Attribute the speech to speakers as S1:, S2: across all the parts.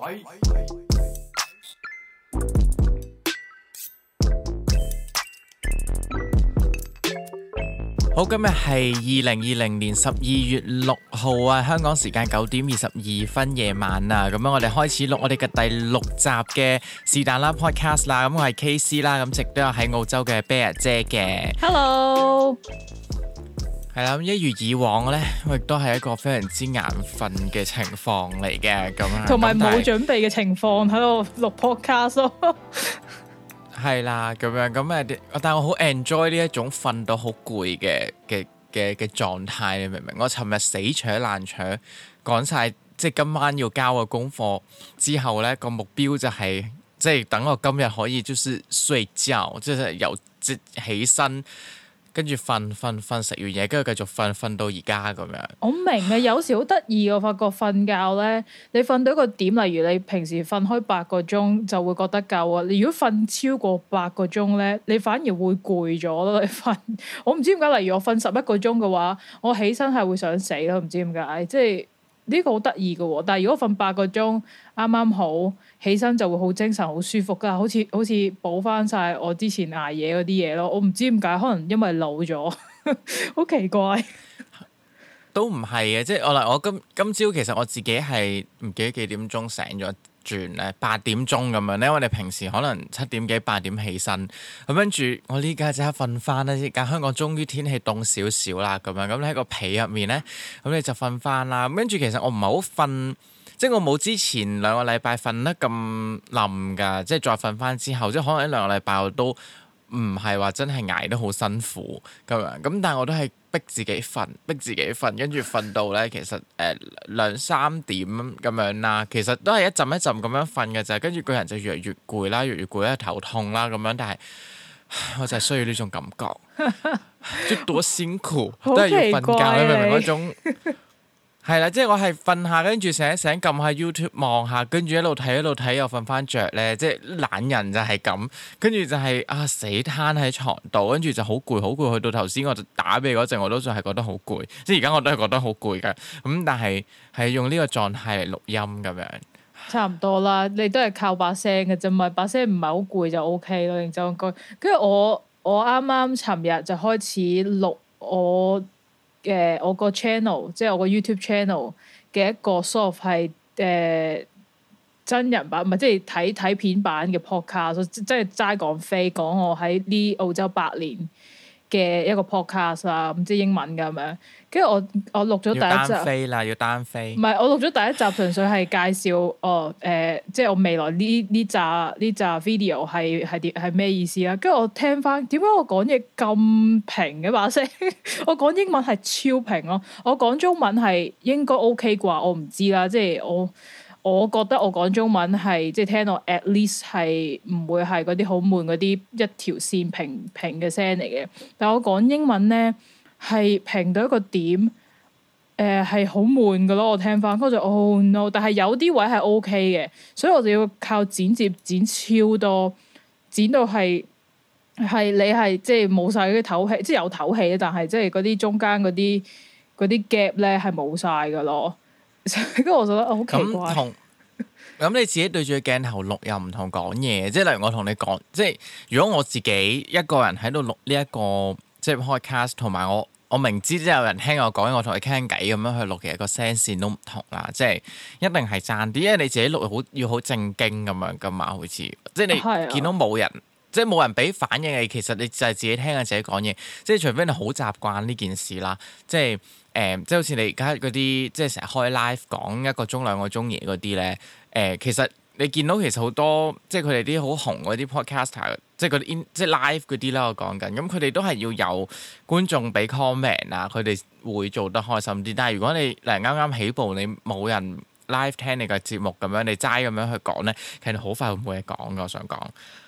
S1: 喂。好，今日係二零二零年十二月六號啊，香港時間九點二十二分夜晚啊，咁樣我哋開始錄我哋嘅第六集嘅是但啦 Podcast 啦，咁我係 KC 啦，咁亦都有喺澳洲嘅 Bear 姐嘅。Hello。係啦，一如以往咧，亦都係一個非常之眼瞓嘅情況嚟嘅。咁同埋冇
S2: 準備嘅情況喺度錄 podcast。
S1: 係 啦，咁樣咁誒，但係我好 enjoy 呢一種瞓到好攰嘅嘅嘅嘅狀態，你明唔明？我尋日死搶爛搶講晒，即係今晚要交嘅功課之後咧，個目標就係、是、即係等我今日可以，就是睡覺，即是由即起身。跟住瞓瞓瞓食完嘢，跟住繼續瞓瞓到而家咁樣。
S2: 我明啊，有時好得意我發覺瞓覺咧，你瞓到一個點，例如你平時瞓開八個鐘就會覺得夠啊。你如果瞓超過八個鐘咧，你反而會攰咗咯。你瞓我唔知點解，例如我瞓十一個鐘嘅話，我起身係會想死咯，唔知點解，即係。呢個好得意嘅喎，但係如果瞓八個鐘，啱啱好起身就會好精神、好舒服㗎，好似好似補翻晒我之前捱夜嗰啲嘢咯。我唔知點解，可能因為老咗，好 奇怪。
S1: 都唔係嘅，即係我嗱，我今今朝其實我自己係唔記得幾點鐘醒咗。轉誒八點鐘咁樣咧，我哋平時可能七點幾八點起身咁，跟住我呢家即刻瞓翻啦。呢家香港終於天氣凍少少啦，咁樣咁你喺個被入面咧，咁你就瞓翻啦。咁跟住其實我唔係好瞓，即係我冇之前兩個禮拜瞓得咁冧噶。即係再瞓翻之後，即係可能一兩個禮拜我都唔係話真係挨得好辛苦咁樣咁，但係我都係。逼自己瞓，逼自己瞓，跟住瞓到咧，其實誒兩、呃、三點咁樣啦，其實都係一陣一陣咁樣瞓嘅就係，跟住個人就越嚟越攰啦，越嚟越攰啦，頭痛啦咁樣，但係我就係需要呢種感覺，即多辛苦都係要瞓覺， 你明唔明嗰種？ 係啦，即係我係瞓下看看，跟住醒一醒撳下 YouTube 望下，跟住一路睇一路睇，又瞓翻着咧。即係懶人就係咁，跟住就係、是、啊死癱喺床度，跟住就好攰好攰。去到頭先，我就打俾你嗰陣，我都仲係覺得好攰。即係而家我都係覺得好攰噶。咁但係係用呢個狀態嚟錄音咁樣，
S2: 差唔多啦。你都係靠把聲嘅啫嘛，把聲唔係好攰就 OK 咯。然之後跟，住我我啱啱尋日就開始錄我。嘅、呃、我個 channel，即係我個 YouTube channel 嘅一個 soft 係誒真人版，唔係即係睇睇片版嘅 podcast，即係齋講。飛講我喺呢澳洲八年嘅一個 podcast 啊，唔知英文咁樣。跟住我，我錄咗第一集。要單飛
S1: 啦，要單飛。唔
S2: 係，我錄咗第一集，純粹係介紹 哦。誒、呃，即係我未來呢呢集呢集 video 係係啲係咩意思啦、啊？跟住我聽翻，點解我講嘢咁平嘅把聲？我講英文係超平咯，我講中文係應該 OK 啩？我唔知啦，即係我我覺得我講中文係即係聽到 at least 係唔會係嗰啲好悶嗰啲一條線平平嘅聲嚟嘅，但係我講英文咧。係平到一個點，誒係好悶嘅咯。我聽翻，跟住哦 no，但係有啲位係 OK 嘅，所以我就要靠剪接剪超多，剪到係係你係即係冇晒嗰啲透氣，即係有透氣，但係即係嗰啲中間嗰啲嗰啲 gap 咧係冇晒嘅咯。跟 住我就覺得好奇怪，嗯。咁同
S1: 咁你自己對住鏡頭錄又唔同講嘢，即係 例如我同你講，即係如果我自己一個人喺度錄呢一個即係開 cast，同埋我。我明知都有人聽我講，我同佢傾偈咁樣去錄，其實個聲線都唔同啦，即係一定係差啲，因為你自己錄好要好正經咁樣噶嘛，好似即係你見到冇人， 即係冇人俾反應，你其實你就係自己聽下自己講嘢，即係除非你好習慣呢件事啦，即係誒、呃，即係好似你而家嗰啲，即係成日開 live 講一個鐘兩個鐘嘢嗰啲咧，誒、呃，其實。你見到其實好多即係佢哋啲好紅嗰啲 podcaster，即係啲即係 live 嗰啲啦。我講緊，咁佢哋都係要有觀眾俾 comment 啊，佢哋會做得開心啲。但係如果你嗱啱啱起步，你冇人 live 聽你個節目咁樣，你齋咁樣去講咧，其實好快會冇嘢講噶。我想講，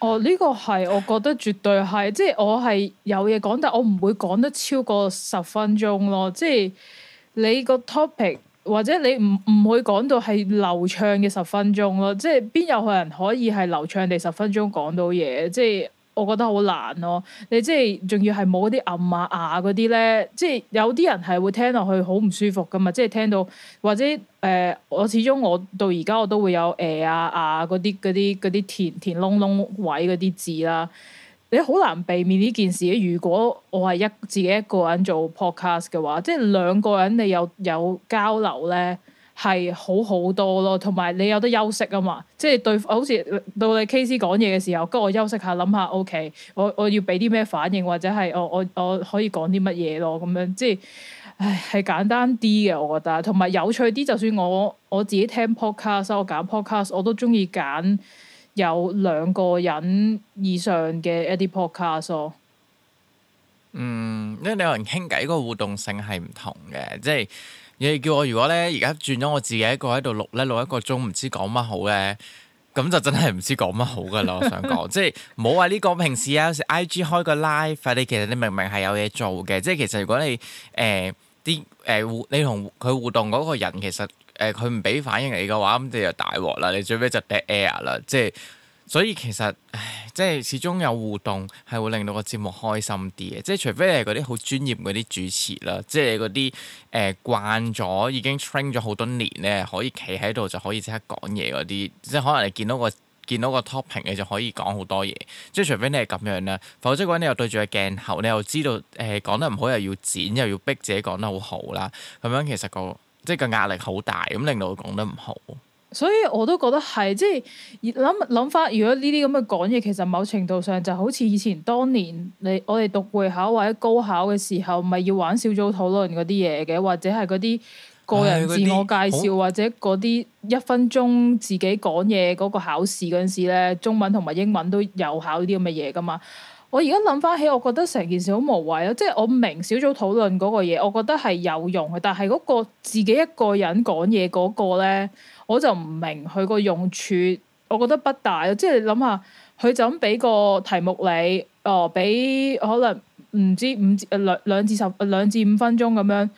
S2: 哦，呢個係我覺得絕對係， 即係我係有嘢講，但係我唔會講得超過十分鐘咯。即係你個 topic。或者你唔唔會講到係流暢嘅十分鐘咯，即係邊有個人可以係流暢地十分鐘講到嘢？即係我覺得好難咯。你即係仲要係冇嗰啲暗啊牙嗰啲咧，即係有啲人係會聽落去好唔舒服㗎嘛。即係聽到或者誒、呃，我始終我到而家我都會有誒、呃、啊啊嗰啲嗰啲嗰啲填填窿窿位嗰啲字啦。你好難避免呢件事。如果我係一自己一個人做 podcast 嘅話，即係兩個人你有有交流咧，係好好多咯。同埋你有得休息啊嘛，即係對好似到你 KC 講嘢嘅時候，跟住我休息下，諗下，OK，我我要俾啲咩反應或者係我我我可以講啲乜嘢咯，咁樣即係唉係簡單啲嘅，我覺得同埋有，有趣啲。就算我我自己聽 podcast，我揀 podcast 我都中意揀有兩個人以上嘅一啲 podcast
S1: 咯。哦，嗯，因為兩個人傾偈，這個互動性係唔同嘅，即係你叫我如果咧而家轉咗我自己一個喺度錄咧錄一個鐘，唔知講乜好咧，咁就真係唔知講乜好噶啦。 我想講，即係冇話呢個平時啊，有時 I G 開個 live，你其實你明明係有嘢做嘅，即係其實如果你誒啲誒互你同佢互動嗰個人其實。誒佢唔俾反應你嘅話，咁你就大鑊啦！你最尾就 dead air 啦，即係所以其實，唉即係始終有互動係會令到個節目開心啲嘅，即係除非你係嗰啲好專業嗰啲主持啦，即係你嗰啲誒慣咗已經 train 咗好多年咧，可以企喺度就可以即刻講嘢嗰啲，即係可能你見到個見到個 topic 你就可以講好多嘢，即係除非你係咁樣啦，否則嘅話你又對住個鏡頭，你又知道誒講、呃、得唔好又要剪又要逼自己講得好好啦，咁樣其實個。即係個壓力好大，咁令到佢講得唔好，
S2: 所以我都覺得係即係諗諗翻。如果呢啲咁嘅講嘢，其實某程度上就好似以前當年你我哋讀會考或者高考嘅時候，咪要玩小組討論嗰啲嘢嘅，或者係嗰啲個人自我介紹，哎、或者嗰啲一分鐘自己講嘢嗰個考試嗰陣時咧，中文同埋英文都有考啲咁嘅嘢噶嘛。我而家諗翻起，我覺得成件事好無謂咯，即係我明小組討論嗰個嘢，我覺得係有用嘅，但係嗰個自己一個人講嘢嗰個咧，我就唔明佢個用處，我覺得不大咯。即係你諗下，佢就咁俾個題目你，哦，俾可能唔知五至呃兩兩至十呃兩至五分鐘咁樣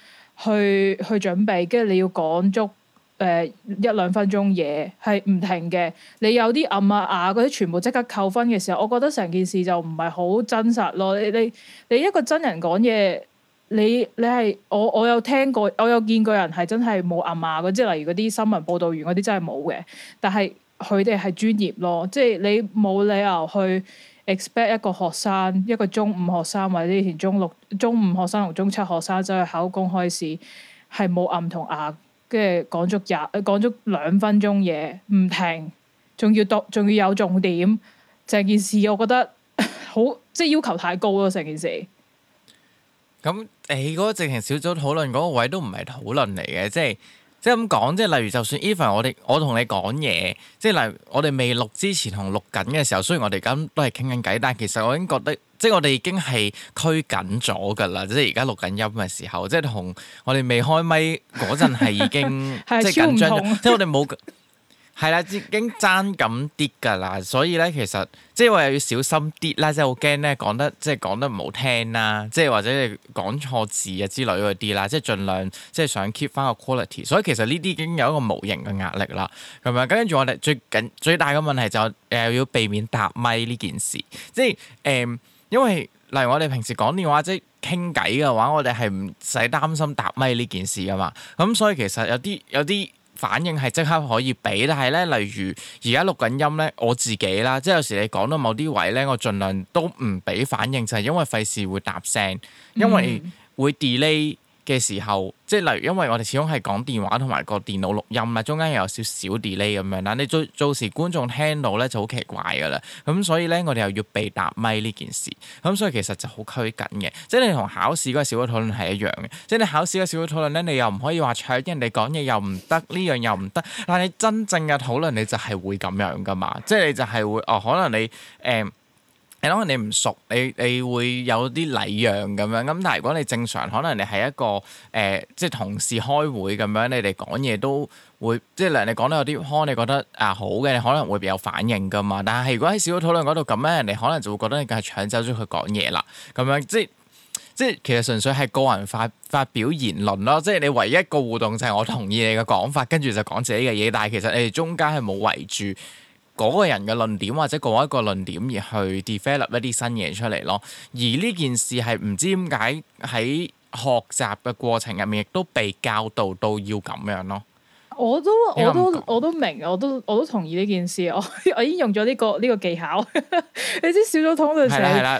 S2: 去去準備，跟住你要講足。誒、呃、一兩分鐘嘢係唔停嘅，你有啲暗啊啞嗰啲，全部即刻扣分嘅時候，我覺得成件事就唔係好真實咯。你你你一個真人講嘢，你你係我我有聽過，我有見過人係真係冇暗啞嗰，即係例如嗰啲新聞報道員嗰啲真係冇嘅。但係佢哋係專業咯，即係你冇理由去 expect 一個學生一個中五學生或者以前中六、中五學生同中七學生走去、就是、考公開試係冇暗同啞。即係講足日，講足兩,兩分鐘嘢，唔停，仲要讀，仲要有重點。成件事我覺得好，即 係要求太高咯。成件事
S1: 咁你嗰個直情小組討論嗰個位都唔係討論嚟嘅。即係即係咁講，即係例如就算 even 我哋我同你講嘢，即係例如我哋未錄之前同錄緊嘅時候，雖然我哋咁都係傾緊偈，但係其實我已經覺得。即係我哋已經係拘謹咗噶啦，即係而家錄緊音嘅時候，即係同我哋未開咪嗰陣係已經 即係緊張，不即係我哋冇係啦，已經爭咁啲噶啦。所以咧，其實即係我又要小心啲啦，即係好驚咧講得即係講得唔好聽啦，即係或者係講錯字啊之類嗰啲啦，即係盡量即係想 keep 翻個 quality。所以其實呢啲已經有一個無形嘅壓力啦，咁樣，跟住我哋最緊最大嘅問題就誒要避免搭咪呢件事，即係誒。嗯因為例如我哋平時講電話即係傾偈嘅話，我哋係唔使擔心搭咪呢件事㗎嘛。咁、嗯、所以其實有啲有啲反應係即刻可以俾，但係咧例如而家錄緊音咧，我自己啦，即係有時你講到某啲位咧，我盡量都唔俾反應，就係、是、因為費事會搭聲，因為會 delay。嘅時候，即係例如，因為我哋始終係講電話同埋個電腦錄音啊，中間又有少少 delay 咁樣啦，但你做做時觀眾聽到咧就好奇怪噶啦，咁所以咧我哋又要避疊咪呢件事，咁所以其實就好拘謹嘅，即係你同考試嗰個小組討論係一樣嘅，即係你考試嘅小組討論咧，你又唔可以話搶人哋講嘢又唔得，呢樣又唔得，但係你真正嘅討論你就係會咁樣噶嘛，即係你就係會哦，可能你誒。嗯可能你唔熟，你你會有啲禮讓咁樣。咁但係如果你正常，可能你係一個誒、呃，即係同事開會咁樣，你哋講嘢都會，即係你講得有啲腔，你覺得啊好嘅，你可能會有反應噶嘛。但係如果喺小組討論嗰度咁樣，你可能就會覺得你梗係搶走咗佢講嘢啦。咁樣即係即係，其實純粹係個人發發表言論咯。即係你唯一一個互動就係我同意你嘅講法，跟住就講自己嘅嘢。但係其實你哋中間係冇圍住。嗰個人嘅論點或者嗰一個論點而去 develop 一啲新嘢出嚟咯，而呢件事係唔知點解喺學習嘅過程入面亦都被教導到要咁樣咯。
S2: 我都我都我都明，我都我都同意呢件事。我 我已經用咗呢個呢個技巧。 你知小組討論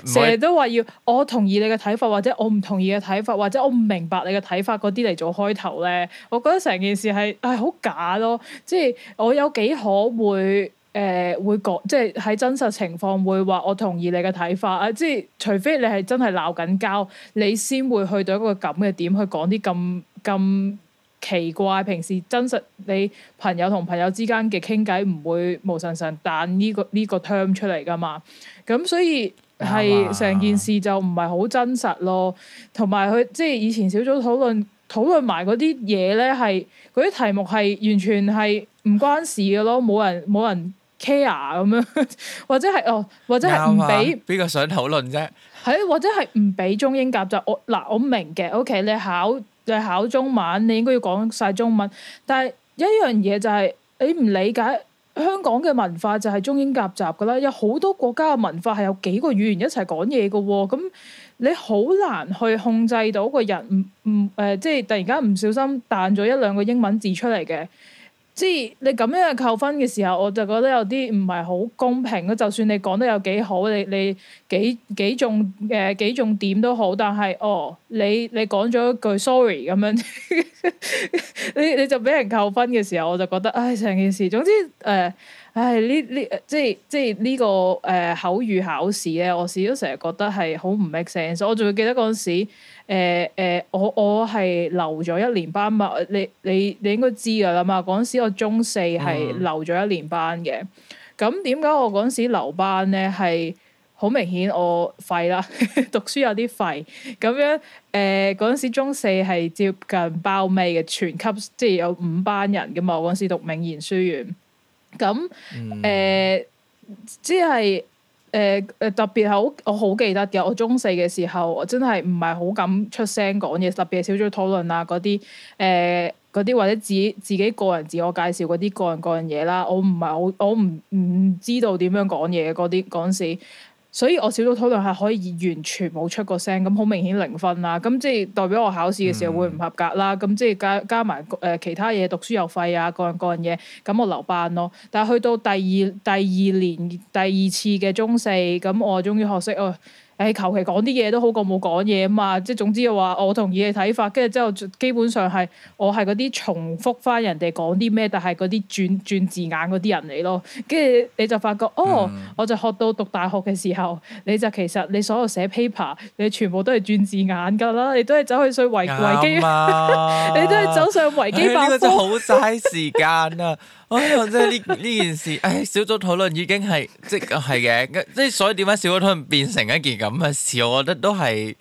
S2: 成日都話要我同意你嘅睇法，或者我唔同意嘅睇法，或者我唔明白你嘅睇法嗰啲嚟做開頭咧，我覺得成件事係係好假咯。即係我有幾可會，誒、呃、會講，即係喺真實情況會話，我同意你嘅睇法啊。即係除非你係真係鬧緊交，你先會去到一個咁嘅點去講啲咁咁奇怪。平時真實你朋友同朋友之間嘅傾偈唔會無神神彈呢個呢個 term 出嚟噶嘛？咁所以係成件事就唔係好真實咯。同埋佢即係以前小組討論討論埋嗰啲嘢咧，係嗰啲題目係完全係唔關事嘅咯，冇人冇人。care 咁樣，或者係哦，或者係唔俾
S1: 比較想討論啫？
S2: 係，或者係唔俾中英夾雜。我嗱、啊，我明嘅。O、okay, K，你考你考中文，你應該要講晒中文。但係一樣嘢就係、是，你唔理解香港嘅文化就係中英夾雜㗎喇。有好多國家嘅文化係有幾個語言一齊講嘢嘅喎。咁你好難去控制到個人唔唔誒，即係突然間唔小心彈咗一兩個英文字出嚟嘅。即係你咁樣嘅扣分嘅時候，我就覺得有啲唔係好公平咯。就算你講得有幾好，你你幾幾重誒幾、呃、重點都好，但係哦，你你講咗一句 sorry 咁樣， 你你就俾人扣分嘅時候，我就覺得唉成件事，總之誒、呃、唉呢呢即係即係呢、這個誒、呃、口語考試咧，我始終成日覺得係好唔 make sense。我仲會記得嗰陣時。誒誒、呃呃，我我係留咗一年班嘛？你你你應該知噶啦嘛？嗰陣時我中四係留咗一年班嘅。咁點解我嗰陣時留班咧？係好明顯我廢啦， 讀書有啲廢。咁樣誒，嗰、呃、陣時中四係接近包尾嘅全級，即係有五班人噶嘛？嗰陣時讀銘賢書院。咁誒、嗯呃，即係。誒誒、呃、特別係好，我好記得嘅。我中四嘅時候，我真係唔係好敢出聲講嘢，特別係小組討論啊嗰啲，誒嗰啲或者自己自己個人自我介紹嗰啲個人個人嘢啦，我唔係好，我唔唔知道點樣講嘢嗰啲嗰陣時。所以我小組討論係可以完全冇出個聲，咁好明顯零分啦。咁即係代表我考試嘅時候會唔合格啦。咁、嗯、即係加加埋誒其他嘢，讀書又廢啊，各樣各樣嘢。咁我留班咯。但係去到第二第二年第二次嘅中四，咁我終於學識哦。呃誒，求其講啲嘢都好過冇講嘢啊嘛！即係總之嘅話，我同意你睇法，跟住之後基本上係我係嗰啲重複翻人哋講啲咩，但係嗰啲轉轉字眼嗰啲人嚟咯。跟住你就發覺，哦，嗯、我就學到讀大學嘅時候，你就其實你所有寫 paper，你全部都係轉字眼噶啦，你都係走去衰維維基， 你都係走上維基百科、哎、呢、這個真好嘥
S1: 時間啊！ 哎呀，即係呢呢件事，哎小組討論已經係即係嘅，即係所以點解小組討論變成一件咁嘅事？我覺得都係，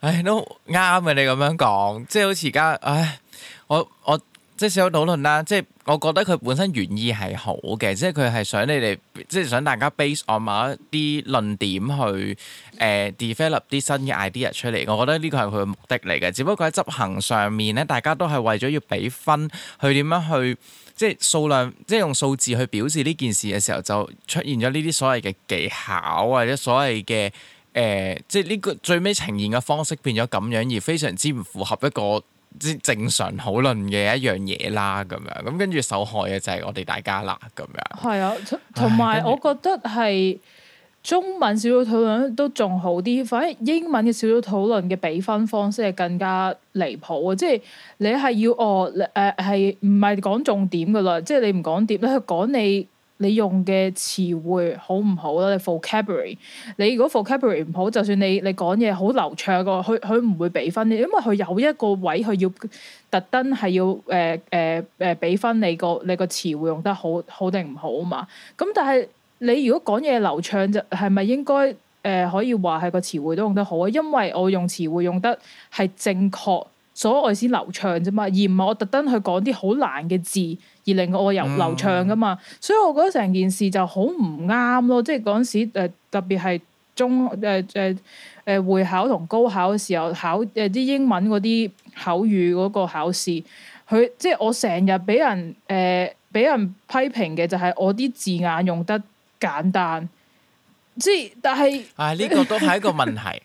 S1: 唉、哎，都啱嘅。你咁樣講，即係好似而家，唉、哎，我我即係小組討論啦，即係我覺得佢本身原意係好嘅，即係佢係想你哋即係想大家 base on 某一啲論點去誒、呃、develop 啲新嘅 idea 出嚟。我覺得呢個係佢嘅目的嚟嘅，只不過喺執行上面咧，大家都係為咗要俾分去點樣去。即係數量，即係用數字去表示呢件事嘅時候，就出現咗呢啲所謂嘅技巧，或者所謂嘅誒，即係呢個最尾呈現嘅方式變咗咁樣，而非常之唔符合一個即正常討論嘅一樣嘢啦。咁樣咁跟住受害嘅就係我哋大家啦。咁樣，
S2: 係啊，同同埋我覺得係。中文小組討論都仲好啲，反而英文嘅小組討論嘅比分方式係更加離譜啊！即係你係要哦誒係唔係講重點㗎喇？即係你唔講點咧，佢講你你用嘅詞彙好唔好啦？你 vocabulary，你如果 vocabulary 唔好，就算你你講嘢好流暢㗎話，佢佢唔會比分你，因為佢有一個位佢要特登係要誒誒誒比分你個你個詞彙用得好好定唔好啊嘛？咁但係。你如果講嘢流暢就係咪應該誒、呃、可以話係個詞彙都用得好啊？因為我用詞彙用得係正確，所以我先流暢啫嘛，而唔係我特登去講啲好難嘅字而令我又流暢噶嘛。所以我覺得成件事就好唔啱咯。即係嗰陣時、呃、特別係中誒誒誒會考同高考嘅時候考誒啲、呃、英文嗰啲口語嗰個考試，佢即係我成日俾人誒俾、呃、人批評嘅就係我啲字眼用得簡單，即係但
S1: 係，啊呢個都係一個問題，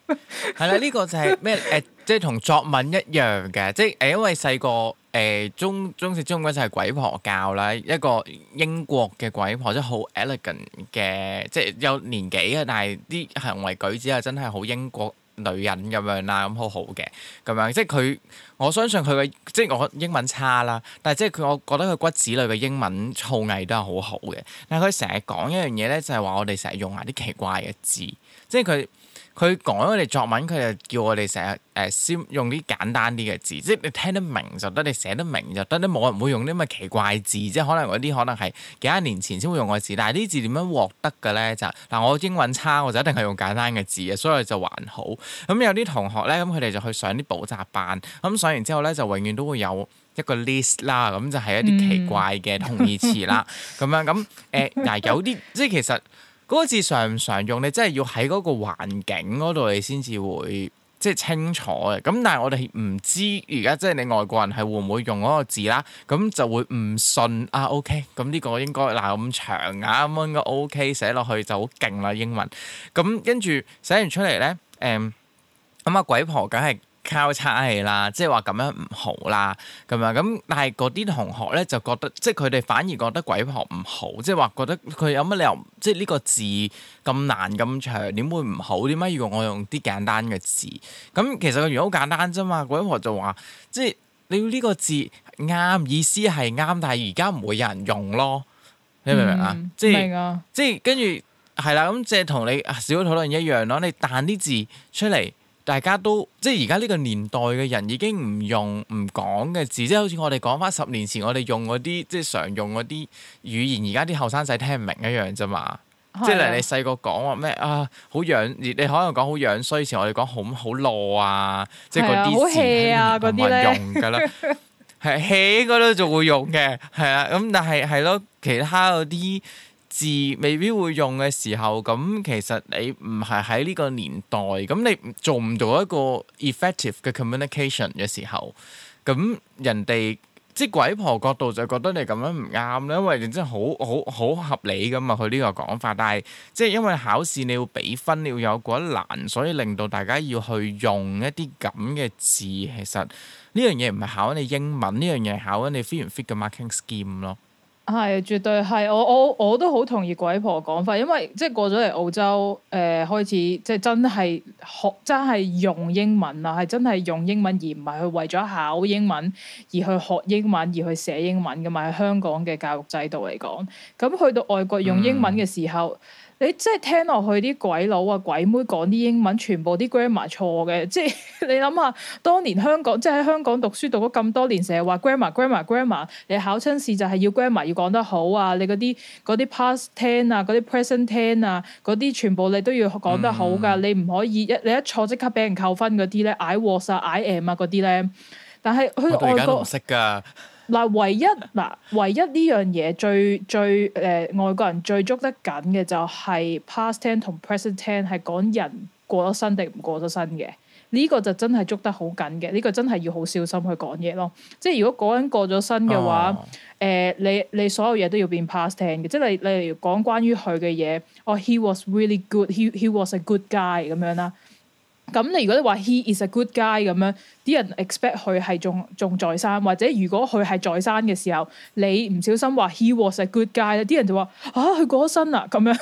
S1: 係啦呢個就係咩誒，即係同作文一樣嘅，即係誒因為細個誒中中式中文就係鬼婆教啦，一個英國嘅鬼婆，即係好 elegant 嘅，即係有年紀啊，但係啲行為舉止啊，真係好英國。女人咁樣啦，咁好好嘅咁樣，即係佢，我相信佢嘅，即係我英文差啦，但係即係佢，我覺得佢骨子裏嘅英文造詣都係好好嘅，但係佢成日講一樣嘢咧，就係話我哋成日用埋啲奇怪嘅字，即係佢。佢講我哋作文，佢就叫我哋成日誒先用啲簡單啲嘅字，即係你聽得明就得，你寫得明就得。你冇人會用啲咁嘅奇怪字，即係可能嗰啲可能係幾廿年前先會用嘅字。但係呢啲字點樣獲得嘅咧？就嗱，我英文差，我就一定係用簡單嘅字啊，所以就還好。咁有啲同學咧，咁佢哋就去上啲補習班，咁上完之後咧，就永遠都會有一個 list 啦，咁就係一啲奇怪嘅同義詞啦，咁、嗯、 樣咁誒嗱，呃、但有啲即係其實。嗰個字常唔常用你真係要喺嗰個環境嗰度，你先至會即係清楚嘅。咁但係我哋唔知而家即係你外國人係會唔會用嗰個字啦，咁就會唔信啊。OK，咁呢個應該嗱咁長啊，咁樣應該 OK 寫落去就好勁啦，英文。咁跟住寫完出嚟咧，誒、嗯，咁、那、啊、個、鬼婆梗係～交叉啦，即係話咁樣唔好啦，咁啊咁，但係嗰啲同學咧就覺得，即係佢哋反而覺得鬼婆唔好，即係話覺得佢有乜理由？即係呢個字咁難咁長，點會唔好？點解要果我用啲簡單嘅字？咁其實個原因好簡單啫嘛，鬼婆就話，即係你要呢個字啱，意思係啱，但係而家唔會有人用咯，你明唔明啊？即係，即係跟住係啦，咁即係同你小組討論一樣咯，你彈啲字出嚟。大家都即係而家呢個年代嘅人已經唔用唔講嘅字，即係好似我哋講返十年前我哋用嗰啲即係常用嗰啲語言，而家啲後生仔聽唔明一樣啫嘛。
S2: 的即係你細
S1: 個講話咩啊，好樣，你可能講好樣衰時，以前我哋講好好懦啊，即係嗰啲字咁、啊、用噶啦，係起嗰度就會用嘅，係啦。咁但係係咯，其他嗰啲字未必會用嘅時候，咁其實你唔係喺呢個年代，咁你做唔到一個 effective 嘅 communication 嘅時候，咁人哋即係鬼婆角度就覺得你咁樣唔啱喇，因為你真係好好好合理噶嘛，佢呢個講法。但係即係因為考試你要俾分，你要有嗰一難，所以令到大家要去用一啲咁嘅字。其實呢樣嘢唔係考緊你英文，呢樣嘢考緊你 fit 唔 fit 嘅 marking scheme 咯。
S2: 係，絕對係我我我都好同意鬼婆講法，因為即係過咗嚟澳洲，誒、呃、開始即係真係學，真係用英文啊，係真係用英文，是是英文而唔係去為咗考英文而去學英文，而去寫英文㗎嘛。喺香港嘅教育制度嚟講，咁去到外國用英文嘅時候。嗯你即係聽落去啲鬼佬啊、鬼妹講啲英文，全部啲 grammar 錯嘅。即 係你諗下，當年香港即係喺香港讀書讀咗咁多年，成日話 grammar、grammar、grammar，你考親試就係要 grammar 要講得好啊！你嗰啲啲 past ten 啊、嗰啲 present ten 啊、嗰啲全部你都要講得好㗎，嗯。你唔可以一你一錯即刻俾人扣分嗰啲咧，I was 啊、I am 啊嗰啲咧。但係去外國識㗎。嗱，唯一嗱，唯一呢樣嘢最最誒、呃、外國人最捉得緊嘅就係、係、 past tense 同 present tense 係講人過咗身定唔過咗身嘅呢、呢個就真係捉得好緊嘅呢、呢個真係要好小心去講嘢咯。即係如果嗰人過咗身嘅話，誒、oh. 呃、你你所有嘢都要變 past tense 嘅，即係你例如講關於佢嘅嘢，哦、oh，he was really good，he he was a good guy 咁樣啦。咁你如果你話 he is a good guy 咁樣，啲人 expect 佢係仲仲在生，或者如果佢係在生嘅時候，你唔小心話 he was a good guy 咧，啲人就話啊佢過咗身啦咁樣，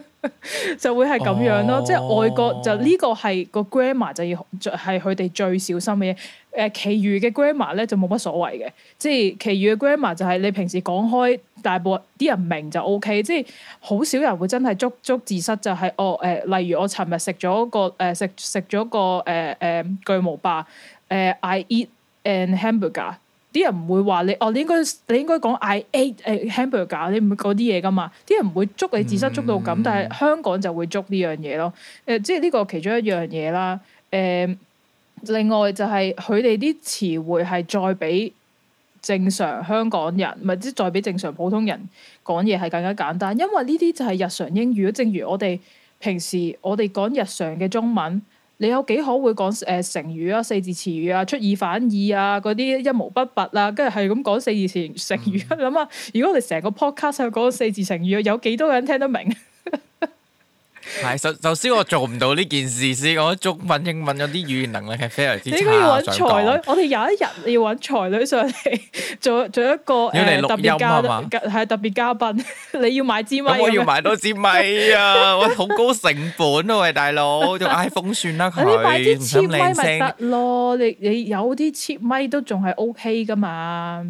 S2: 就會係咁樣咯。哦、即係外國就呢個係、個 grammar 就要係佢哋最小心嘅嘢。誒，其餘嘅 grammar 咧就冇乜所謂嘅，即係其餘嘅 grammar 就係你平時講開。大部啲人明就 O K，即係好少人會真係捉捉自失就係、是、哦，誒、呃，例如我尋日食咗個誒食食咗個誒誒、呃、巨無霸誒，I eat an hamburger。啲人唔會話你哦，你應該你應該講 I ate 誒 hamburger，你唔嗰啲嘢噶嘛？啲人唔會捉你自失捉到咁，嗯、但係香港就會捉呢樣嘢咯。誒、呃，即係呢個其中一樣嘢啦。誒、呃，另外就係佢哋啲詞彙係再俾。正常香港人，咪即再比正常普通人講嘢係更加簡單，因為呢啲就係日常英語如正如我哋平時，我哋講日常嘅中文，你有幾可會講誒成語啊、四字詞語啊、出爾反爾啊嗰啲一毛不拔啊，跟住係咁講四字成語啊，諗下、mm hmm.，如果我哋成個 podcast 去講四字成語啊，有幾多人聽得明？
S1: 係， 首先首先我做唔到呢件事先，我中文、英文有啲語言能力係非常之差。你而家要揾才女，
S2: 我哋有一日要揾才女上嚟做做一個誒、呃、特別嗎嘉賓。係特別嘉賓，你要買支咪？我要買多支
S1: 咪啊！ 我好高成本啊，喂大佬，用 iPhone 算啦，啊、佢。 你買啲 cheap 咪咪得
S2: 咯？你你有啲 cheap 咪都仲係 OK 噶嘛？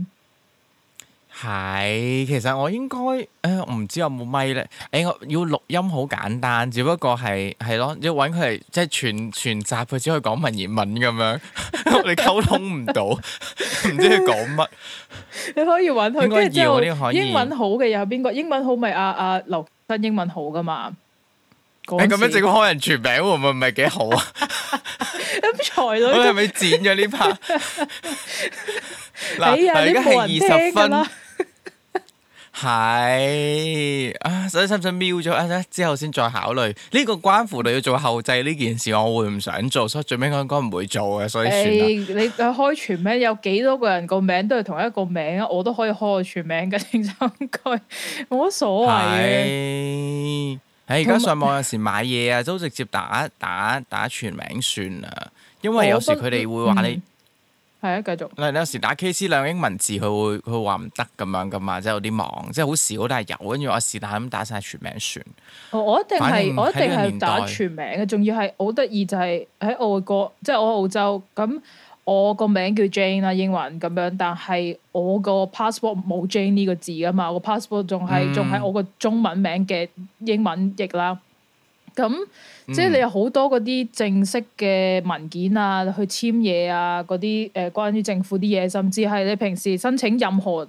S1: 係，其實我應該，誒，唔知有冇咪咧？誒，我要錄音好簡單，只不過係係咯，要揾佢，即係全全集，佢只可以講文言文咁樣， 我哋溝通唔到，唔 知佢講乜。
S2: 你可以揾佢跟住，我啲英文好嘅有邊個？英文好咪阿阿劉德英文好㗎嘛？你咁樣整開
S1: 人全名，會唔會唔係幾好
S2: 啊？咁 才女的 我是是、啊，我係咪剪咗呢 part 嗱，而家係二十分。
S1: 係啊，所以使唔使瞄咗、啊、之後先再考慮？呢、這個關乎你要做後製呢件事，我會唔想做，所以最尾我應該唔會做嘅，所以算
S2: 啦，欸、你開全名有幾多個人個名都係同一個名，我都可以開全名嘅，真心句，冇乜所謂嘅，
S1: 喺而家上網有時買嘢啊，都直接打打打全名算啦，因為有時佢哋會話你。係啊，繼續。嗱，有時打 K C 兩英文字，佢會佢話唔得咁樣噶嘛，即係有啲忙，即係好少但係有。跟住我是但咁打晒全名算。
S2: 我我一定係我一定係打全名嘅，仲要係好得意就係喺澳，澳洲，即係我澳洲咁，我個名叫 Jane 啦，英文咁樣，但係我個 passport 冇 Jane 呢個字噶嘛，個 passport 仲係仲係我個、嗯、中文名嘅英文譯啦。咁即係你有好多嗰啲正式嘅文件啊，去簽嘢啊，嗰啲誒關於政府啲嘢，甚至係你平時申請任何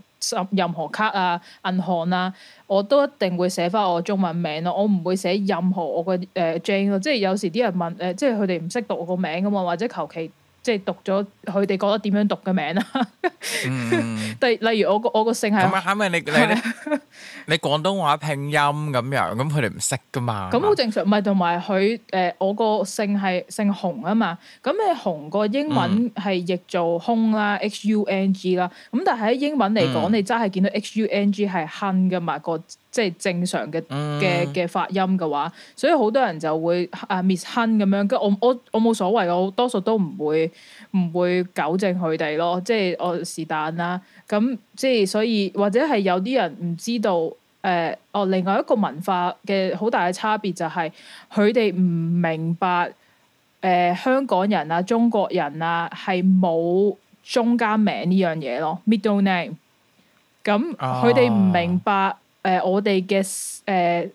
S2: 任何卡啊、銀行啊，我都一定會寫翻我中文名咯，我唔會寫任何我嘅誒、呃、Jane 咯、啊。即係有時啲人問誒、呃，即係佢哋唔識讀我個名㗎嘛、啊，或者求其。即係讀咗佢哋覺得點樣讀嘅名啦、
S1: 嗯，
S2: 例 例如我個我個姓係，咁
S1: 咪、嗯、 你你你廣東話拼音咁樣，咁佢哋唔識噶嘛？咁
S2: 好、嗯、 正常，唔係同埋佢誒，我個姓係姓洪啊嘛，咁你洪個英文係譯做空啦、嗯、，h u n g 啦，咁但係喺英文嚟講，嗯、你真係見到 h u n g 係亨噶嘛、嗰個。即係正常嘅嘅嘅發音嘅話，所以好多人就會啊 miss hun 咁樣。跟我我我冇所謂，我多數都唔會唔會糾正佢哋咯。即係我是但啦，咁即係所以或者係有啲人唔知道，誒、呃，哦，另外一個文化嘅好大嘅差別就係佢哋唔明白，誒、呃，香港人啊、中國人啊，係冇中間名呢樣嘢咯，middle name。咁佢哋唔明白。啊誒、呃、我哋嘅誒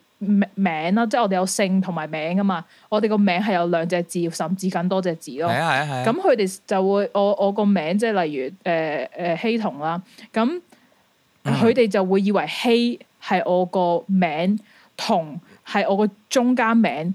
S2: 名啦，即係我哋有姓同埋名噶嘛，我哋個名係有兩隻字，甚至更多隻字咯。係啊係啊係。咁佢哋就會我我個名，即係例如誒誒希同啦。咁佢哋就會以為希係我個名，同係我個中間名，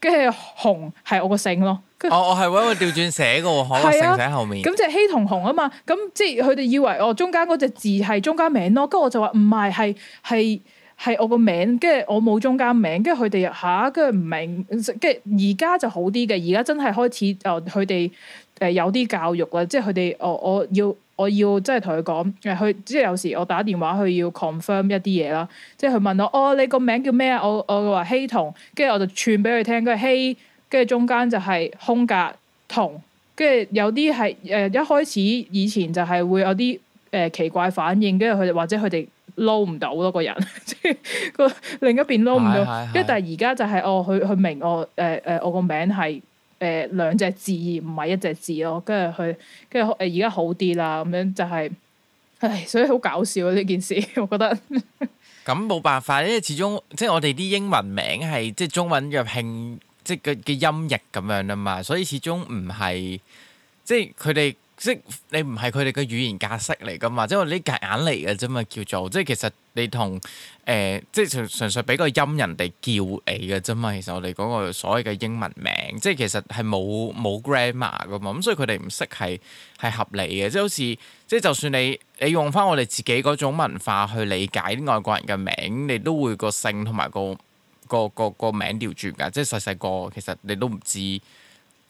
S2: 跟住紅係我個姓咯。哦，我
S1: 係揾個調轉寫個，嚇成、啊、寫後面。咁
S2: 就係希同紅啊嘛，咁即係佢哋以為哦中間嗰隻字係中間名咯，跟住我就話唔係，係係係我個名，跟住我冇中間名，跟住佢哋嚇，跟住唔明，跟住而家就好啲嘅，而家真係開始、呃、哦，佢哋誒有啲教育啦，即係佢哋，我我要我要即係同佢講，佢即係有時我打電話佢要 confirm 一啲嘢啦，即係佢問我，哦你個名叫咩啊？我我話希同，跟住我就串俾佢聽，跟住希。跟住中間就係空格同，跟住有啲係誒一開始以前就係會有啲誒、呃、奇怪反應，跟住佢或者佢哋撈唔到咯個人，即係個另一邊撈唔到。跟住是但係而家就係、是、哦，佢佢明我誒誒、呃、我個名、呃、兩個名係誒兩隻字，唔係一隻字咯。跟住佢跟住誒而家好啲啦，咁樣就係、是，唉、哎，所以好搞笑啊呢件事，我覺得。
S1: 咁冇辦法，因為始終即係我哋啲英文名係即係中文入興。即嘅嘅音譯咁樣啊嘛，所以始終唔係，即係佢哋即你唔係佢哋嘅語言格式嚟噶嘛，即係夾硬嚟噶啫嘛，叫做即係其實你同誒、呃、即係純粹俾個音人哋叫你噶啫嘛，其實我哋嗰個所謂嘅英文名，即係其實係冇冇 grammar 噶嘛，咁所以佢哋唔識係係合理嘅，即係好似即係就算你你用翻我哋自己嗰種文化去理解啲外國人嘅名，你都會個姓同埋個。個個個名調轉噶，即係細細個其實你都唔知，即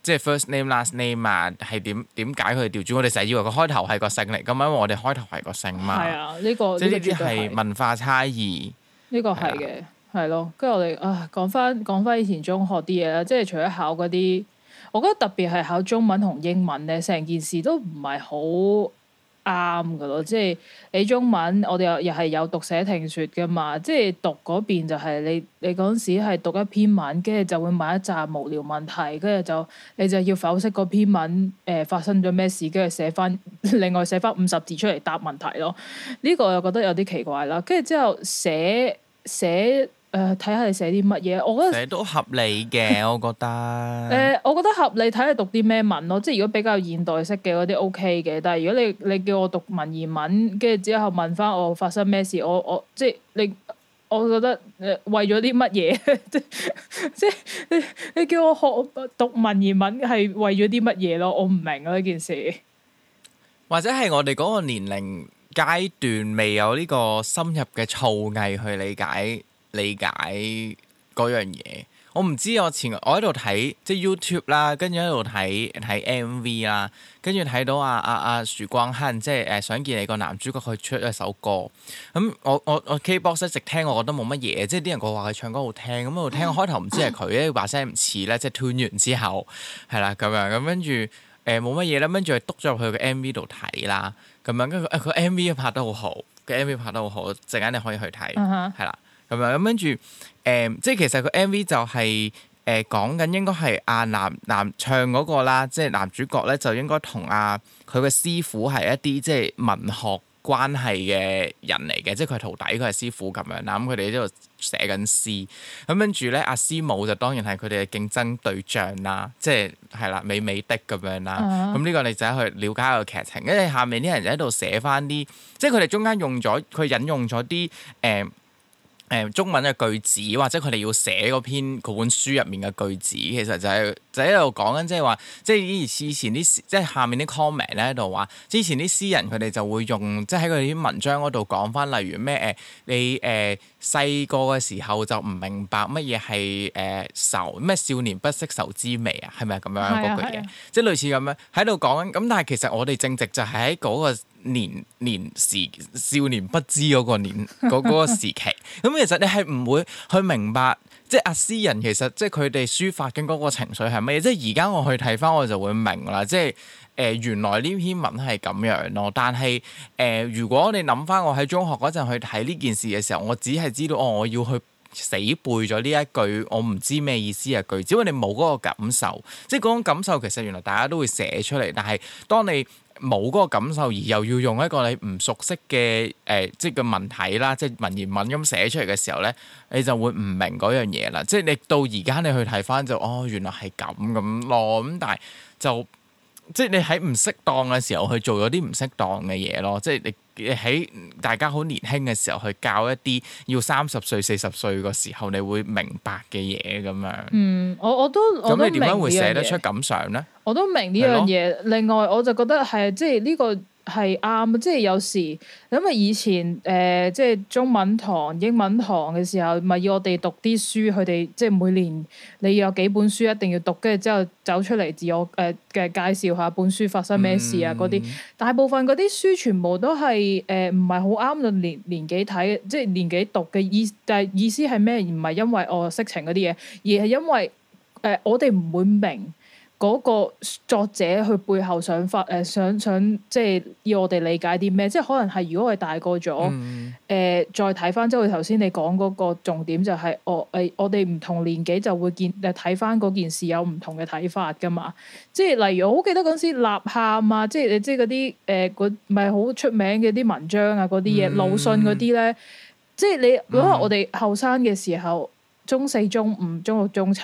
S1: 係 first name last name 啊，係點點解佢哋調轉？我哋成日以為個開頭係個姓嚟，咁因為我哋開頭係個姓嘛。係啊，
S2: 呢、這個即係呢啲係、這個這個、
S1: 文化差異。
S2: 呢個係嘅，係咯。跟住我哋啊，講翻講翻以前中學啲嘢啦，即係除咗考嗰啲，我覺得特別係考中文同英文咧，成件事都唔係好。啱噶咯，即係你中文我，我哋又又係有讀寫聽説嘅嘛，即係讀嗰邊就係你你嗰陣時係讀一篇文，跟住就會問一紮無聊問題，跟住就你就要剖析嗰篇文，誒、呃、發生咗咩事，跟住寫翻另外寫翻五十字出嚟答問題咯，呢、這個我覺得有啲奇怪啦，跟住之後寫寫。寫睇下、呃、你寫啲乜嘢？我覺得寫
S1: 都合理嘅，我覺得。誒、 呃，
S2: 我覺得合理，睇下讀啲咩文咯？即係如果比較現代式嘅嗰啲 O K 嘅，但係如果你你叫我讀文言文，跟住之後問翻我發生咩事，我我即係你，我覺得誒、呃、為咗啲乜嘢？ 即係你你叫我學讀文言文係為咗啲乜嘢咯？我唔明啊呢件事。
S1: 或者係我哋嗰個年齡階段未有呢個深入嘅造詣去理解。理解嗰樣嘢，我唔知我前我喺度睇即係 YouTube 啦，跟住喺度睇睇 MV 啦，跟住睇到阿阿阿許光漢，即係誒想見你個男主角去出一首歌，咁、嗯、我我我 KBox 一直聽，我覺得冇乜嘢，即係啲人講話佢唱歌好聽，咁、嗯、我聽我開頭唔知係佢咧，把聲唔似咧，即係斷完之後係啦咁樣，咁跟住誒冇乜嘢啦，跟住督咗入去個 MV 度睇啦，咁樣跟住誒個 MV 拍得好好，個 MV 拍得好好，陣間你可以去睇，係啦、嗯。 咁啊，咁跟住誒，即係其實個 MV 就係誒講緊應該係阿男男唱嗰個啦，即係男主角咧就應該同阿佢嘅師傅係一啲即係文學關係嘅人嚟嘅，即係佢係徒弟，佢係師傅咁樣啦。咁佢哋喺度寫緊詩，咁跟住咧阿師母就當然係佢哋嘅競爭對象啦，即係係啦，美美的咁樣啦。咁呢、啊、個你就去了解下個劇情，因為下面啲人就喺度寫翻啲，即係佢哋中間用咗佢引用咗啲誒。呃誒、呃、中文嘅句子，或者佢哋要寫嗰篇嗰本書入面嘅句子，其實就係、是、就喺度講緊，即係話，即係以以前啲即係下面啲 comment 咧喺度話，之前啲、就是、詩人佢哋就會用，即係喺佢哋啲文章嗰度講返，例如咩誒、呃、你誒。呃細個嘅時候就唔明白乜嘢係誒愁，咩、呃、少年不識愁滋味啊，係咪咁樣嗰、啊、句嘢？啊啊、即係類似咁樣喺度講。咁但係其實我哋正值就係喺嗰個年年時，少年不知嗰個年嗰嗰、嗰個時期。咁 其實你係唔會去明白。即係阿詩人，AN, 其實即係佢哋抒發嘅嗰個情緒係乜嘢？即係而家我去睇翻，我就會明啦。即係誒、呃，原來呢篇文係咁樣咯。但係誒、呃，如果你諗翻我喺中學嗰陣去睇呢件事嘅時候，我只係知道哦，我要去死背咗呢一句，我唔知咩意思啊句。只係你冇嗰個感受，即係嗰種感受，其實原來大家都會寫出嚟。但係當你，冇嗰個感受，而又要用一個你唔熟悉嘅誒、呃，即係個文體啦，即係文言文咁寫出嚟嘅時候咧，你就會唔明嗰樣嘢啦。即係你到而家你去睇返就哦，原來係咁咁咯。咁但係就。即係你喺唔適當嘅時候去做咗啲唔適當嘅嘢咯，即係你喺大家好年輕嘅時候去教一啲要三十歲四十歲個時候你會明白嘅嘢咁樣。嗯，
S2: 我我都我都明。咁你點樣會寫得出感想咧？我都明呢樣嘢。咯另外，我就覺得係即係呢個。係啱，即係有時，因為以前誒、呃，即係中文堂、英文堂嘅時候，咪要我哋讀啲書，佢哋即係每年你要有幾本書一定要讀，跟住之後走出嚟自我誒嘅、呃、介紹下本書發生咩事啊嗰啲、嗯。大部分嗰啲書全部都係誒唔係好啱就年年紀睇，即係年紀讀嘅意，但係意思係咩？而唔係因為我色情嗰啲嘢，而係因為誒、呃、我哋唔會明。嗰個作者佢背後想法，誒想想即係要我哋理解啲咩？即係可能係如果我大個咗，誒、嗯呃、再睇翻即佢頭先你講嗰個重點就係、是哦呃、我誒我哋唔同年紀就會見誒睇翻嗰件事有唔同嘅睇法噶嘛？即係例如我好記得嗰時吶喊啊，即你即係嗰啲誒唔係好出名嘅啲文章啊，嗰啲嘢魯迅嗰啲咧，即係你如果我哋後生嘅時候，嗯、中四、中五、中六、中七。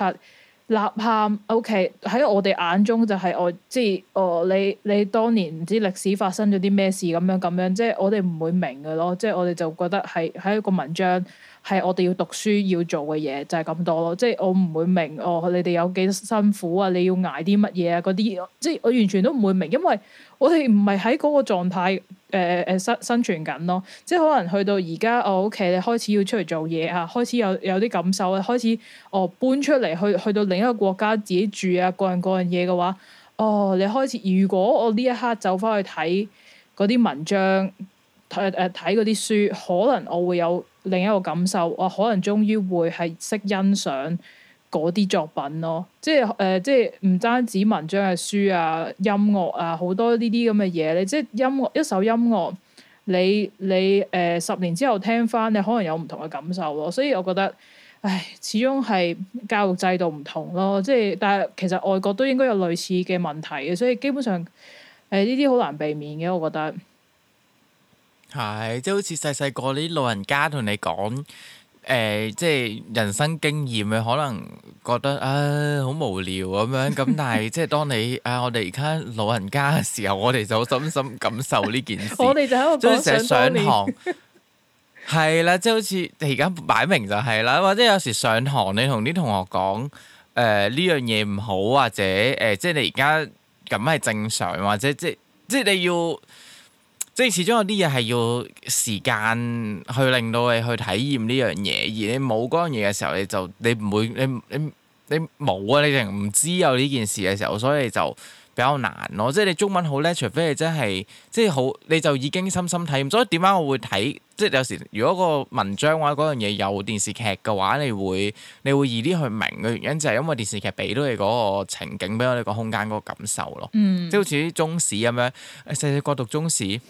S2: 吶喊 OK 喺我哋眼中就係、是、我即係哦你你當年唔知歷史發生咗啲咩事，咁樣咁樣，即係我哋唔會明嘅咯，即係我哋就覺得係係一個文章。係我哋要讀書要做嘅嘢就係、是、咁多咯，即係我唔會明哦，你哋有幾辛苦啊？你要捱啲乜嘢啊？嗰啲即係我完全都唔會明，因為我哋唔係喺嗰個狀態誒誒生生存緊咯、啊。即係可能去到而、哦、家我屋企，你開始要出嚟做嘢啊，開始有有啲感受啊，開始哦搬出嚟去去到另一個國家自己住啊，各樣各樣嘢嘅話，哦你開始如果我呢一刻走返去睇嗰啲文章睇誒睇嗰啲書，可能我會有。另一個感受，我、啊、可能終於會係識欣賞嗰啲作品咯，即係誒、呃，即係唔單止文章嘅書啊、音樂啊，好多呢啲咁嘅嘢咧。你即係音樂一首音樂，你你誒、呃，十年之後聽翻，你可能有唔同嘅感受咯。所以我覺得，唉，始終係教育制度唔同咯。即係但係其實外國都應該有類似嘅問題嘅，所以基本上誒呢啲好難避免嘅，我覺得。
S1: 係，即係好似細細個啲老人家同你講，誒、呃，即係人生經驗，可能覺得啊好無聊咁樣。咁但係 即係當你啊，我哋而家老人家嘅時候，我哋就好深深感受呢件事。 我
S2: 哋就喺度即上堂，
S1: 係上面 啦，即係好似而家擺明就係啦，或者有時上堂你同啲同學講，誒、呃、呢樣嘢唔好，或者誒、呃，即係你而家咁係正常，或者即係即係你要。即係始終有啲嘢係要時間去令到你去體驗呢樣嘢，而你冇嗰樣嘢嘅時候，你就你唔會你你你冇啊，你就唔知有呢件事嘅時候，所以就比較難咯、啊。即係你中文好叻，除非你真係即係好，你就已經深深體驗。所以點解我會睇即係有時如果個文章話嗰樣嘢有電視劇嘅話，你會你會易啲去明嘅原因就係因為電視劇俾到你嗰個情景，俾到你個空間嗰個感受咯。嗯。即係好似啲中史咁樣，細細個讀中史。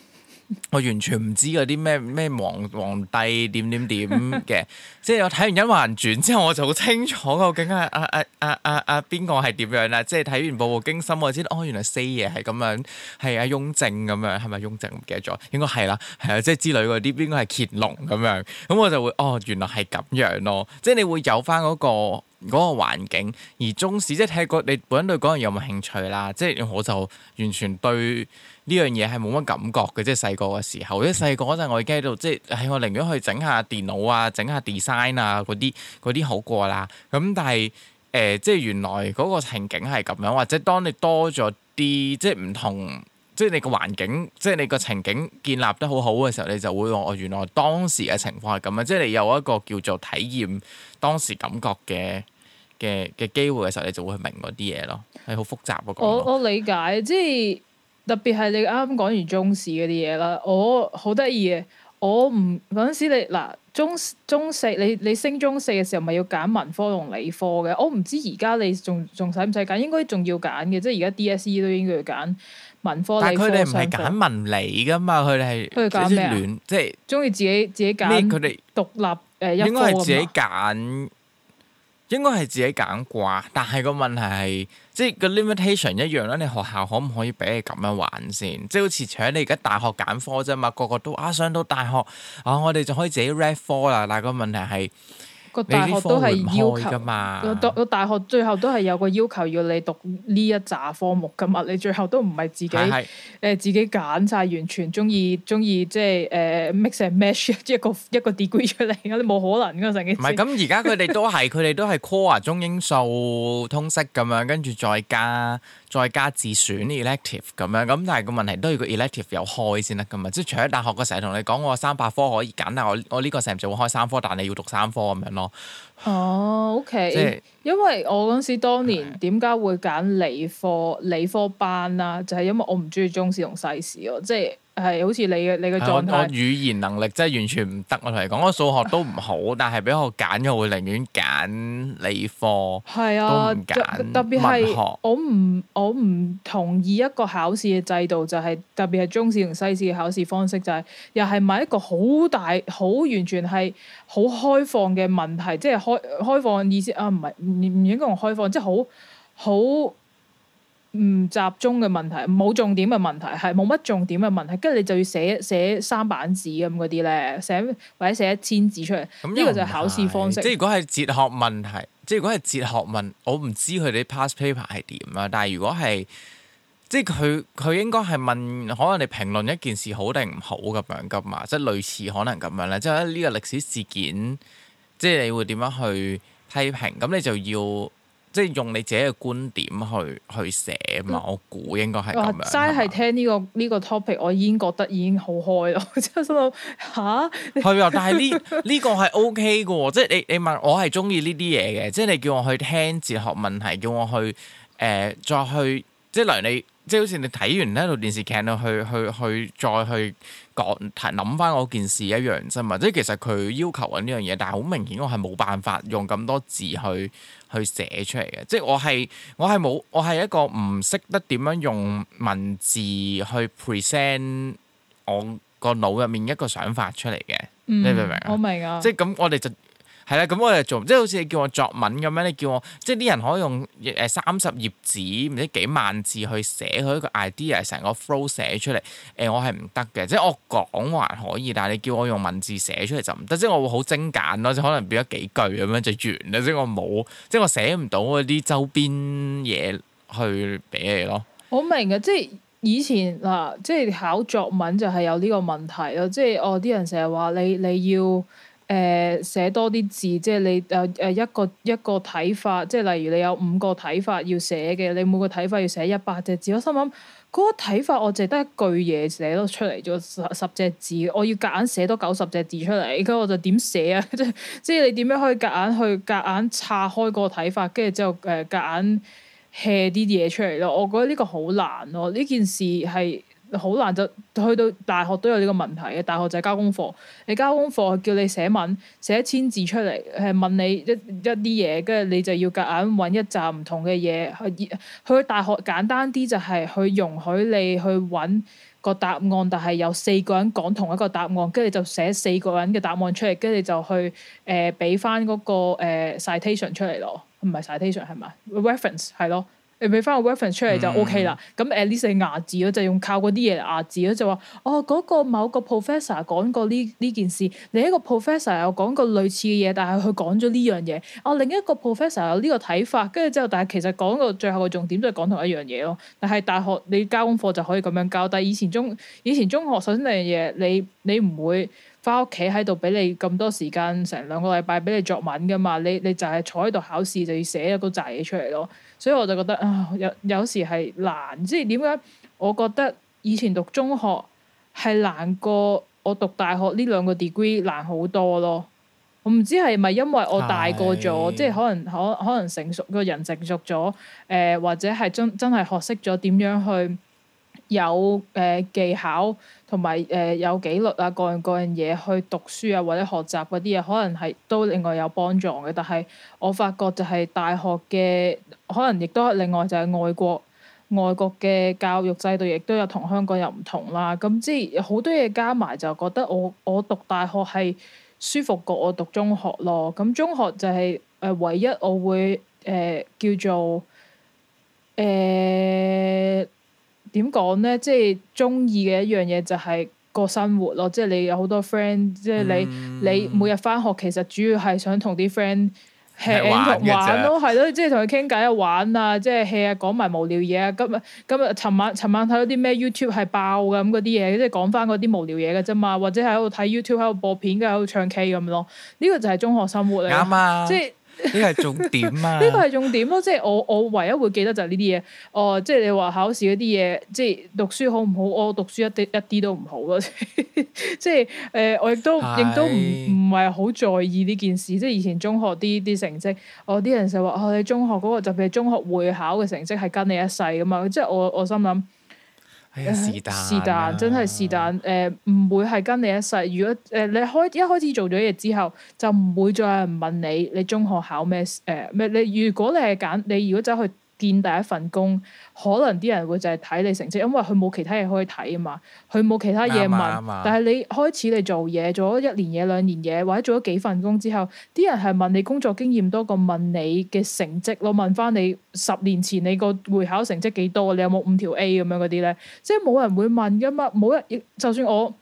S1: 我完全唔知嗰啲咩咩皇皇帝點點點嘅，即係我睇完《甄嬛傳》之後，我就好清楚究竟係阿阿阿阿阿邊個係點樣啦。即係睇完《步步驚心》，我知哦，原來四爺係咁樣，係阿雍正咁樣，係咪雍正？唔記得咗，應該係啦，係啊，即係之類嗰啲，邊個係乾隆咁樣，咁我就會哦，原來係咁樣咯，即係你會有翻嗰個嗰個環境，而中史即係睇過你本身對嗰樣有冇興趣啦，即係我就完全對。呢樣嘢係冇乜感覺嘅，即係細個嘅時候。即係細個嗰陣，我已經喺度，即係，我寧願去整下電腦啊，整下 design 啊，嗰啲嗰啲好過啦。咁但係誒、呃，即係原來嗰個情景係咁樣，或者當你多咗啲，即係唔同，即係你個環境，即係你個情景建立得好好嘅時候，你就會話我原來當時嘅情況係咁樣，即係你有一個叫做體驗當時感覺嘅嘅嘅機會嘅時候，你就會明嗰啲嘢咯。係好複雜個我
S2: 我理解，即係。特別係你啱啱講完中史嗰啲嘢啦，我好得意嘅，我唔嗰陣時你嗱中中四，你你升中四嘅時候咪要揀文科同理科嘅，我唔知而家你仲仲使唔使揀，應該仲要揀嘅，即係而家 DSE 都應該要揀文科。但係佢哋唔係揀
S1: 文理噶嘛，佢哋係佢哋揀咩？即
S2: 係中意自己自己揀。佢哋獨立誒一科咁應該係自己
S1: 揀。應該係自己揀啩，但係個問題係，即係個 limitation 一樣啦。你學校可唔可以俾你咁樣玩先？即係好似除你而家大學揀科啫嘛，個個都啊上到大學啊，我哋就可以自己 read 科啦。但係個問題係。
S2: 個大學都係要求噶嘛，我讀我大學最後都係有個要求要你讀呢一揸科目噶嘛，你最後都唔係自己誒、 呃、自己揀晒完全中意中意即係誒 mix and match 一個一個 degree 出嚟，你冇可能噶成件事。唔係咁，而家佢哋都係
S1: 佢哋都係 core 中英數通識咁樣，跟住再加。再加自選 elective 咁樣，咁但係個問題都要個 elective 有開先得噶嘛，即係除咗大學我，我成日同你講我三百科可以揀，但係我我呢個成日就會開三科，但係你要讀三科咁樣咯。哦、
S2: oh，OK，即因為我嗰時當年點解會揀理科的理科班啦、啊，就係、是、因為我唔中意中史同西史咯，即係。係好似你嘅你嘅狀態，我我語
S1: 言能力真係完全唔得。我同你講，我數學都唔好，但係俾我揀，我會寧願揀理科。係啊， 特別係
S2: 我唔我唔同意一個考試嘅制度，就係、是、特別係中史同西史嘅考試方式，就係、是、又係咪一個好大、好完全係好開放嘅問題，即、就、係、是、開開放意思啊？唔係唔唔應該講開放，即係好好。唔集中嘅問題，冇重點嘅問題，係冇乜重點嘅問題，跟住你就要寫寫三版紙咁嗰啲咧，寫或者寫一千字出嚟。咁呢個就係考試方式。即係如
S1: 果係哲學問題，即係如果係哲學問，我唔知佢哋 pass paper 係點呀。但係如果係即係佢佢應該係問，可能你評論一件事好定唔好咁樣㗎嘛。即係類似可能咁樣咧，即係呢個歷史事件，即係你會點樣去批評？咁你就要。即係用你自己嘅觀點去去寫嘛，那我估應該係咁樣。齋係
S2: 聽呢、呢個呢吧、呢個 topic，我已經覺得已經好開咯，呢個 OK 哦、 即係我心諗，吓？係啊！但係呢
S1: 呢個係 OK 嘅喎，即係你你問我係中意呢啲嘢嘅，即係你叫我去聽哲學問題，叫我去誒、呃、再去，即係例如你。即係好似你睇完呢套電視劇，去去去再去講諗翻嗰件事一樣啫嘛。即係其實佢要求緊呢樣嘢，但係好明顯我係冇辦法用咁多字去去寫出嚟嘅。即係我係我係冇我係一個唔識得點樣用文字去 present 我個腦入面一個想法出嚟嘅。嗯、你明唔明啊？我明啊！即係咁，我哋就。係啦，咁我又做，即係好似你叫我作文咁樣，你叫我即係啲人可以用誒、欸、三十頁紙唔知幾萬字去寫佢一個 idea，成個 flow 寫出嚟，誒、欸、我係唔得嘅，即係我講還可以，但係你叫我用文字寫出嚟就唔得，即係我會好精簡咯，即可能變咗幾句咁樣就完啦，即係我冇，即係我寫唔到嗰啲周邊嘢去俾你咯。
S2: 我明啊，即係以前嗱，即係考作文就係有呢個問題咯，即係我啲人成日話你你要。誒、呃、寫多啲字，即係你誒誒、呃呃、一個一個睇法，即係例如你有五個睇法要寫嘅，你每個睇法要寫一百隻字。我心諗嗰、那個睇法我淨係得一句嘢寫到出嚟，咗十十隻字。我要夾硬寫多九十隻字出嚟，咁我就點寫啊？ 即係即係你點樣可以夾硬去夾硬拆開個睇法，跟住之後誒夾硬 hea 啲嘢出嚟咯？我覺得呢個好難咯、啊，呢件事係。好難就去到大學都有呢個問題嘅，大學就係交功課，你交功課叫你寫文，寫一千字出嚟，係問你一一啲嘢，跟住你就要夾硬揾一集唔同嘅嘢去。去大學簡單啲就係、是、去容許你去揾個答案，但係有四個人講同一個答案，跟住你就寫四個人嘅答案出嚟，跟住你就去誒俾翻嗰個誒、呃、citation 出嚟咯，唔係 citation 係咪 reference 係咯？你俾翻個 reference 出嚟就 OK 啦。咁 at least 係引字咯，就係、用靠嗰啲嘢牙字咯。就話哦，嗰、嗰個某個 professor 講過呢呢件事，另一個 professor 又講過類似嘅嘢，但係佢講咗呢樣嘢。哦，另一個 professor 有呢個睇法，跟住之後，但係其實講到最後嘅重點都係講同一樣嘢咯。但係大學你交功課就可以咁樣交，但係以前中以前中學首先第一樣嘢，你你唔會翻屋企喺度俾你咁多時間，成兩個禮拜俾你作文㗎嘛？你你就係坐喺度考試，就要寫一個集嘢出嚟咯。所以我就覺得啊，有有時係難，即係點解？我覺得以前讀中學係難過我讀大學呢兩個 degree 難好多咯。我唔知係咪因為我大個咗，是即係可能可可能成熟個人成熟咗，誒、呃、或者係真真係學識咗點樣去。有誒、呃、技巧同埋誒有紀律啊，各樣各樣嘢去讀書啊，或者學習嗰啲嘢，可能係都另外有幫助嘅。但係我發覺就係大學嘅，可能亦都另外就係外國外國嘅教育制度，亦都有同香港有唔同啦。咁即係好多嘢加埋，就覺得我我讀大學係舒服過我讀中學咯。咁、嗯、中學就係、係、誒、呃、唯一我會誒、呃、叫做誒。呃點講咧？即係中意嘅一樣嘢就係個生活咯，即係你有好多 friend，即係你你每日翻學其實主要係想同啲 friend hea 同玩咯，係咯，即係同佢傾偈啊、玩啊，即係 hea 講埋無聊嘢啊。今日今日尋晚尋晚睇到啲咩 YouTube 係爆噶咁嗰啲嘢，即係講翻嗰啲無聊嘢嘅啫嘛，或者喺度睇 YouTube 喺度播片，跟住喺度唱 K 咁咯。呢個就係中學生活嚟，啱啊！即係。
S1: 呢個係重點啊！呢個係
S2: 重點咯，即係我我唯一會記得就係呢啲嘢。哦，即係你話考試嗰啲嘢，即係讀書好唔好？我、哦、讀書一啲一啲都唔好咯。 即係誒、呃，我亦都亦是都唔唔係好在意呢件事。即係以前中學啲啲成績，我、哦、啲人成日話你中學嗰個，特別係中學會考嘅成績係跟你一世噶嘛。即係我我心諗。哎、啊，是但，真係是但。誒、呃、唔會係跟你一世。如果誒、呃、你開一開始做咗嘢之後，就唔會再有人問你你中學考咩試？誒、呃、咩？你如果你係揀你，如果走去，見第一份工，可能啲人會淨係睇你成績，因為佢冇其他嘢可以睇啊嘛，佢冇其他嘢問。吧但係你開始你做嘢做咗一年嘢、兩年嘢，或者做咗幾份工之後，啲人係問你工作經驗多過問你嘅成績咯，問翻你十年前你個會考成績幾多，你有冇五條 A 咁樣嗰啲咧？即係冇人會問噶嘛，冇一，就算我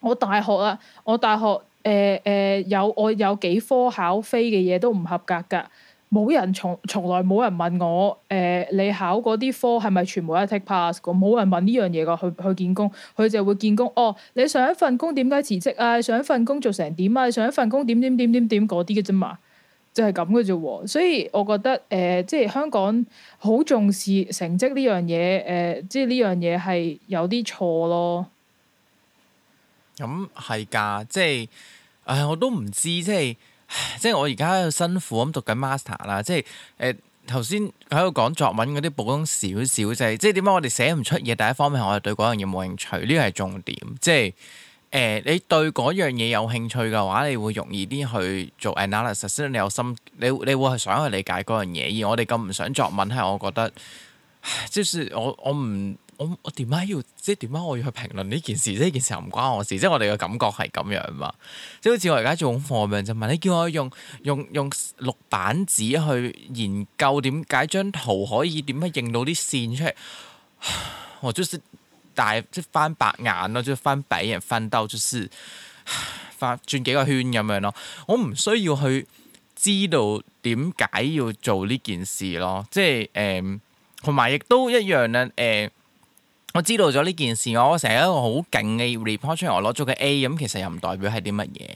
S2: 我大學啊，我大學誒誒、呃呃、有我有幾科考飛嘅嘢都唔合格噶。冇人從從來冇人問我，誒、呃，你考嗰啲科係咪全部都係 take pass？冇人問呢樣嘢㗎，去去見工，佢就會見工。哦，你上一份工點解辭職啊？你上一份工做成點啊？你上一份工點點點點點嗰啲嘅啫嘛，就係咁嘅啫喎。所以我覺得，誒、呃，即係香港好重視成績呢樣嘢，誒、呃，即係呢樣嘢係有啲錯咯。
S1: 咁係㗎，即係，唉、呃，我都唔知，即係。即係我而家喺度辛苦咁讀緊 master 啦、呃就是，即係誒頭先喺度講作文嗰啲補充少少就係，即係點解我哋寫唔出嘢？第一方面係我哋對嗰樣嘢冇興趣，呢個係重點。即係誒、呃，你對嗰樣嘢有興趣嘅話，你會容易啲去做 analysis，即係你有心，你你會係想去理解嗰樣嘢。而我哋咁唔想作文，係我覺得即是我我唔。我我點解要即係點解我要去評論呢件事？即係件事又唔關我事，即係我哋嘅感覺係咁樣嘛？即係好似我而家做緊課業，就問你叫我用用用綠板紙去研究點解張圖可以點樣認到啲線出嚟，我就是大即係翻白眼咯，即係翻比人翻鬥，就是翻轉、就是就是、幾個圈咁樣咯。我唔需要去知道點解要做呢件事咯。即係誒，同埋亦都一樣咧，誒、嗯。我知道咗呢件事，我成日好勁嘅 report 出嚟，我攞咗個 A，咁其實又唔代表係啲乜嘢，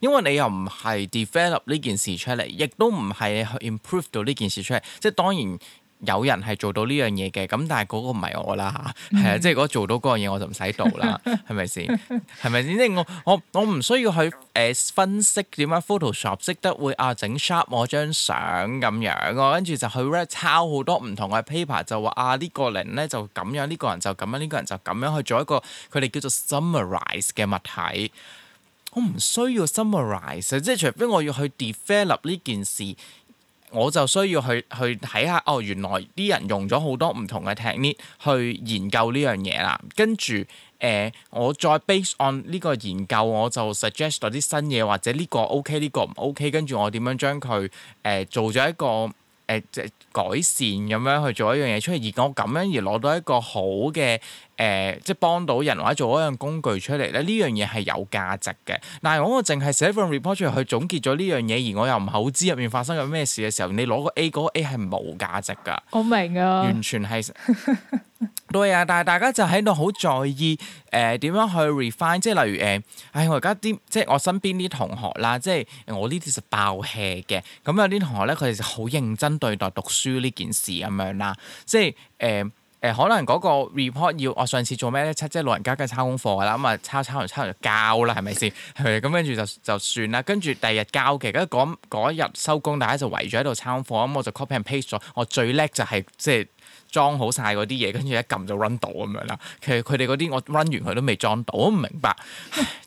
S1: 因為你又唔係 develop 呢件事出嚟，亦都唔係去 improve 到呢件事出嚟，即係當然。有人係做到呢樣嘢嘅，咁但係嗰個唔係我啦嚇，係啊、mm，即係如果做到嗰樣嘢我就唔使做啦，係咪先？係咪先？即係我我我唔需要去誒、呃、分析點樣 Photoshop 識得會啊整 sharp 我張相咁樣，跟住就去 read 抄好多唔同嘅 paper，就話啊呢、這個人咧就咁樣，呢、這個人就咁樣，呢、這個人就咁樣去做一個佢哋叫做 summarize 嘅物體。我唔需要 summarize，即係除非我要去 develop 呢件事。我就需要去去睇下哦，原來啲人用咗好多唔同嘅 technique 去研究呢樣嘢啦，跟住誒、呃、我再 base on 呢個研究，我就 suggest 咗啲新嘢或者呢個 OK 呢個唔 OK，跟住我點樣將佢誒做咗一個。誒即改善咁樣去做一樣嘢出嚟，而我咁樣而攞到一個好嘅誒、呃，即係幫到人或者做一樣工具出嚟咧，呢樣嘢係有價值嘅。但係我我淨係寫份 report 出嚟去，去總結咗呢樣嘢，而我又唔係好知入面發生咗咩事嘅時候，你攞個 A，嗰個 A 係冇價值噶。
S2: 我明啊，完
S1: 全係。 對啊，但係大家就喺度好在意誒點樣去 refine，即係例如誒，唉、呃哎、我而家啲即係我身邊啲同學啦，即係我呢啲就爆氣嘅，咁有啲同學咧佢哋就好認真對待讀書呢件事咁樣啦，即係誒誒可能嗰個 report 要我、哦、上次做咩咧？即係老人家梗係抄功課啦，咁啊抄抄完抄完就交啦，係咪先？係咁跟住就就算啦。跟住第二日交嘅，咁嗰嗰日收工，大家就圍咗喺度抄功課，咁我就 copy and paste 咗。我最叻就係即係。裝好晒嗰啲嘢，跟住一撳就 run 到咁樣啦。其實佢哋嗰啲我 run 完佢都未裝到，我唔明白。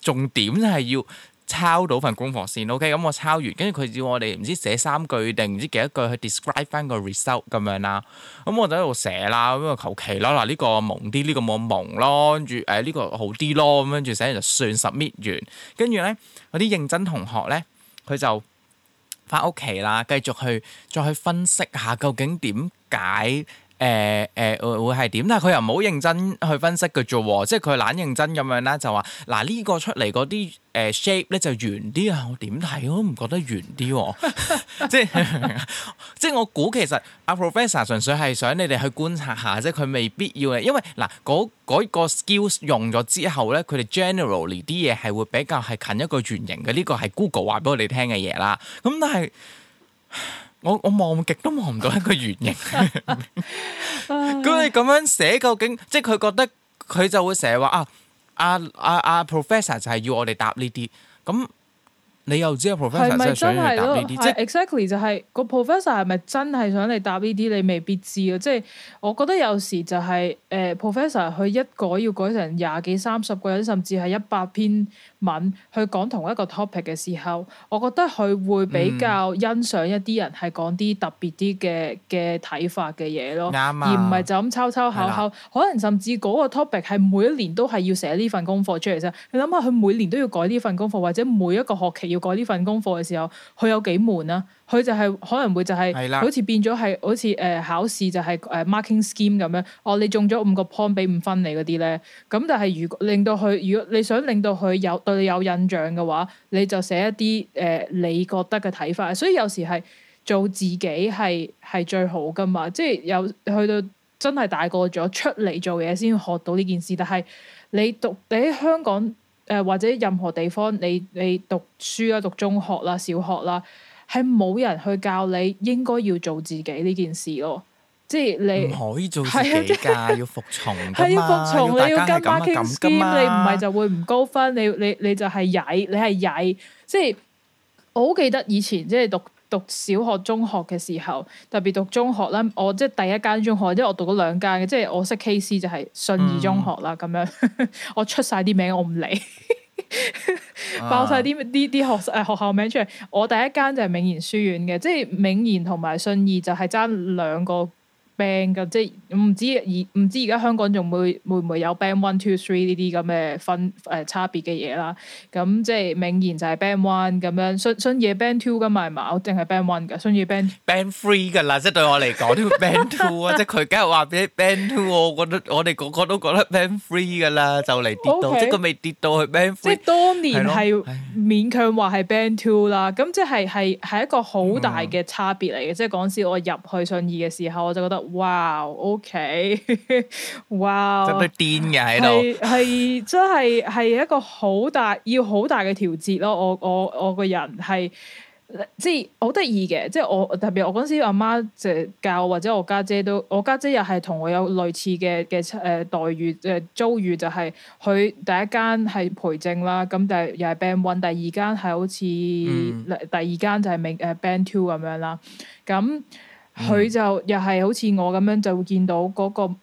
S1: 重點係要抄到份功課先。O K. 咁我抄完，跟住佢要我哋唔知寫三句定唔知幾多句去 describe 翻個 result 咁樣啦。咁、嗯、我就喺度寫啦咁啊，求其咯嗱，呢、呢個蒙啲，呢、呢個冇蒙、欸呢個、咯，跟住誒呢個好啲咯，咁跟住寫完就算 submit 完。跟住咧，嗰啲認真同學咧，佢就翻屋企啦，繼續去再去分析下究竟點解。誒誒、呃呃、會係點？但係佢又唔好認真去分析嘅啫，即係佢懶認真咁樣啦，就話嗱呢個出嚟嗰啲誒 shape 咧就圓啲 啊！我點睇我都唔覺得圓啲，即係即係我估其實阿 professor 純粹係想你哋去觀察下即係，佢未必要，嘅，因為嗱嗰嗰個 skills 用咗之後咧，佢哋 generally 啲嘢係會比較係近一個圓形嘅。呢個係 Google 話俾我哋聽嘅嘢啦。咁但係。我我望極都望唔到一個原型。咁你咁樣寫究竟，即係佢覺得佢就會成日話啊啊啊啊 professor 就係要我哋答呢啲。咁你又知啊 professor 真係想你答呢啲？即係
S2: exactly 就係個 professor 係咪真係想你答呢啲？你未必知啊。即係我覺得有時就係誒 professor 佢一改要改成廿幾三十個人，甚至係一百篇。敏去講同一個 topic 嘅時候，我覺得佢會比較欣賞一啲人係講啲特別啲嘅嘅睇法嘅嘢咯，嗯、而唔係就咁抄抄考考。嗯、可能甚至嗰個 topic 係每一年都係要寫呢份功課出嚟啫。你諗下，佢每年都要改呢份功課，或者每一個學期要改呢份功課嘅時候，佢有幾悶啊？佢就係、是、可能會就係、是、的好似變咗係好似誒、呃、考試就係、是、誒、呃、marking scheme 咁樣哦。你中咗五個 point 俾五分你嗰啲咧，咁但係如果令到佢如果你想令到佢有對你有印象嘅話，你就寫一啲誒、呃、你覺得嘅睇法。所以有時係做自己係係最好噶嘛。即係有去到真係大個咗出嚟做嘢先學到呢件事。但係你讀你喺香港誒、呃、或者任何地方，你你讀書啦、讀中學啦、小學啦。係冇人去教你應該要做自己呢件事咯，即係你唔可以做自己噶， 要
S1: 服從，係 要服從，要啊、你要跟 marking scheme、啊、你唔係
S2: 就會唔高分，你你你就係曳，你係曳，即係我好記得以前即係、就是、讀讀小學、中學嘅時候，特別讀中學啦，我即係第一間中學，即係我讀咗兩間嘅，即係、嗯、我識 KC 就係信義中學啦，咁樣 我出晒啲名，我唔理。 爆晒啲啲啲學誒、啊、學校名出嚟，我第一間就係銘賢書院嘅，即係銘賢同埋信義就係爭兩個 band 噶，即係唔知而唔知而家香港仲會會唔會有 band one two three 呢啲咁嘅分誒差別嘅嘢啦，咁即係明顯就係 band one 咁樣，信信嘢 band two 噶嘛係嘛？我淨係 band one 嘅，信嘢 band band
S1: three 噶啦，即係對我嚟講都 band two 啊！即係佢梗係話俾 band two，我覺得我哋個個都覺得 band three 噶啦，就嚟跌到，即佢未跌到去 band three。即係當年係
S2: 勉強話係 band two 啦，咁即係係係一個好大嘅差別嚟嘅，即係嗰時我入去信義嘅時候，我就覺得。哇 Wow！OK，哇 Wow, 真係癲嘅喺度，係真係係一個好大要好大嘅調節咯。我我我個人係即係好得意嘅，即係我特別我嗰陣時阿媽就教，或者我家姐，姐都，我家姐又係同我有類似嘅嘅誒待遇誒遭、呃、遇，遇，就係、是、佢第一間係培正啦，咁但係又係 band one，第二間係好似、嗯、第二間就係誒 band two 咁樣啦，咁。佢、嗯、就又係好似我咁樣，就會見到嗰個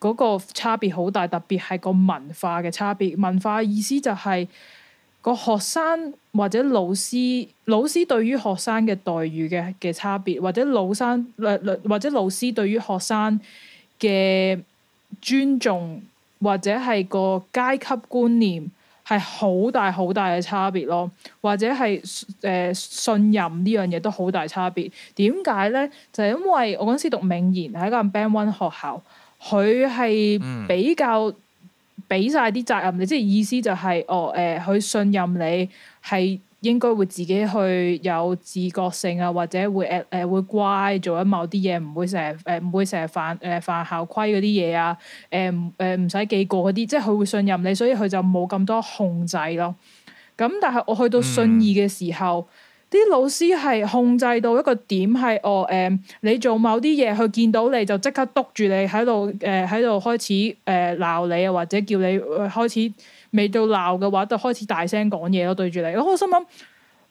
S2: 嗰個差別好大，特別係個文化嘅差別。文化嘅意思就係個學生或者老師老師對於學生嘅待遇嘅嘅差別，或者老生律律，或者老師對於學生嘅尊重，或者係個階級觀念。係好大好大嘅差別咯，或者係誒、呃、信任呢樣嘢都好大差別。點解咧？就係、是、因為我嗰陣時讀銘賢係一個 band one 學校，佢係比較俾晒啲責任，你即係意思就係、是、哦誒，佢、呃、信任你係。應該會自己去有自覺性啊，或者會 at 誒、呃、乖做一某啲嘢，唔會成誒唔會成日犯誒、呃、犯校規嗰啲嘢啊，誒誒唔使記過嗰啲，即係佢會信任你，所以佢就冇咁多控制咯。咁但係我去到信義嘅時候，啲、嗯、老師係控制到一個點係哦誒你做某啲嘢，佢見到你就即刻督住你喺度誒喺度開始誒鬧、呃、你啊，或者叫你、呃、開始。未到鬧嘅話，就開始大聲講嘢咯，對住你。我心諗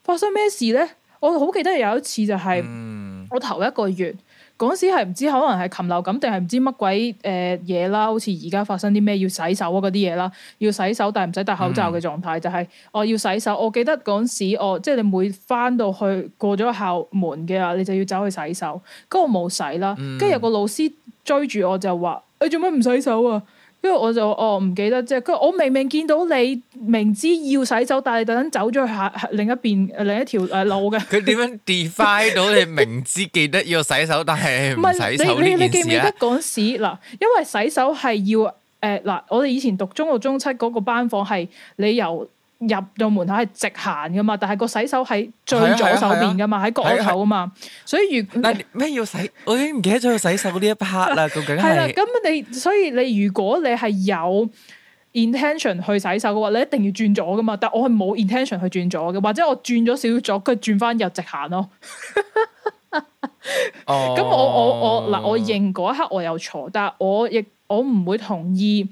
S2: 發生咩事咧？我好記得有一次就係、是嗯、我頭一個月嗰陣時，係唔知可能係禽流感定係唔知乜鬼誒嘢啦，好似而家發生啲咩要洗手啊嗰啲嘢啦，要洗手，但係唔使戴口罩嘅狀態，嗯、就係、是、我要洗手。我記得嗰陣時，我即係、就是、你每返到去過咗校門嘅啊，你就要走去洗手。咁我冇洗啦，跟住、嗯、有個老師追住我就話：你做乜唔洗手啊？跟住我就哦唔記得即係，佢我明明見到你明知要洗手，但係突然走咗去下另一邊另一條誒、呃、路嘅。
S1: 佢點樣 define 到你明知你記，記得要洗手，但係唔係洗手你你你記唔記得
S2: 講屎？嗱？因為洗手係要誒嗱、呃，我哋以前讀中六中七嗰個班房係你由。入到門口係直行噶嘛，但係個洗手喺最左手邊噶對嘛，喺角落頭啊嘛。
S1: 所以如嗱，咩要洗？我已經唔記得咗要洗手呢一 part 啦。究竟係？係啦，
S2: 咁你所以你如果你係有 intention 去洗手嘅話，你一定要轉左噶嘛。但我係冇 intention 去轉左嘅，或者我轉咗少少左，佢轉翻入直行咯。 哦、 嗯。咁我我我嗱，我認嗰一刻我有錯，但係我亦我唔會同意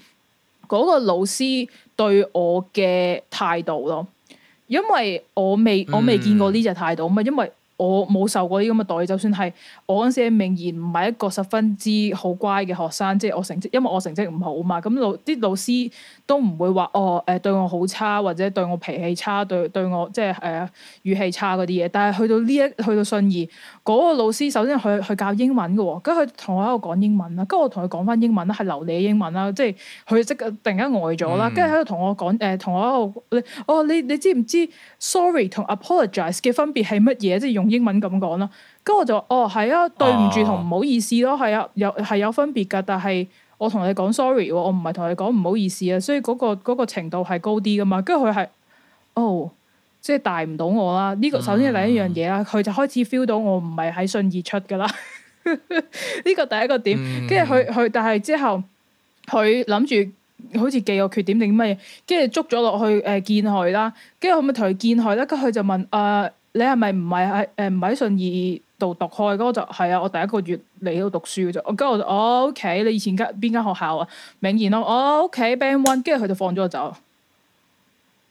S2: 嗰個老師，對我嘅態度咯，因為我未我未見過呢隻態度，咁啊、嗯，因為我冇受過呢咁嘅待遇，就算係我嗰陣時係明言唔係一個十分之好乖嘅學生，即係我成績，因為我成績唔好啊嘛，咁老啲老師。都唔會話哦誒、呃、對我好差或者對我脾氣差，對對我即係誒語氣差嗰啲嘢，但係去到呢一去到信義嗰、嗰個老師，首先佢佢教英文嘅喎，咁佢同我喺度講英文啦，跟住我同佢講翻英文啦，係流利嘅英文啦，即係佢即刻突然間呆咗啦，跟住喺度同我講誒，同、呃、我喺度、哦、你哦你你知唔知 sorry 同 apologize 嘅分別係乜嘢？即係用英文咁講啦，跟住我就哦，係啊，對唔住同唔好意思咯，係啊，有係有分別㗎，但係。我同你講 sorry，我唔係同你講唔好意思啊，所以嗰、那個那個程度係高啲噶嘛，跟住佢係，哦，即係大唔到我啦，呢、這個首先係另一樣嘢啦，佢、嗯、就開始 feel 到我唔係喺信義出噶啦，呢 個第一個點，跟住佢佢，但係之後佢諗住好似記個缺點定乜嘢，跟住捉咗落去誒、呃、見佢啦，跟住可唔可以同佢見佢咧？跟住佢就問誒、呃，你係咪唔係喺誒唔喺信義？呃度讀,讀開，咁我就係啊！我第一個月嚟喺度讀書嘅啫，我跟住我就，哦，OK，你以前間邊間學校啊？銘賢咯，我、哦、OK，Band、okay, One，跟住佢就放咗我走。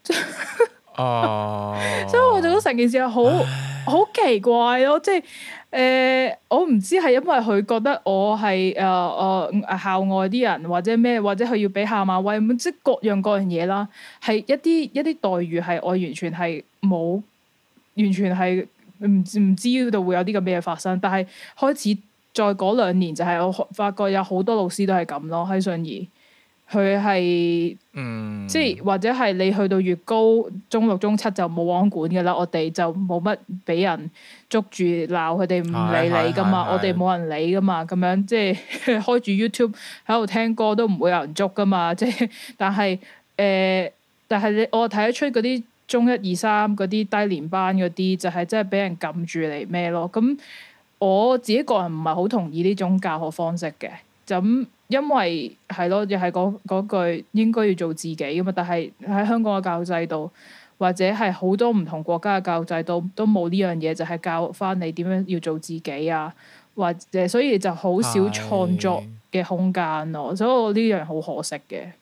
S1: 哦、 所以
S2: 我就覺得成件事好好唉奇怪咯、哦，即係誒、呃，我唔知係因為佢覺得我係誒誒校外啲人，或者咩，或者佢要俾下馬威，即係各樣各樣嘢啦，係一啲一啲待遇係我完全係冇，完全係。唔唔知度會有啲咁嘅嘢發生，但係開始再嗰兩年就係我發覺有好多老師都係咁咯。喺信宜，佢係，嗯、即係或者係你去到越高中六中七就冇人管噶啦。我哋就冇乜俾人捉住鬧佢哋唔理你噶嘛，是是是是我哋冇人理噶嘛。咁樣即係開住 YouTube 喺度聽歌都唔會有人捉噶嘛。即係但係誒，但係你、呃、我睇得出嗰啲。中一二三嗰啲低年班嗰啲就係即係俾人撳住嚟咩咯？咁我自己個人唔係好同意呢種教學方式嘅，咁因為係咯，又係嗰嗰句應該要做自己噶嘛。但係喺香港嘅教育制度，或者係好多唔同國家嘅教育制度都冇呢樣嘢，就係、是、教翻你點樣要做自己啊，或者所以就好少創作嘅空間咯。的所以我呢樣好可惜嘅。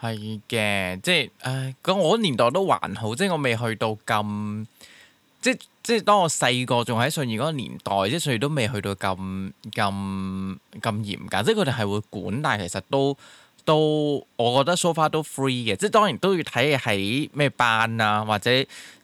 S1: 係嘅，即係，誒，咁我嗰年代都還好，即係我未去到咁，即係即係當我細個仲喺信義嗰個年代，即係信義都未去到咁咁咁嚴格，即係佢哋係會管，但係其實都都，我覺得 so far 都 free 嘅，即係當然都要睇喺咩班啊，或者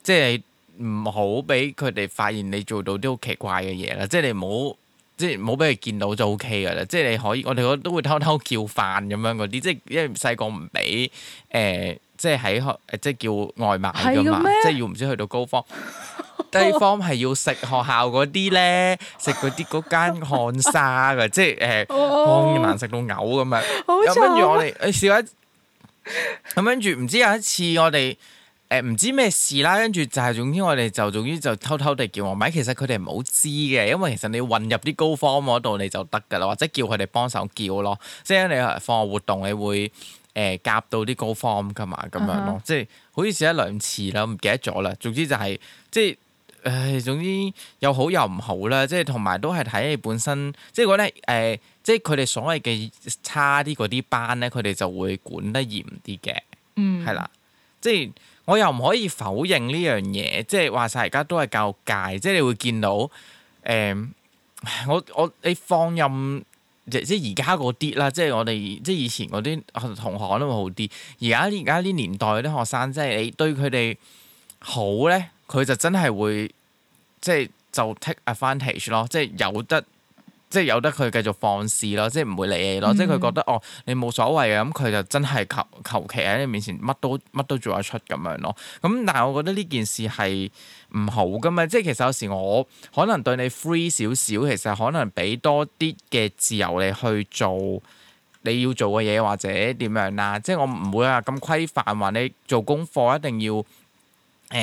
S1: 即係唔好俾佢哋發現你做到啲好奇怪嘅嘢啦，即係你唔好。即係唔好俾佢見到就 OK 噶啦，即係你可以，我哋都會偷偷叫飯咁樣嗰啲。即係因為細個唔俾，誒，即係喺學即係叫外賣嚟噶嘛，即係要唔知去到高方 低方係要食學校嗰啲咧，食嗰啲嗰間漢沙噶， 即係誒漢難食到嘔咁樣。咁跟住我哋你試下，咁跟住唔知有一次我哋。誒唔知咩事啦，跟住就係總之，我哋就總之就偷偷地叫，咪其實佢哋唔好知嘅，因為其實你混入啲高科嗰度你就得噶啦，或者叫佢哋幫手叫咯，即係你放學活動，你會誒夾到啲高科噶嘛，咁樣咯，即係好似試一兩次啦，唔記得咗啦。總之就係即係，唉，總之又好又唔好啦，即係同埋都係睇你本身，即係覺得，誒，即係佢哋所謂嘅差啲嗰啲班咧，佢哋就會管得嚴啲嘅，嗯，係啦，即係。我又唔可以否認呢樣嘢，即係話晒，而家都係教育界，即係你會見到，誒、嗯，我我你放任，即係即係而家嗰啲啦，即係我哋即係以前嗰啲同學都會好啲，而家而家啲年代啲學生，即係你對佢哋好咧，佢就真係會，即係就 take advantage 咯，即係有得。即係有得佢繼續放肆咯，即係唔會理你咯。嗯、即係佢覺得哦，你冇所謂嘅，咁佢就真係求求其喺你面前乜都乜都做得出咁樣咯。咁但係我覺得呢件事係唔好噶嘛。即係其實有時我可能對你 free 少少，其實可能俾多啲嘅自由你去做你要做嘅嘢或者點樣啦。即係我唔會話咁規範，話你做功課一定要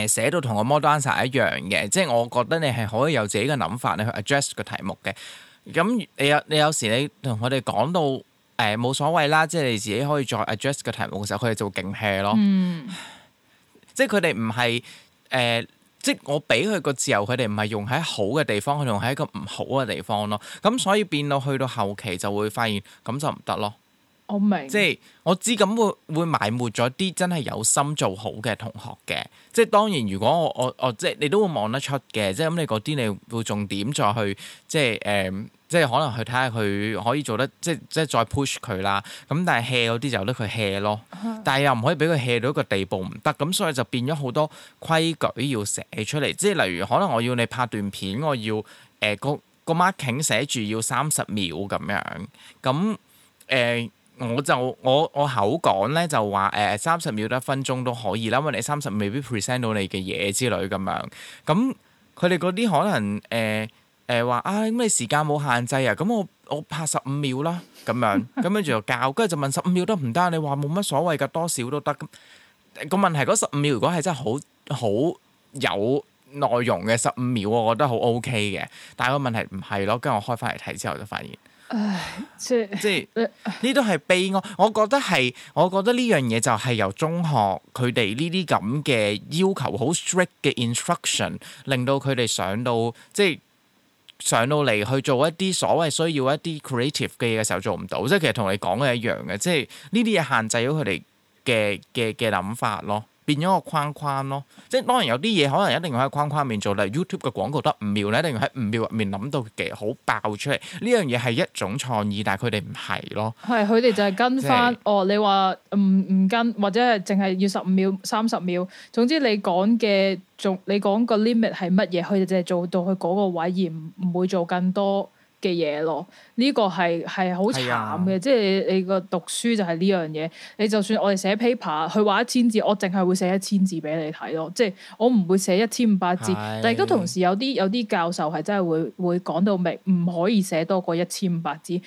S1: 誒寫到同個 model 曬一樣嘅。即係我覺得你係可以有自己嘅諗法，你去 address 個題目嘅。咁你有你有時你同佢哋講到誒冇、呃、所謂啦，即係你自己可以再 address 個題目嘅時候，佢哋就會勁 hea 咯。嗯、即係佢哋唔係誒，即我俾佢個自由，佢哋唔係用喺好嘅地方，佢用喺一個唔好嘅地方咯。咁、嗯、所以變到去到後期就會發現咁就唔得咯。
S2: 我明，即係
S1: 我知咁會會埋沒咗啲真係有心做好嘅同學嘅。即係當然，如果我我我即係你都會望得出嘅。即係咁，你嗰啲你會重點再去即係誒。呃即係可能去睇下佢可以做得，即係即再 push 佢啦。咁但係 hea 嗰啲就由得佢 hea 咯。嗯、但係又唔可以俾佢 hea 到一個地步，唔得。咁所以就變咗好多規矩要寫出嚟。即係例如可能我要你拍段片，我要誒、呃、個個 marking 寫住要三十秒咁樣。咁誒、呃、我就我我口講咧就話誒，三十秒一分鐘都可以啦。因為你三十未必 present 到你嘅嘢之類咁樣。咁佢哋嗰啲可能誒。呃誒話啊，咁你時間冇限制啊，咁我我拍十五秒啦，咁樣咁跟住就教，跟住就問十五秒得唔得？你話冇乜所謂噶，多少都得。個問題嗰十五秒如果係真係好好有內容嘅十五秒，我覺得好 OK 嘅。但係個問題唔係咯，跟住我開翻嚟睇之後就發現，
S2: 即係
S1: 呢 都係悲哀。我覺得係，我覺得呢樣嘢就係由中學佢哋呢啲咁嘅要求好 strict 嘅 instruction，令到佢哋上到即係。上到嚟去做一啲所謂需要一啲 creative 嘅嘢嘅時候做唔到，即係其實同你講嘅一樣嘅，即係呢啲嘢限制咗佢哋嘅嘅嘅諗法咯。變咗個框框咯，即係當然有啲嘢可能一定要喺框框面做，例如 YouTube 嘅廣告得五秒咧，一定要喺五秒入面諗到嘅好爆出嚟。呢樣嘢係一種創意，但係佢哋唔係咯。
S2: 係佢哋就係跟翻、就是、哦，你話唔唔跟或者係淨係要十五秒、三十秒，總之你講嘅做你講個 limit 係乜嘢，佢哋淨係做到去嗰個位而唔唔會做更多。嘅嘢咯，呢、這個係係好慘嘅，慘哎、呀即係你個讀書就係呢樣嘢。你就算我哋寫 paper 佢話一千字，我淨係會寫一千字俾你睇咯。即係我唔會寫一千五百字，的但係都同時有啲有啲教授係真係會會講到明，唔可以寫多過一千五百字，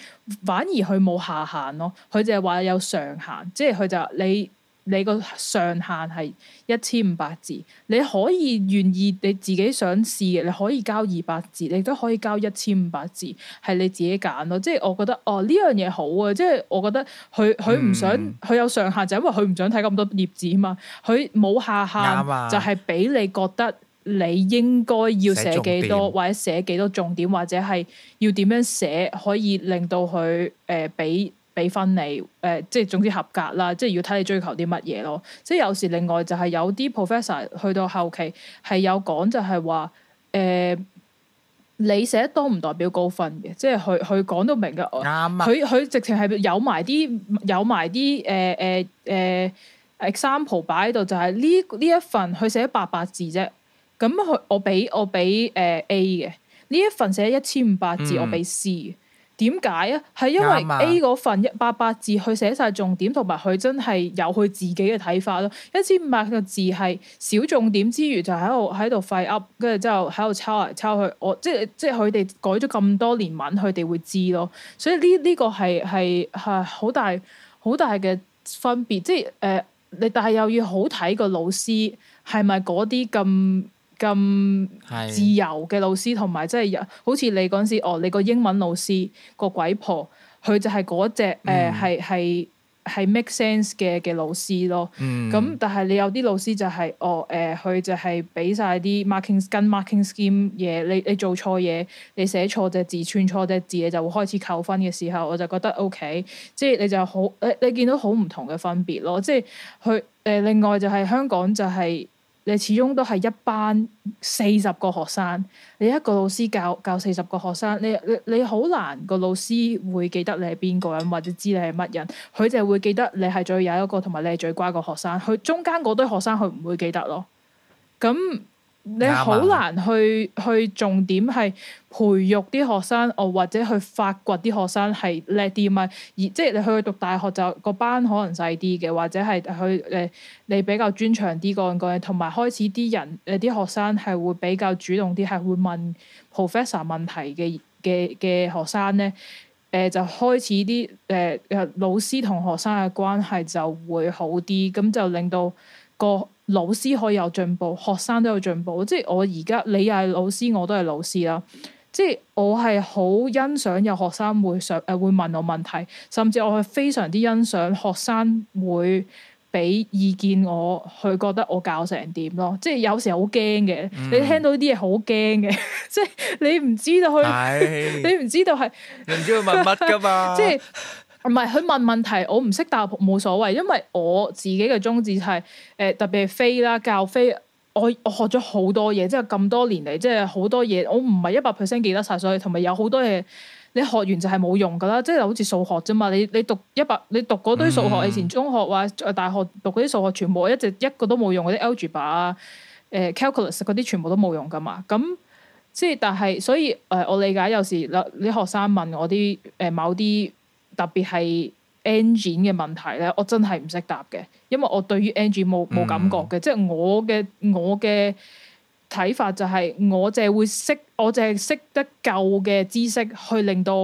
S2: 反而佢冇下限咯，佢就係話有上限，即係佢就話你。你個上限係一千五百字，你可以願意你自己想試嘅，你可以交二百字，你都可以交一千五百字，係你自己揀咯。即係我覺得哦，呢樣嘢好啊！即係我覺得佢佢唔想佢、嗯、有上限，就因為佢唔想睇咁多頁紙啊嘛。佢冇下限，啊、就係俾你覺得你應該要寫幾多，或者寫幾多重點，或者係要點樣寫可以令到佢誒俾。呃俾分你，誒、呃，即係總之合格啦，即係要睇你追求啲乜嘢咯。即係有時另外就係有啲 professor 去到後期係有講就係話，誒、呃，你寫多唔代表高分嘅，即係佢佢講到明嘅，佢佢、啊、直情係有埋啲有埋啲誒誒誒 example 擺喺度，就係呢呢一份佢寫八百字啫，咁佢我俾我俾誒、呃、A 嘅，呢一份寫一千五百字、嗯、我俾 C。點解啊？係因為 A 嗰份八百字，佢寫晒重點，同埋佢真係有佢自己嘅睇法咯。一千五百個字係小重點之餘，就喺度喺度廢 up，跟住之後喺度抄嚟抄去。我即係即係佢哋改咗咁多年文，佢哋會知咯。所以呢呢、呢個係係係好大好大嘅分別。即係誒、呃，你但係又要好睇個老師係咪嗰啲咁？是咁自由嘅老師同埋，即係有，有好似你嗰陣時，哦，你個英文老師個鬼婆，佢就係嗰隻誒，係係係 make sense 嘅嘅老師咯。咁、嗯、但係你有啲老師就係、是，哦誒，佢、呃、就係俾晒啲 marking 跟 marking scheme 嘢，你你做錯嘢，你寫錯隻字，串錯隻字，你就會開始扣分嘅時候，我就覺得 OK，即係你就好，你你見到好唔同嘅分別咯，即係佢誒。另外就係香港就係、是。你始終都係一班四十個學生，你一個老師教教四十個學生，你你你好難個老師會記得你係邊個人或者知你係乜人，佢就會記得你係最有一個同埋你係最乖個學生，佢中間嗰堆學生佢唔會記得咯，咁。你好難去去重點係培育啲學生哦，或者去發掘啲學生係叻啲嘛？而即係你去讀大學就、個班可能細啲嘅，或者係去誒、呃、你比較專長啲個人嘅，同埋開始啲人誒啲學生係會比較主動啲，係會問 professor 問題嘅嘅嘅學生咧，誒、呃、就開始啲誒、呃、老師同學生嘅關係就會好啲，咁就令到個。老師可以有進步，學生都有進步。即係我而家你又係老師，我都係老師啦。即係我係好欣賞有學生會想誒會問我問題，甚至我係非常之欣賞學生會俾意見我，佢覺得我教成點咯。即係有時好驚嘅，嗯嗯，你聽到啲嘢好驚嘅， 即係你唔知道去，哎、 你唔知道係，你唔知佢問乜㗎嘛， 即係。唔係佢問問題，我唔識答冇所謂，因為我自己嘅宗旨係誒特別係飛啦教飛，我我學咗好多嘢，即係咁多年嚟，即係好多嘢，我唔係一百 percent 記得晒，所以同埋有好多嘢你學完就係冇用噶啦，即係好似數學啫嘛，你你讀一百你讀嗰堆數學、mm hmm。以前中學或大學讀嗰啲數學，全部一直一個都冇用，嗰啲 algebra 啊、呃、誒 calculus 嗰啲全部都冇用噶嘛，咁即係但係所以誒、呃、我理解有時你啲學生問我啲誒、呃、某啲。某特別係 engine 嘅問題咧，我真係唔識答嘅，因為我對於 engine 冇冇感覺嘅，嗯、即係我嘅我嘅睇法就係我淨係會識，我淨係識得夠嘅知識去令到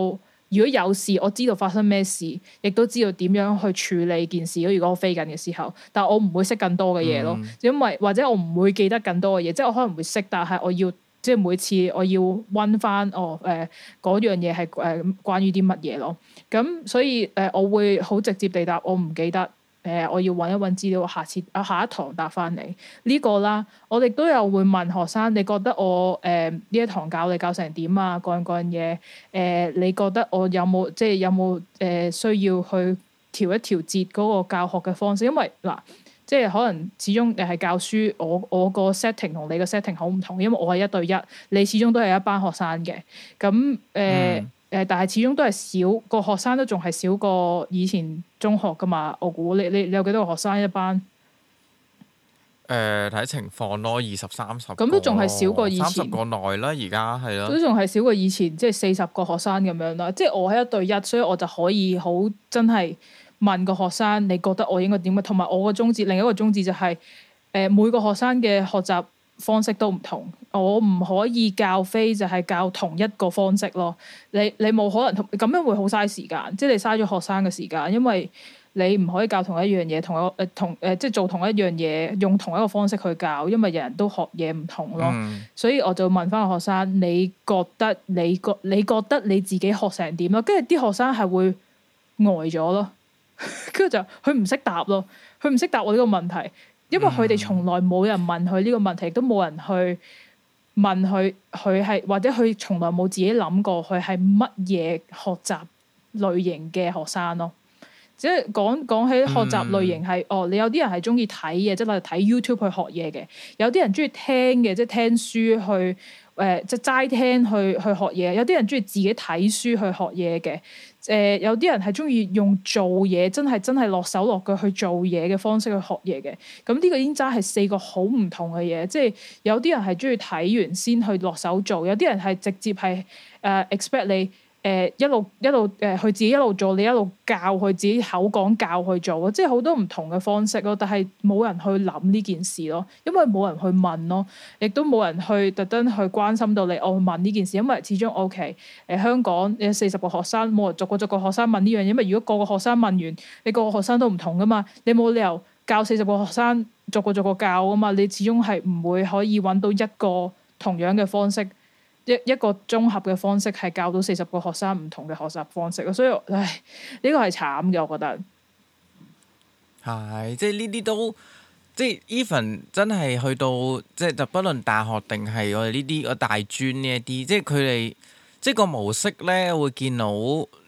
S2: 如果有事我知道發生咩事，亦都知道點樣去處理件事咯。如果我飛緊嘅時候，但我唔會識更多嘅嘢咯，因為或者我唔會記得更多嘅嘢，嗯、即係我可能會識，但係我要即係每次我要溫翻我誒嗰樣嘢係誒關於啲乜嘢咯。咁所以誒、呃，我會好直接地答，我唔記得誒、呃，我要揾一揾資料，下次啊下一堂答翻你呢、這個啦。我哋都有會問學生，你覺得我誒呢、呃、一堂教你教成點啊？嗰樣嗰樣嘢誒，你覺得我有冇即係有冇誒、呃、需要去調一調節嗰個教學嘅方式？因為嗱，即係可能始終你係教書，我我個 setting 同你嘅 setting 好唔同，因為我係一對一，你始終都係一班學生嘅。咁誒。呃嗯誒，但係始終都係少,少,少個學生都仲係少過以前中學噶嘛？我估你你你有幾多個學生一班？
S1: 誒、呃，睇情況咯，二十三十。咁都仲係少過以前。三十個內啦，而家係咯。都仲
S2: 係少過以前，即係四十個學生咁樣啦。即、就、係、是、我係一對一，所以我就可以好真係問個學生，你覺得我應該點？同埋我個宗旨，另一個宗旨就係、是，誒、呃，每個學生嘅學習。方式都唔同，我唔可以教飛就係教同一個方式咯。你你冇可能同咁樣，會好嘥時間，即係你嘥咗學生嘅時間，因為你唔可以教同一樣嘢，同一誒同誒、呃、即係做同一樣嘢，用同一個方式去教，因為人人都學嘢唔同咯。嗯、所以我就問翻學生，你覺得你覺你覺得你自己學成點咯？跟住啲學生係會呆咗咯，跟 住就佢唔識答咯，佢唔識答我呢個問題。因為佢哋從來冇人問佢呢個問題，亦都冇人去問佢，佢係或者佢從來冇自己諗過，佢係乜嘢學習類型嘅學生咯。即係講講起學習類型係，哦，你有啲人係中意睇嘅，即係例如睇 YouTube 去學嘢嘅；有啲人中意聽嘅，即係聽書去，誒、呃，即係齋聽去去學嘢；有啲人中意自己睇書去學嘢嘅。誒、呃、有啲人係中意用做嘢，真係真係落手落腳去做嘢嘅方式去學嘢嘅。咁呢個煙渣係四個好唔同嘅嘢，即係有啲人係中意睇完先去落手做，有啲人係直接係誒 expect 你。誒、呃、一路一路誒，佢、呃、自己一路做，你一路教佢自己口講教佢做，即係好多唔同嘅方式咯，但係冇人去諗呢件事咯，因為冇人去問咯，亦都冇人去特登去關心到你，我去問呢件事，因為始終 OK、呃。誒，香港你有四十個學生，冇人逐個、逐個逐個學生問呢樣嘢，因為如果個個學生問完，你個個學生都唔同噶嘛，你冇理由教四十個學生逐個逐個教㗎嘛，你始終係唔會可以揾到一個同樣嘅方式。一一個綜合嘅方式係教到四十個學生唔同嘅學習方式，所以，唉，呢、這個係慘嘅，我覺得。
S1: 係，即係呢啲都，即係 even 真係去到，即係就不論大學定係我哋呢啲個大專呢一啲，即係佢哋，即係個模式咧會見到，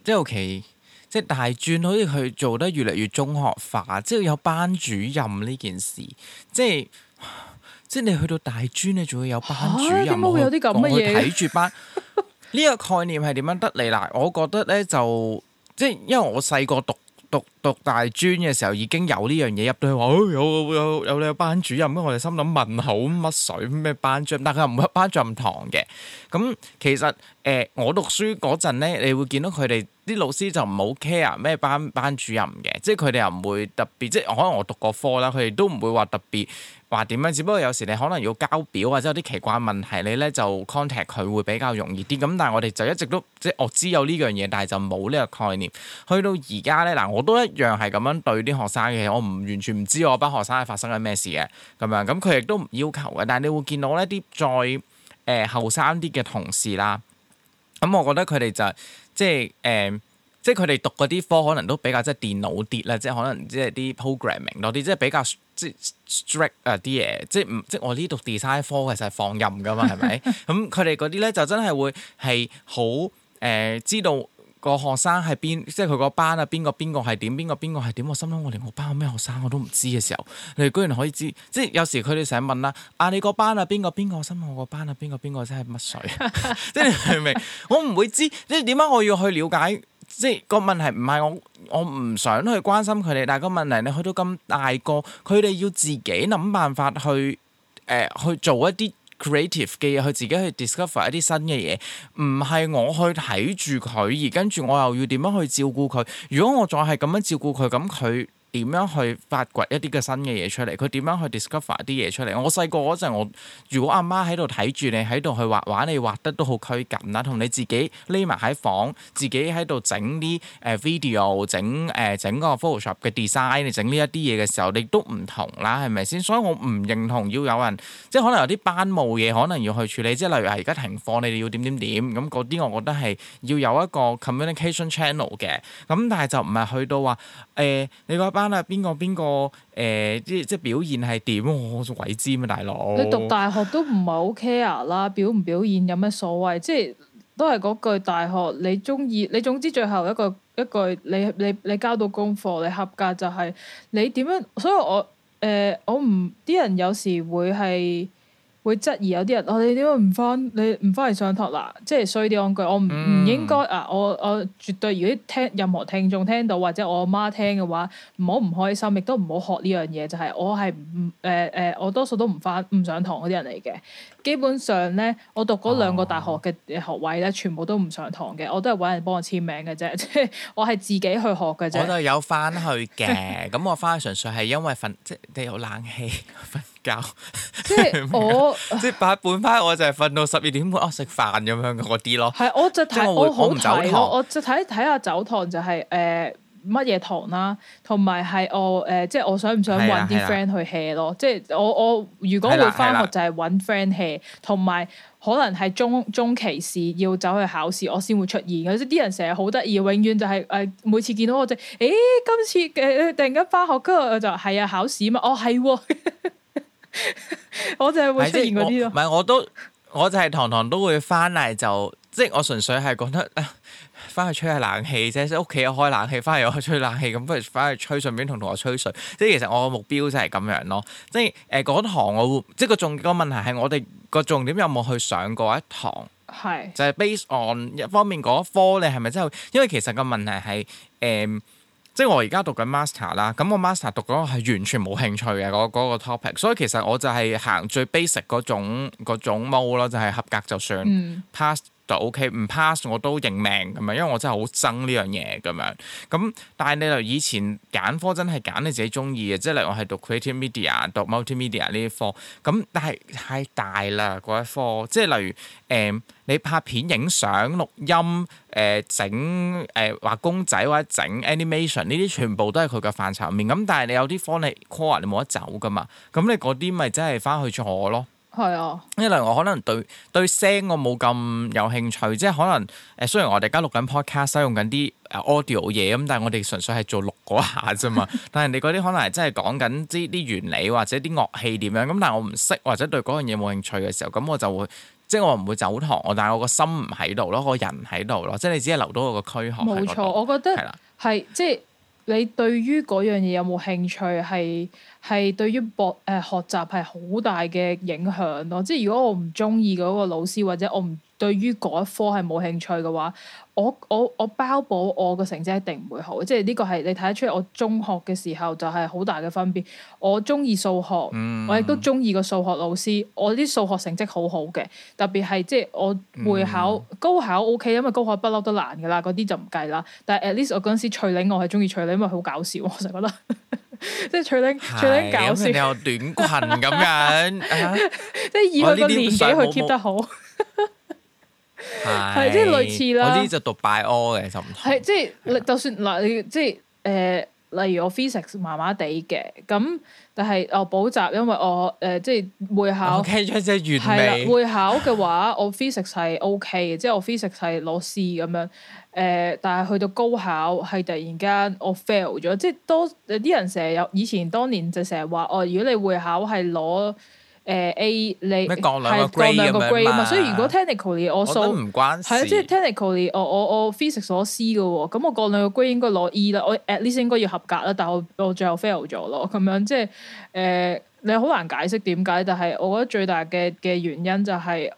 S1: 即係、okay, 好奇，即係大專好似佢做得越嚟越中學化，即係有班主任呢件事，即係。即係你去到大專，你仲會有班主任咯、啊，同佢睇住班呢 個概念係點樣得嚟嗱，我覺得咧就即係因為我細個讀讀讀，讀大專嘅時候已經有呢樣嘢入到去話、哎，有有有有，有，有班主任咁，我哋心諗問好乜水咩班主任，但係佢唔會班進堂嘅。咁其實誒、呃，我讀書嗰陣咧，你會見到佢哋啲老師就唔好 care 咩班班主任嘅，即係佢哋又唔會特別，即係可能我讀個科啦，佢哋都唔會話特別。話點樣？只不過有時你可能要交表或者有啲奇怪問題，你咧就 contact 佢會比較容易啲。咁但係我哋就一直都即係我知有呢樣嘢，但係就冇呢個概念。去到而家咧，嗱我都一樣係咁樣對啲學生嘅，我唔完全唔知我班學生係發生緊咩事嘅咁樣。咁佢亦都唔要求嘅，但係你會見到呢啲再誒後生啲嘅同事啦。咁、啊嗯、我覺得佢哋就即係誒，即係佢哋讀嗰啲科可能都比較即係電腦啲啦，即係可能即係啲 programming 多啲，即係比較。即係 track 啊啲嘢，即係唔即係我呢讀 design 科其實係放任㗎嘛，係咪？咁佢哋嗰啲咧就真係會係好誒知道個學生係邊，即係佢個班啊邊個邊個係點，邊個邊個係點。我心諗我連我班有咩學生我都唔知嘅時候，你居然可以知？即係有時佢哋成日問啦，啊你個班啊邊個邊個，我心諗我個班啊邊個邊個真係乜水？即係明唔明？我唔會知，即係點解我要去了解？即係個問題唔係我。我唔想去關心佢哋，但係個問題你去到咁大個，佢哋要自己諗辦法去誒、呃、去做一啲 creative 嘅嘢，去自己去 discover 一啲新嘅嘢，唔係我去睇住佢，而跟住我又要點樣去照顧佢？如果我再係咁樣照顧佢，咁佢。點樣去發掘一啲嘅新嘅嘢出嚟？佢點樣去 discover 一啲嘢出嚟？我細個嗰陣，我如果阿媽喺度睇住你喺度去畫畫，你畫得都好拘謹啦。同你自己匿埋喺房，自己喺度整啲誒 video，整誒整個 Photoshop 嘅 design，你整呢一啲嘢嘅時候，你都唔同啦，係咪先？所以我唔認同要有人，即係可能有啲班務嘢，可能要去處理。即係例如係而家情況，你哋要點點點咁嗰啲，那那我覺得係要有一個 communication channel 嘅。咁但係就唔係去到話誒、呃、你個班。邊個邊個誒、呃，即即表現係點我仲鬼知咩大佬。你讀大
S2: 學都唔係好 care 啦，表唔表現有咩所謂？即係都係嗰句，大學你中意你總之最後一個一句，你你你，你交到功課，你合格就係、係、你點樣。所以我誒、呃，我唔啲人有時會係。會質疑有啲人，我哋點解唔翻？你唔翻嚟上堂嗱，即係衰啲講句，我唔唔應該啊！嗯、我我絕對如果聽任何聽眾聽到或者我阿媽聽嘅話，唔好唔開心，亦都唔好學呢樣嘢。就係、是、我係唔誒誒，我多數都唔翻唔上堂嗰啲人嚟嘅。基本上咧，我讀嗰兩個大學嘅學位咧，全部都唔上堂嘅，我都係揾人幫我簽名嘅啫。即 我係自己去學嘅啫。我都
S1: 係有翻去嘅，咁 我翻去純粹係因為瞓，即係好冷氣 即係我 即係八半拍、啊，我就係瞓到十二點半，我食飯咁樣嗰啲咯。係、啊啊、我就睇我唔走堂，我
S2: 就睇睇下走堂就係誒乜嘢堂啦，同埋係我誒即係我想唔想搵啲 friend 去 hea 咯。即係我我如果會翻學就係搵 friendhea，同埋可能係中中期試要走去考試，我先會出現。有啲人成日好得意，永遠就係、是、誒、呃、每次見到我就誒、欸、今次誒突然間翻學，跟住我就係啊考試嘛。哦係。 我就係會出現嗰啲咯，唔、就、係、是、
S1: 我，我都，我就係堂堂都會翻嚟就，即、就、係、是、我純粹係覺得，翻去吹下冷氣啫，即屋企開冷氣，翻嚟，又去吹冷氣，咁不如翻去吹水，順便同同學吹水，即係其實我個目標就係咁樣咯。即係誒，嗰、呃、堂我會即係個重、那個問題係我哋個重點有冇去上過一堂？係是就係 based on 方面嗰科，你係咪真係？因為其實個問題係誒。呃即係我而家讀緊 master 啦，咁我 master 讀嗰個係完全冇興趣嘅嗰嗰個 topic，所以其實我就係行最 basic 嗰種嗰種 mode 咯，就係合格就算 pass。嗯就 O K，唔 pass 我都認命咁啊，因為我真係好憎呢樣嘢咁樣。咁但係你就以前揀科真係揀你自己中意嘅，即係例如我係讀 creative media、讀 multimedia 呢啲科。咁但係太大啦嗰一科，即係例如誒、呃、你拍片、影相、錄音、誒整誒畫公仔或者整 animation 呢啲，全部都係佢嘅範疇入面。咁但係你有啲科你 core 你冇得走㗎嘛，咁你嗰啲咪真係返去坐咯。係啊，因為我可能對對聲我冇咁有興趣，即係可能誒，雖然我哋而家錄緊 podcast，用緊啲 audio 嘢咁，但係我哋純粹係做錄嗰下啫嘛。 但係人哋嗰啲可能係真係講緊啲啲原理或者啲樂器點樣咁，但係我唔識或者對嗰樣嘢冇興趣嘅時候，咁我就會即係我唔會走堂，我但係我個心唔喺度咯，個人喺度咯，即係你只係留到個軀殼。冇錯，我覺得係啦，係
S2: 即係。就是你對於嗰樣嘢有冇興趣？係，係對於博誒、呃、學習係好大嘅影響咯。即係如果我唔中意嗰個老師，或者我唔對於嗰一科係冇興趣嘅話，我我我包保我個成績一定唔會好，即係呢個係你睇得出我中學嘅時候就係好大嘅分別。我中意數學，嗯、我亦都中意個數學老師。我啲數學成績好好嘅，特別係即係我會考、嗯、高考 OK，因為高考不嬲都難㗎啦，嗰啲就唔計啦。但係 at least 我嗰陣時翠玲我係中意翠玲，因為佢好搞笑，我就覺得 即係翠玲，翠玲搞笑，然後
S1: 短裙咁樣，
S2: 啊、 即係以佢個年紀去 keep 得好。
S1: 係即係類似啦，嗰啲就讀 bio 嘅就唔同。
S2: 係即係，就算嗱，你即係誒，例如我 physics 麻麻地嘅，咁但係我補習，因為我誒、呃、即係會考。O K，一係啦，會考嘅話，我 physics 係 O、OK、K，嘅，即係我 physics 係攞 C 咁樣。誒、呃，但係去到高考係突然間我 fail 咗，即係多啲人成日有，以前當年就成日話，哦，如果你會考係攞。誒、呃、A 你係過兩個 grade gr 嘛？所以如果 technically 嘛我所係啊，即係 technically 我、即係、technically，我我，我 physics 所 C 嘅咁、嗯、我過兩個 grade 應該攞 E 啦。我 at least 應該要合格啦，但係我我最後 fail 咗咯。咁樣即係誒你好難解釋點解，但係我覺得最大嘅嘅原因就係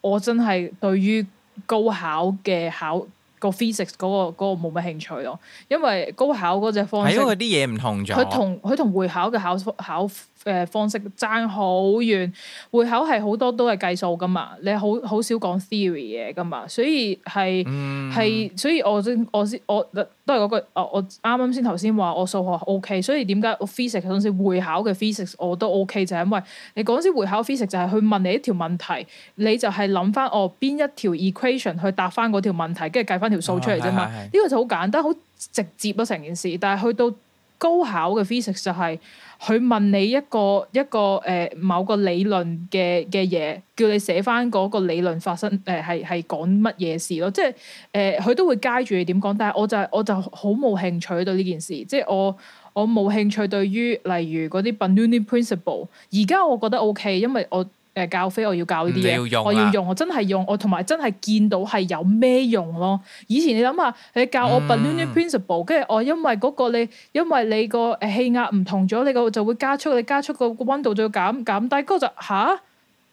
S2: 我真係對於高考嘅考 ph、嗰個 physics 嗰、嗰個冇乜興趣咯，因為高考嗰隻方式啲嘢唔同咗佢同佢同會考嘅考考。考誒、呃、方式爭好遠，會考係好多都係計數㗎嘛，你好好少講 theory 嘢㗎嘛，所以係係、嗯，所以我先我先我都係嗰句我啱啱先頭先話我數學 OK，所以點解我 physics 嗰陣時會考嘅 physics 我都 OK 就係因為你嗰陣時會考 physics 就係去問你一條問題，你就係諗翻我邊一條 equation 去答翻嗰條問題，跟住計翻條數出嚟啫嘛，呢、哦、個就好簡單好直接咯、啊、成件事，但係去到高考嘅 physics 就係、是。佢問你一個一個誒、呃、某個理論嘅嘅嘢，叫你寫翻嗰個理論發生誒係係講乜嘢事咯。即係誒佢都會街住你點講，但係我就我就好冇興趣對呢件事，即係我我冇興趣對於例如嗰啲 Bernoulli Principle，而家我覺得 OK，因為我。誒教飛我要教呢啲嘢，要啊、我要用，我真係用，我同埋真係見到係有咩用咯。以前你諗下，你教我 Bernoulli's principle，跟住、嗯、我因為嗰個你，因為你個誒氣壓唔同咗，你個就會加速，你加速個溫度就會減減低，但係嗰就吓。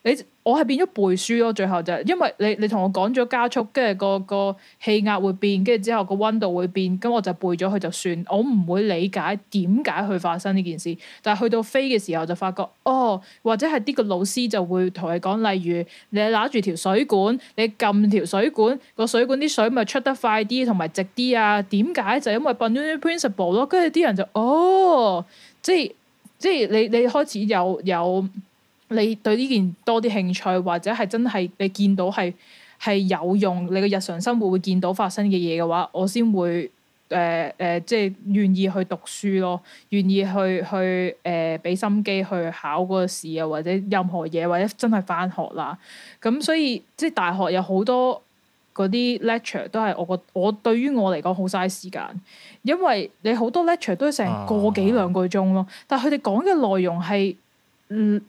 S2: 你。我係變咗背書咯，最後就係、是、因為你你同我講咗加速，跟住、個、個氣壓會變，跟住之後個溫度會變，咁我就背咗佢就算。我唔會理解點解佢發生呢件事，但係去到飛嘅時候就發覺哦，或者係啲個老師就會同你講，例如你揦住條水管，你撳條水管，個水管啲水咪出得快啲同埋直啲啊？點解就是、因為 Bernoulli principle 咯，跟住啲人就哦，即係即係你你開始有有。你對呢件多啲興趣，或者係真係你見到係係有用，你個日常生活會見到發生嘅嘢嘅話，我先會誒誒、呃呃，即係願意去讀書咯，願意去去誒俾心機去考個試啊，或者任何嘢，或者真係翻學啦。咁所以即係大學有好多嗰啲 lecture 都係我覺我對於我嚟講好嘥時間，因為你好多 lecture 都係成個幾兩個鐘咯，啊、但係佢哋講嘅內容係嗯。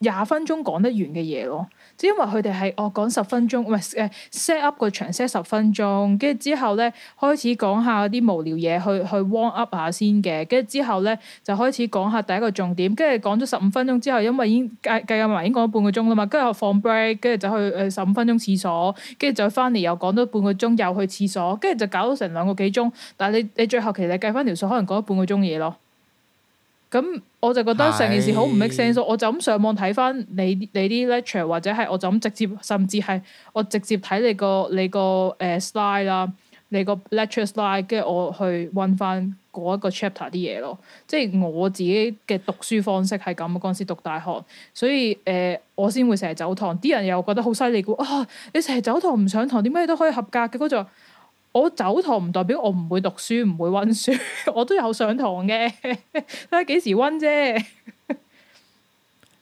S2: 廿分鐘講得完嘅嘢咯，只因為佢哋係哦講十分鐘，唔係誒 set up 個場 set 十分鐘，跟住之後咧開始講下啲無聊嘢去去 warm up 下先嘅，跟住之後咧就開始講下第一個重點，跟住講咗十五分鐘之後，因為已經計計埋已經講咗半個鐘啦嘛，跟住我放 break，跟住就去誒十五分鐘廁所，跟住再翻嚟又講多半個鐘，又去廁所，跟住就搞到成兩個幾鐘，但係你你最後其實計翻條數，可能講咗半個鐘嘢咯。咁我就覺得成件事好唔 make sense，我就咁上網睇翻你你啲 lecture 或者係我就咁直接，甚至係我直接睇你個你個誒 slide 啦，你個 lecture slide，跟住我去揾翻嗰一個 chapter 啲嘢咯。即係我自己嘅讀書方式係咁，嗰陣時讀大學，所以誒我先會成日走堂，啲人又覺得好犀利嘅，啊你成日走堂唔上堂，點解你都可以合格嘅？嗰陣。我走堂唔代表我唔會讀書唔會溫書， 我都有上堂嘅，睇下幾時溫啫。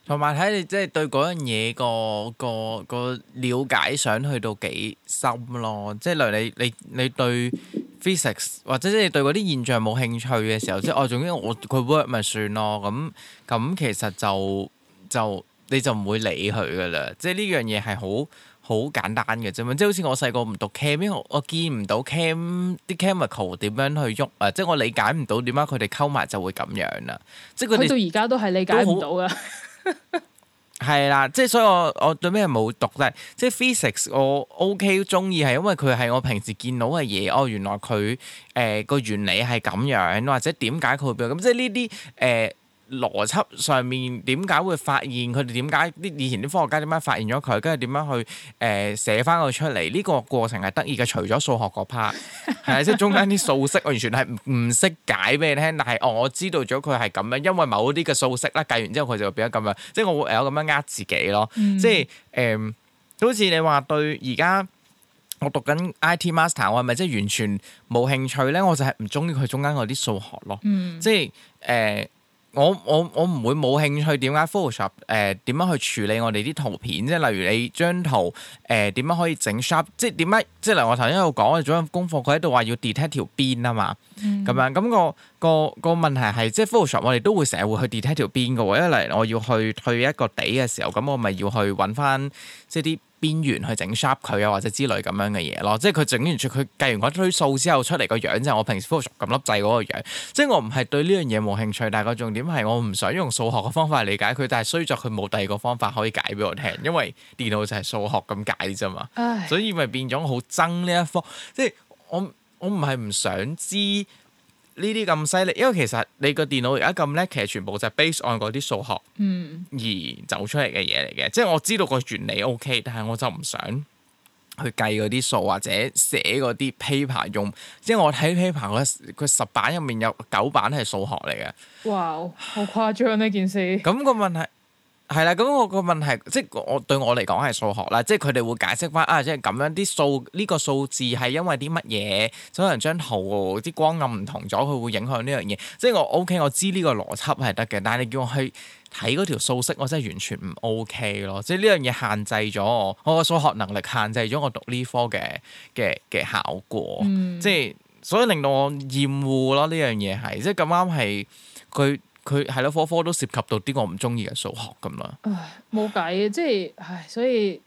S1: 同埋睇你即係、即係、對嗰樣嘢個個個了解想去到幾深咯，即係例如你你你對 physics 或者即係對嗰啲現象冇興趣嘅時候， 即係哦，總之我佢 work 咪算咯，咁咁其實就就你就唔會理佢㗎喇，即係呢樣嘢係好。好簡單嘅啫嘛，即係好似我細個唔讀 chem 因為我我見唔到 chem 啲 chemical 點樣去喐啊！即係我理解唔到點解佢哋溝埋就會咁樣啦。
S2: 即係佢到而家都係理解唔到噶。
S1: 係啦， 即係所以我我最屘冇讀，但即係 physics 我 OK 中意，係因為佢係我平時見到嘅嘢哦，原來佢誒、呃、個原理係咁樣，或者點解佢會咁，即係呢啲誒。呃邏輯上面點解會發現佢哋點解啲以前啲科學家點解發現咗佢，跟住點樣去誒寫翻佢出嚟？呢、這個過程係得意嘅，除咗數學嗰 part，係啊，即係中間啲數式我完全係唔識解俾你聽，但係哦我知道咗佢係咁樣，因為某啲嘅數式啦，計完之後佢就會變咗咁樣，即係我會有咁樣呃自己咯，嗯、即係誒，好、呃、似你話對而家我讀緊 IT master，我係咪即係完全冇興趣咧？我就係唔中意佢中間嗰啲數學咯，嗯、即係誒。呃我我我唔會冇興趣點解 Photoshop 誒、呃、點樣去處理我哋啲圖片，即係例如你張圖誒點樣可以整 sharp，即係點解？即係嚟我頭先喺度講我哋做緊功課，佢喺度話要 detect 條邊啊嘛。嗯。咁樣咁個個個問題係，即係 Photoshop，我哋都會成日會去 detect 條邊噶喎。一嚟我要去退一個底嘅時候，咁我咪要去揾翻即係啲邊緣去整 sharp 佢啊，或者之類咁樣嘅嘢咯。即係佢整完，佢計完嗰堆數之後出嚟個樣，就係我平時 Photoshop 咁粒掣嗰個樣。即係我唔係對呢樣嘢冇興趣，但係個重點係我唔想用數學嘅方法嚟理解佢，但係衰在佢冇第二個方法可以解俾我聽，因為電腦就係數學咁解啫嘛。唉所以咪變咗好憎呢一科。即係我我唔係唔想知。呢啲咁犀利，因為其實你個電腦而家咁叻，其實全部就係 base on 嗰啲數學而走出嚟嘅嘢嚟嘅。嗯、即係我知道個原理 OK，但係我就唔想去計嗰啲數或者寫嗰啲 paper 用。即係我睇 paper 佢十版入面有九版係數學嚟嘅。
S2: 哇！好誇張呢件事。咁個問題？
S1: 係啦，咁我個問題即我對我嚟講係數學啦，即佢哋會解釋翻啊，即係咁樣啲數呢、呢個數字係因為啲乜嘢，可能張圖啲光暗唔同咗，佢會影響呢樣嘢。即我 OK，我知呢個邏輯係得嘅，但係你叫我去睇嗰條數式，我真係完全唔 O K 咯。即係呢樣嘢限制咗我，我個數學能力限制咗我讀呢科嘅嘅嘅效果。嗯、即係所以令到我厭惡咯呢樣嘢係，即咁啱係佢。剛剛佢係咯，科科都涉及到啲我唔中意嘅數學咁啦。唉，
S2: 冇計，即係唉，所以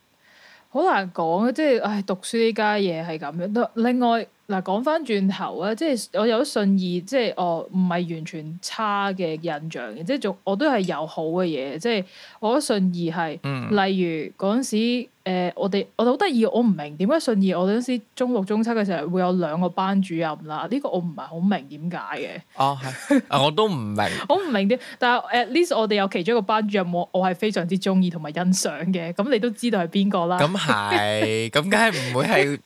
S2: 好難講嘅，即係唉，讀書呢家嘢係咁樣。另另外嗱，講翻轉頭啊，即係我有信義，即係我唔係完全差嘅印象嘅，即係仲我都係有好嘅嘢。即係我信義係，嗯、例如嗰陣時。誒、呃，我哋我哋好得意，我唔明點解信義我哋嗰時中六中七嘅時候會有兩個班主任啦，呢、這個我唔係好明點解嘅。啊、哦，
S1: 係，我都唔明，
S2: 我唔 明啲，但係誒，at least 我哋有其中一個班主任我我係非常之中意同埋欣賞嘅，咁你都知道係邊個啦。咁係、嗯，
S1: 咁梗係唔會係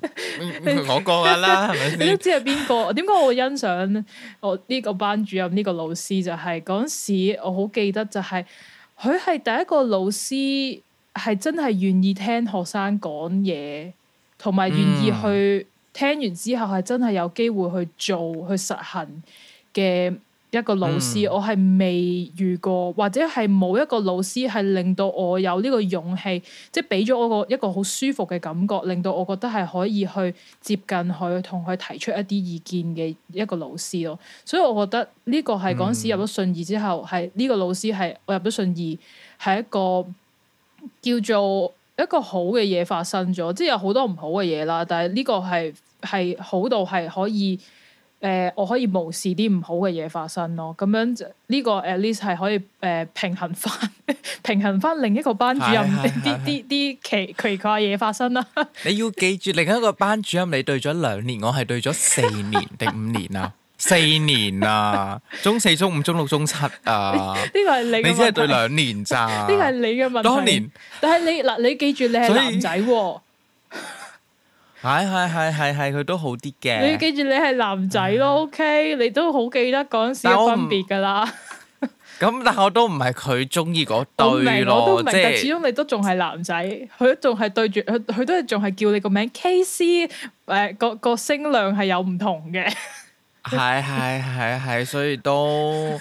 S2: 我講噶啦，係咪先？你都知係邊個？點解 我會欣賞我呢個班主任呢、這個老師、就是？就係嗰時我好記得、就是，就係佢係第一個老師。係真係願意聽學生講嘢，同埋願意去聽完之後係真係有機會去做去實行嘅一個老師。嗯、我係未遇過，或者係冇一個老師係令到我有呢個勇氣，即係俾咗我個一個好舒服嘅感覺，令到我覺得係可以去接近佢，同佢提出一啲意見嘅一個老師咯。所以我覺得呢個係嗰時入咗信義之後，係呢、嗯、個老師係我入咗信義係一個。叫做一個好嘅嘢發生咗，即係有好多唔好嘅嘢啦。但係呢個係係好到係可以，誒、呃，我可以無視啲唔好嘅嘢發生咯。咁樣呢個 at least，係可以誒平衡翻，平衡翻另一個班主任啲啲啲奇奇怪嘢發生啦。
S1: 你要記住， 另一個班主任你對咗兩年，我係對咗四年定 五年啊！ 四年啊，中四、中五、中六、中七啊！呢個係你，你只係對兩年咋？呢個係
S2: 你嘅問題。當年，但係你嗱，你記住你係男仔喎，
S1: 係係係係係佢都好啲嘅。你記
S2: 住你係男仔咯，OK，你都好記得嗰陣時有分別噶啦。
S1: 咁但係我都唔係佢中意嗰對咯，但始終
S2: 你都仲係男仔，佢都仲係對住佢，佢都仲係叫你個名。KC，誒，個個聲量係有唔同嘅。係
S1: 係係係，所以都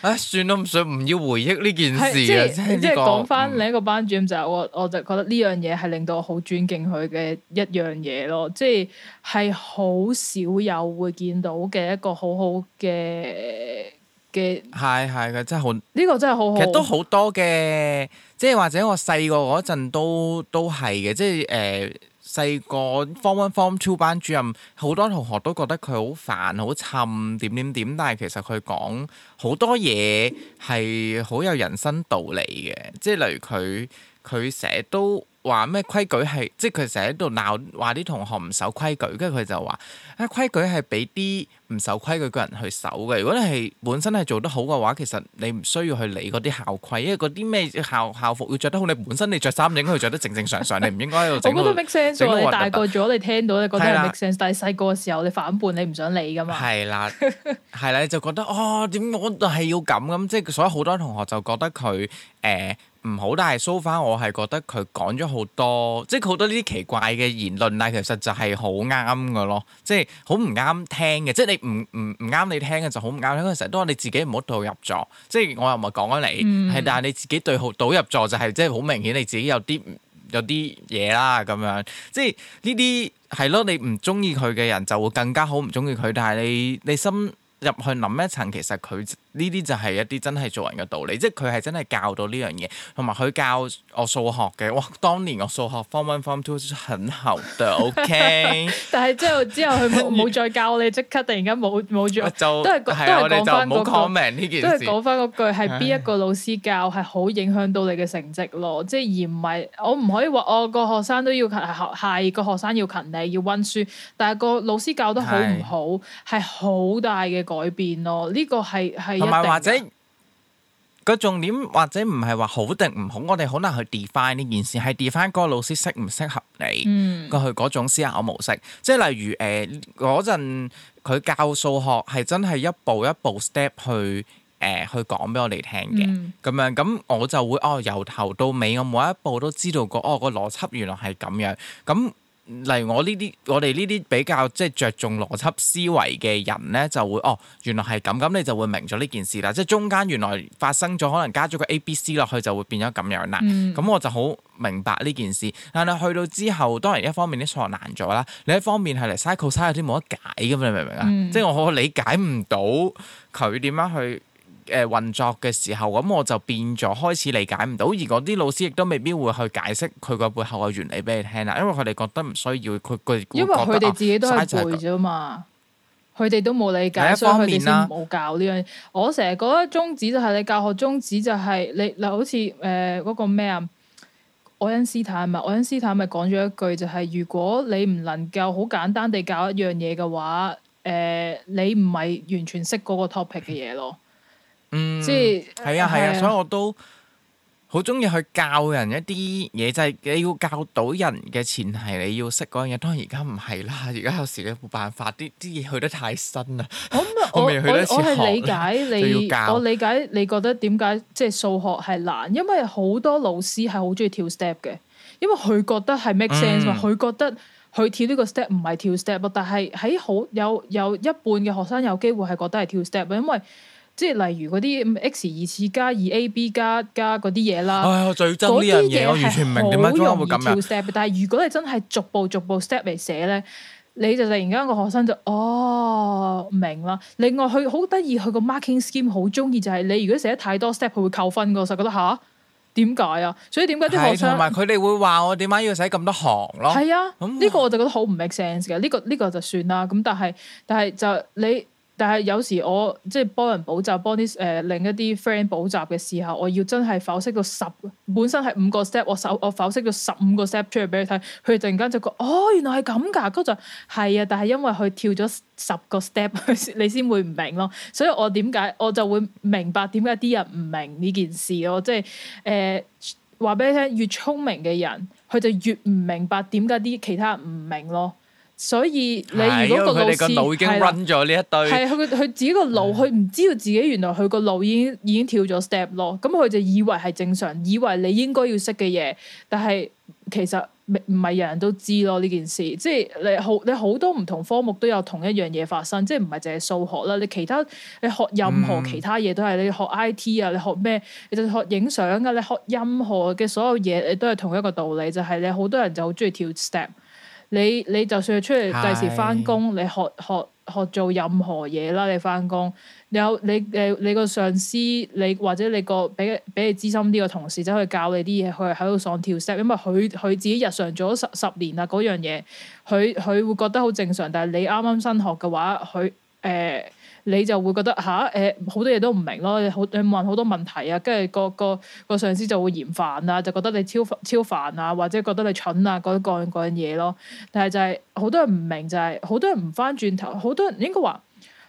S1: 啊，算啦，唔想唔要回憶呢件事 即係即係講翻
S2: 另一個班主任就係我，嗯、我就覺得呢樣嘢係令到我好尊敬佢嘅一樣嘢咯。即係係好少有會見到嘅一個好好嘅嘅
S1: 係係嘅，真係好
S2: 呢個真係好好，其實都好
S1: 多嘅，即係或者我細個嗰陣都都係嘅，即係誒。呃細個 Form One Form Two 班主任，好多同學都覺得佢好煩、好沉、點點點，但係其實佢講好多嘢係好有人生道理嘅，即係例如佢佢成日都話咩規矩係，即係佢成日喺度鬧，話啲同學唔守規矩，跟住佢就話，啊規矩係俾啲唔守規矩嘅人去守嘅。如果你係本身係做得好嘅話，其實你唔需要去理嗰啲校規，因為嗰啲咩校校服要着得好，你本身你着衫應該要着得正正常常，你唔應該喺度。我覺得 make sense 喎，你大個咗，你聽到你
S2: 覺得係 make sense，但係細個嘅時候你反叛，你唔想理噶嘛。係
S1: 啦，係啦，你就覺得哦，點我就係要咁咁，即係所以好多同學就覺得佢誒。唔好，但係 so far 我係覺得佢講咗好多，即係佢好多呢啲奇怪嘅言論啊，其實就係好啱㗎咯，即係好唔啱聽嘅，即係你唔唔唔啱你聽嘅就好唔啱。嗰成日都話你自己唔好對號入座，即係我又唔係講緊你，係但係你自己對號入座就係、是、即係好明顯你自己有啲有啲嘢啦咁樣，即係呢啲係咯，你唔中意佢嘅人就會更加好唔中意佢，但係你你心入去諗一層，其實佢。呢啲就係一啲真係做人嘅道理，即係佢係真係教到呢樣嘢，同埋佢教我數學嘅，哇！當年我數學 form one form two 很厚嘅
S2: ，OK。 但係之後之後佢冇冇再教你，即刻 突然間冇冇咗。那個、就係我哋就冇 comment 呢件事都係講翻個句，係邊、嗯、一個老師教係好影響到你嘅成績咯，即、就、係、是、而唔係我唔可以話我個學生都要勤學，係個學生要勤力要温書，但係個老師教得好唔好係好大嘅改變咯，呢、呢個係係。上唔係或者
S1: 個重點，或者唔係話好定唔好，我哋好難去 define 呢件事，係 define 個老師適唔適合你個、嗯、去嗰種思考模式。即係例如誒嗰陣佢教數學係真係一步一步 step 去誒、呃、去講俾我哋聽嘅咁、嗯、樣，咁我就會哦由頭到尾我每一步都知道個哦、嗰個邏輯原來係咁樣咁。例如我呢啲，我哋呢啲比較即係着重邏輯思維嘅人咧，就會哦，原來係咁，咁你就會明咗呢件事啦。即係中間原來發生咗，可能加咗個 A、B、C 落去就會變咗咁樣啦。咁、嗯、我就好明白呢件事。但係去到之後，當然一方面啲錯難咗啦，另一方面係嚟 cycle cycle 有啲冇得解咁啊！你明唔明啊？嗯、即係我好理解唔到佢點樣去。誒，運、呃、作嘅時候，咁我就變咗開始理解唔到，而嗰啲老師亦都未必會去解釋佢個背後嘅原理俾你聽啦，因為佢哋覺得唔需要
S2: 佢佢。因為佢哋自己都係背啫嘛，佢哋都冇理解，一方面啊，所以佢哋先冇教呢樣嘢。我成日覺得宗旨就係你教學宗旨就係你嗱，好似誒嗰個咩啊，愛因斯坦咪愛因斯坦咪講咗一句就係，如果你唔能夠好簡單地教一樣嘢嘅話，誒、呃，你唔係完全識嗰個 topic 嘅嘢咯。
S1: 嗯，係是啊，係、嗯、啊，啊所以我都好中意去教人一啲嘢，就係、是、你要教到人嘅前提，你要識嗰樣嘢。當然而家唔係啦，而家有時你冇辦法，啲啲嘢去得太新啦我。 我我我我係理解你，你，我理
S2: 解你覺得點解即係數學係難，因為好多老師係好中意跳 step 嘅，因為佢覺得係 make sense 佢、嗯、覺得佢跳呢個 step 唔係跳 step 但係喺好有有，有一半嘅學生有機會係覺得係跳 step 因為。即係例如嗰啲 x 二次加二 ab 加加嗰啲嘢啦，我最憎呢樣嘢，我完全唔明點解會咁 step。但係如果你真係逐步逐步 step 嚟寫咧，你就突然間個學生就哦明啦。另外佢好得意，佢個 marking scheme 好中意就係你如果寫得太多 step，佢會扣分。我實覺得吓，點解啊？所以點解啲學生同埋佢
S1: 哋會話我點解要寫咁多行咯？係啊，
S2: 呢個我就覺得好唔 make sense 嘅。呢個呢個就算啦。咁但係但係就你。但係有時我即係幫人補習，幫啲誒、呃、另一啲 friend 補習嘅時候，我要真係剖析到十，本身係五個 step，我，我剖我剖析到十五個 step 出嚟俾佢睇，佢突然間就覺得哦原來係咁噶，跟住就係啊！但係因為佢跳咗十個 step， 你先會唔明咯。所以我點解我就會明白點解啲人唔明呢件事咯？即係誒話俾你聽，越聰明嘅人，佢就越唔明白點解啲其他人唔明咯。所以你如果個老師已經 run 咗
S1: 呢一堆，係啦，係佢
S2: 佢自己個腦，佢唔的知道自己原來佢個腦已經已經跳咗 step 咯。咁佢就以為係正常，以為你應該要識嘅嘢，但係其實唔唔係人人都知咯呢件事。即係你好你好多唔同科目都有同一樣嘢發生，即係唔係淨係數學啦？你其他你學任何其他嘢都係、嗯、哼你學 I T 啊，你學咩？你就學影相噶，你學任何嘅所有嘢，你都係同一個道理，就係你好多人就好中意跳 step。你你就算你出嚟第時翻工，你學學學做任何嘢啦。你翻工你有你誒，你個上司，你或者你個比比你資深啲嘅同事走去教你啲嘢，佢係喺度上跳 s t p，因為佢佢自己日常做咗十十年啦嗰樣嘢，佢佢會覺得好正常。但係你啱啱新學嘅話，佢誒。呃你就會覺得嚇誒好多嘢都唔明咯，你問好多問題啊，跟住、個個個上司就會嫌煩啊，就覺得你超超煩啊，或者覺得你蠢啊，各樣各樣嘢咯。但係就係好多人唔明，就係、係、好多人唔翻轉頭，好多人應該話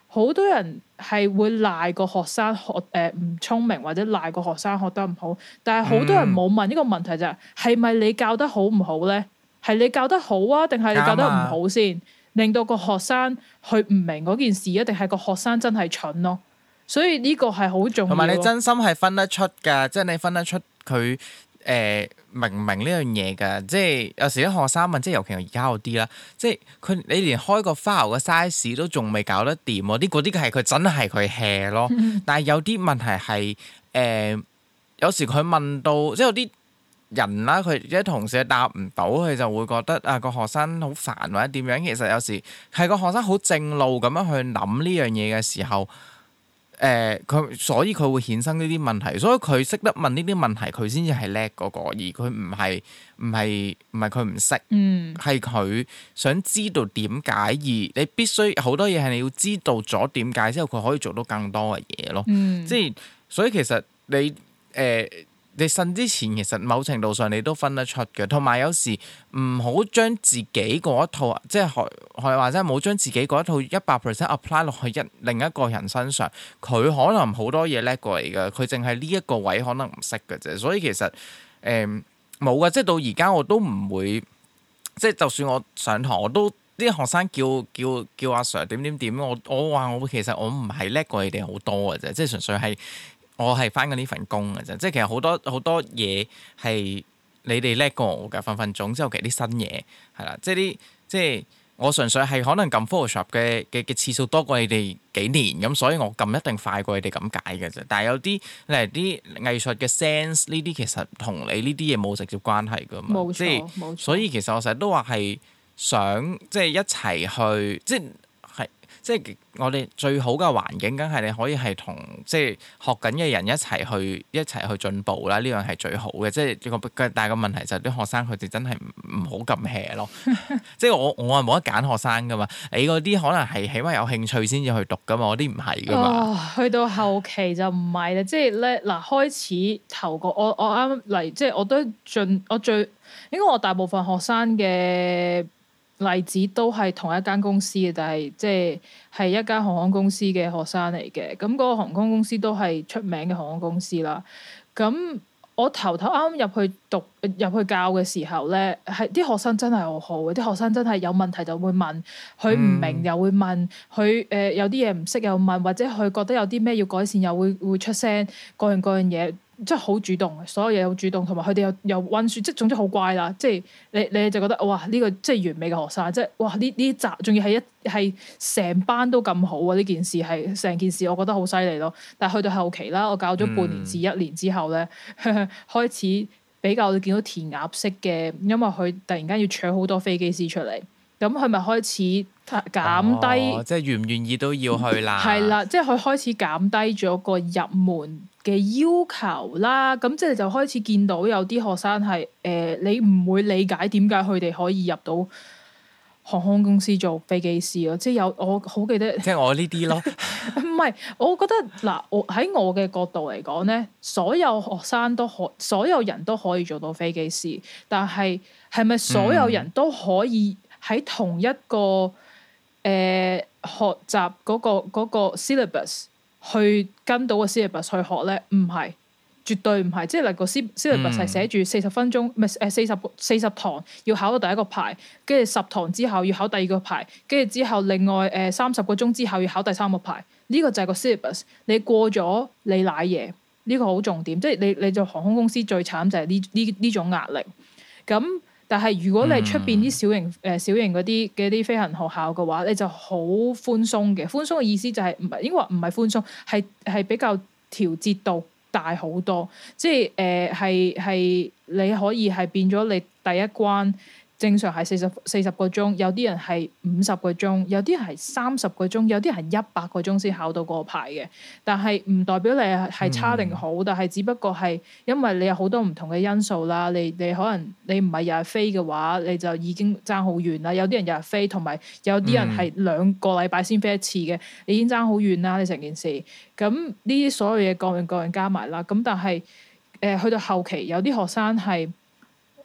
S2: 好多人係會賴個學生學誒唔、呃、聰明，或者賴個學生學得唔好。但係好多人冇問呢個問題就係係咪你教得好唔好咧？係你教得好啊，定係你教得唔好先？令到個學生去唔明嗰件事，一定係個學生真係蠢咯。所以呢個係好重要。同埋你真
S1: 心係分得出噶，即、就、係、是、你分得出佢誒、呃、明唔明呢樣嘢噶。即係有時啲學生問，即係尤其係而家嗰啲啦，即係佢你連開個 file 嘅 size 都仲未搞得掂啊！啲嗰啲係佢真係佢 hea 咯。 但係有啲問題係誒、呃，有時佢問到即係有啲。人啦，佢啲同事答唔到，佢就會覺得啊個學生好煩或者點樣。其實有時係個學生好正路咁樣去諗呢樣嘢嘅時候，誒、呃、佢所以佢會衍生呢啲問題。所以佢識得問呢啲問題，佢先至係叻嗰個。而佢唔係唔係唔係佢唔識，嗯，係佢想知道點解。而你必須好多嘢係你要知道咗點解之後，佢可以做到更多嘅嘢咯。嗯、即係所以其實你誒。呃你信之前，其實某程度上你都分得出嘅，同埋有，有時唔好將自己嗰一套，即係學學話即係冇將自己嗰一套一百 percent apply 落去一另一個人身上，佢可能好多嘢叻過你㗎，佢淨係呢一個位可能唔識嘅啫。所以其實誒冇㗎，即係到而家我都唔會，即係就算我上堂，我都啲學生叫叫叫，叫阿 Sir 點點點，我我話我其實我唔係叻過你哋好多嘅啫，即係純粹係。我係翻緊呢份工嘅啫，即係其實好多好多嘢係你哋叻過我嘅分分鐘。之後其實啲新嘢係啦，即係啲即係我純粹係可能撳 Photoshop 嘅嘅嘅次數多過你哋幾年咁，所以我撳一定快過你哋咁解嘅啫。但係有啲例如啲藝術嘅 sense 呢啲，其實同你呢啲嘢冇直接關係噶嘛。即係冇錯，所以其實我成日都話係想即係一齊去即係。即係我哋最好嘅環境，梗係你可以係同即係學緊嘅人一齊去一齊去進步啦。呢樣係最好嘅。即係個但係個問題就係、是、啲學生佢哋真係唔好咁 hea 咯。 即係我我係冇得揀學生噶嘛。你嗰啲可能係起碼有興趣先至去讀噶嘛。我啲唔係噶嘛、哦。
S2: 去到後期就唔係啦。即係咧嗱，開始頭個我我啱嚟，即係我都進我最應該我大部分學生嘅。例子都係同一間公司嘅，但係即係係一間航空公司嘅學生嚟嘅。咁嗰個航空公司都係出名嘅航空公司啦。咁我頭頭啱入去讀入去教嘅時候咧，係啲學生真係好好，啲學生真係有問題就會問，佢唔明又會問，佢誒、呃、有啲嘢唔識又問，或者佢覺得有啲咩要改善又會會出聲，各樣各樣嘢。即係好主動，所有嘢好主動，同埋佢哋又又溫書，即係總之好乖啦。即係你你就覺得哇，呢個即係完美嘅學生，即係哇呢呢集，仲要係一係成班都咁好啊！呢件事係成件事，我覺得好犀利咯。但係去到後期啦，我教咗半年至一年之後咧，嗯、 開始比較見到填鴨式嘅，因為佢突然間要搶好多飛機師出嚟，咁佢咪開始減低，哦、即係
S1: 願唔願意都要去啦。係
S2: 啦， 即係佢開始減低咗個入門嘅要求啦，咁即係就開始見到有啲學生係誒、呃，你唔會理解點解佢哋可以入到航空公司做飛機師咯？即係有我好記得，即係
S1: 我呢啲咯。唔
S2: 係， 我覺得嗱，我喺我嘅角度嚟講咧，所有學生都可，所有人都可以做到飛機師，但係係咪所有人都可以喺同一個誒、嗯、學習嗰、嗰個、嗰個 syllabus？去跟到個 syllabus 去學咧，唔係，絕對唔係。即係嗱個 syllabus 係寫住四十分鐘，唔係誒四十個四十堂要考到第一個牌，跟住十堂之後要考第二個牌，跟住之後另外誒三十個鐘之後要考第三個牌。呢個就係個 syllabus。你過咗你攋嘢，呢個好重點。即係你你做航空公司最慘就係呢呢呢種壓力。咁、嗯。但係如果你係出邊啲小型誒、嗯呃、小型嗰啲嘅啲飛行學校嘅話，你就好寬鬆嘅。寬鬆嘅意思就係唔係應該話唔係寬鬆，係係比較調節度大好多。即係誒係係你可以係變咗你第一關。正常係四十四十個鐘，有啲人係五十個鐘，有啲係三十個鐘，有啲係一百個鐘先考到個牌嘅。但係唔代表你係差定好，嗯、但係只不過係因為你有好多唔同嘅因素啦。你你可能你唔係日日飛嘅話，你就已經爭好遠啦。有啲人日日飛，同埋有啲人係兩個禮拜先飛一次嘅，嗯、你已經爭好遠啦。你成件事咁呢啲所有嘢各樣各樣加埋啦。咁但係誒、呃、去到後期，有啲學生係。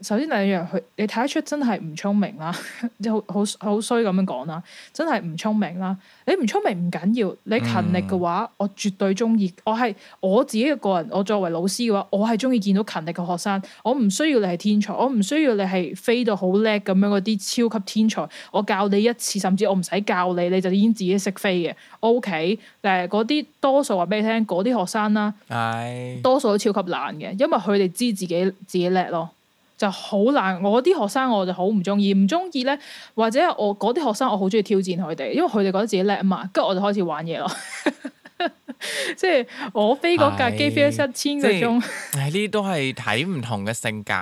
S2: 首先第一樣佢，你睇得出真係唔聰明啦， 好好好衰咁樣講啦，真係唔聰明啦。你唔聰明唔緊要，你勤力嘅話，嗯、我絕對中意。我係我自己個人，我作為老師嘅話，我係中意見到勤力嘅學生。我唔需要你係天才，我唔需要你係飛到好叻咁樣嗰啲超級天才。我教你一次，甚至我唔使教你，你就已經自己識飛嘅。O K，誒，嗰啲多數話俾你聽，嗰啲學生啦，
S1: 唉多
S2: 數都超級懶嘅，因為佢哋知自己自己叻咯。就好難，我啲學生我就好唔中意，唔中意咧，或者我嗰啲學生我好中意挑戰佢哋，因為佢哋覺得自己叻啊嘛，跟住我就開始玩嘢咯， 即係我飛嗰架機飛咗一千個鐘，
S1: 呢啲都係睇唔同嘅性格。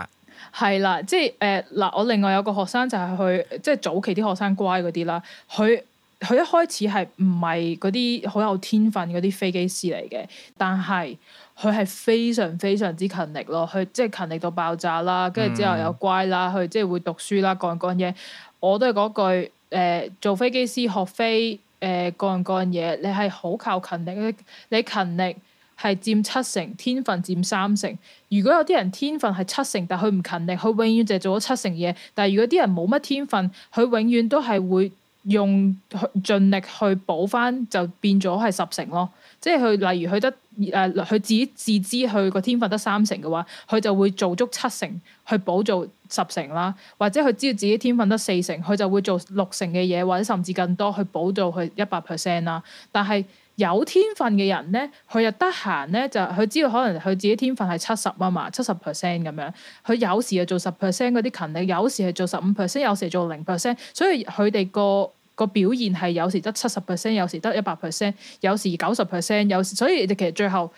S2: 係啦， 即係誒嗱，我另外有個學生就係去，即係早期啲學生乖嗰啲啦，佢佢一開始係唔係嗰啲好有天分嗰啲飛機師嚟嘅，但係。佢係非常非常之勤力咯，佢即係勤力到爆炸啦，跟住之後又乖啦，佢即係會讀書啦，各樣各樣嘢。我都係嗰句誒、呃，做飛機師學飛誒、呃、各樣各樣嘢，你係好靠勤力，你勤力係佔七成，天分佔三成。如果有啲人天分係七成，但佢唔勤力，佢永遠就係做咗七成嘢。但係如果啲人冇乜天分，佢永遠都係會用盡力去補翻，就變咗係十成咯。即係佢，例如佢得誒，佢、呃、佢自己自知佢個天分得三成嘅話，佢就會做足七成去補做十成啦。或者佢知道自己天分得四成，佢就會做六成嘅嘢，或者甚至更多去補做佢一百 percent 啦。但係有天分嘅人咧，佢又得閒咧，就佢知道可能佢自己天分係七十啊嘛，七十 percent 咁樣。佢有時就做係十 percent 嗰啲勤力，有時係做十五 percent，有時做零 percent。所以佢哋個個表現係有時得七十 percent，有時得一百 percent，有時九十 percent，有時，所以其實最後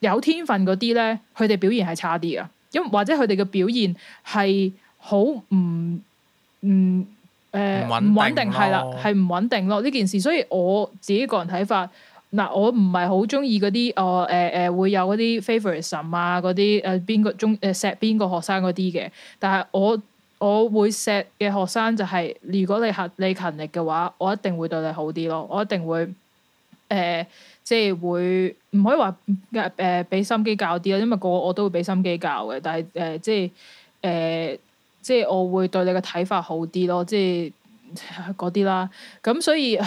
S2: 有天分嗰啲咧，佢哋表現係差啲嘅，因或者佢哋嘅表現係好唔唔誒唔穩定係啦，係唔穩定咯呢件事，所以我自己個人睇法，嗱、呃、我唔係好中意嗰啲哦誒誒會有嗰啲 favourism 啊嗰啲誒邊個中誒錫邊個學生嗰啲嘅，但係我。我會錫嘅學生就係、是，如果你勤你勤力嘅話，我一定會對你好啲咯。我一定會，誒、呃，即係會唔可以話誒俾心機教啲啦，因為個個我都會俾心機教嘅，但係誒、呃、即係誒、呃、即係我會對你嘅睇法好啲咯，即係嗰啲啦。咁所以唉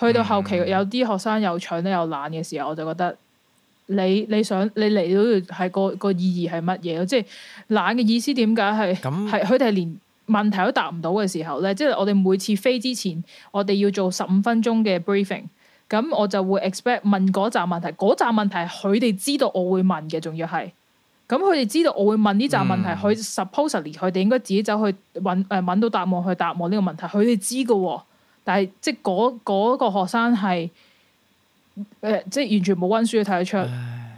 S2: 去到後期嗯嗯有啲學生又蠢又懶嘅時候，我就覺得。你你想你嚟到係個個意義係乜嘢？即係懶嘅意思點解係？咁佢哋係連問題都答唔到嘅時候咧。即係我哋每次飛之前，我哋要做十五分鐘嘅 briefing 咁我就會 expect 問嗰紮問題，嗰紮問題佢哋知道我會問嘅，仲要係。咁佢哋知道我會問呢紮問題，佢 supposedly 佢哋應該自己走去揾、呃、揾到答案去答我呢個問題，佢哋知嘅、哦。但係即係嗰嗰個學生係。誒、呃，即係完全冇溫書都睇得出，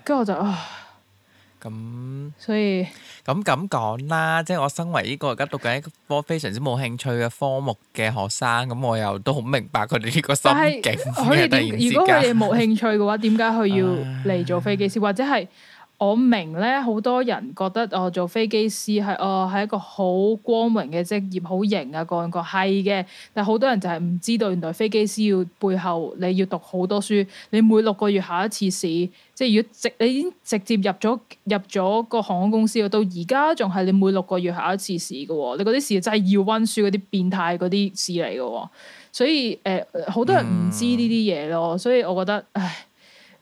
S2: 跟住唉我就啊，
S1: 咁、嗯、所以咁咁講啦，即係、嗯就是、我身為呢個而家讀緊一個科非常之冇興趣嘅科目嘅學生，咁唉我又都好明白佢哋呢個心境。佢哋是如果佢哋冇興
S2: 趣嘅話，點解佢要嚟做飛機師或者係？我明咧，好多人覺得哦，做飛機師係哦，係一個好光榮嘅職業，好型啊，個樣個係嘅。但好多人就係唔知道，原來飛機師要背後你要讀好多書，你每六個月考一次試。即係如果直你已經直接入咗入咗個航空公司，到而家仲係你每六個月考一次試嘅。你嗰啲試真係要温書嗰啲變態嗰啲試嚟嘅。所以誒，好多人唔知呢啲嘢咯。所以我覺得，唉。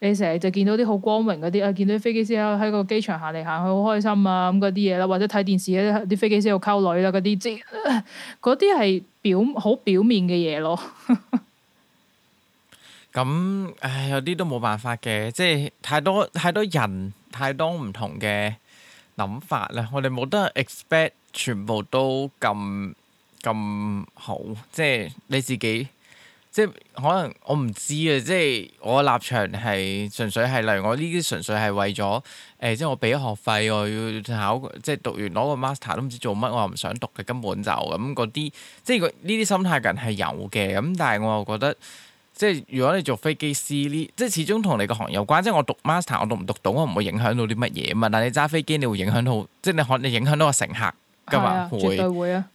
S2: 你成日就見到啲好光榮嗰啲啊，見到啲飛機師喺個機場行嚟行去好開心啊，咁嗰啲嘢啦，或者睇電視啲飛機師喺度溝女啦，嗰啲即嗰啲係表好表面嘅嘢咯。
S1: 咁 唉，有啲都冇辦法嘅，即係太多太多人太多唔同嘅諗法啦。我哋冇得 expect 全部都咁咁好，即係你自己。即係可能我唔知啊！即係我立場係純粹係，例如我呢啲純粹係為咗誒、呃，即係我俾學費，我要考即係讀完攞個 master 都唔知做乜，我又唔想讀，嘅根本就咁嗰啲，即係呢啲心態嘅人係有嘅咁。但係我又覺得，即係如果你做飛機師呢，即係始終同你個行業有關，即係我讀 master，我讀唔讀到，我唔會影響到啲乜嘢啊嘛。但係你揸飛機你會影響到，即係你可你影響到個乘客。咁啊，會，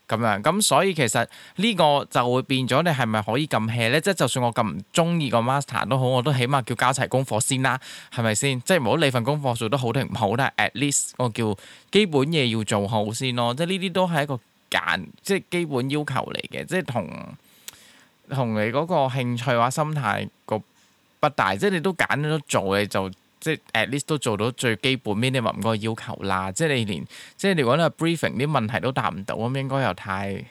S1: 咁樣，咁所以其實呢個就會變咗，你係咪可以咁 hea 咧？即係就算我咁唔中意個 master 都好，我都起碼叫交齊功課先啦，係咪先？即係唔好你份功課做得好定唔好但係 at least，我叫基本嘢要做好先咯。即係呢啲都係一個揀，即係基本要求嚟嘅。即係同同你嗰個興趣話心態個不大，即係你都揀咗做嘅就。即係 at least 都做到最基本 minimum 嗰個要求啦。即係，你連即係，你講到 briefing 啲問題都答唔到咁，應該又太。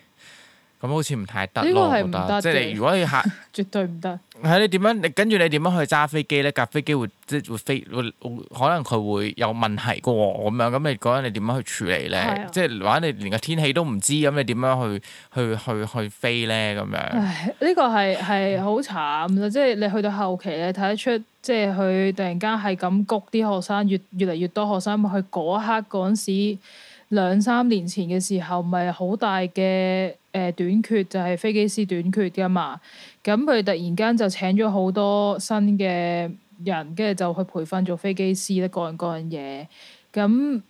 S1: 咁好似唔太得咯，係唔得，即係你如果你下，
S2: 絕對唔得。
S1: 係你點樣？你跟住你點樣去揸飛機咧？架飛機會即係會飛，會可能佢會有問題嘅喎咁樣。咁你嗰陣你點樣去處理咧？啊、即係或者你連個天氣都唔知，咁你點樣去去去去飛咧？咁
S2: 樣。呢、呢個係係好慘啦！嗯、即係你去到後期咧，睇得出，即係佢突然間係咁谷啲學生，越越嚟越多學生，咁佢嗰刻嗰陣時。兩三年前嘅時候，咪好大嘅誒短缺，就係、是、飛機師短缺噶嘛。咁佢突然間就請咗好多新嘅人，跟住就去培訓做飛機師咧，各樣各樣嘢。咁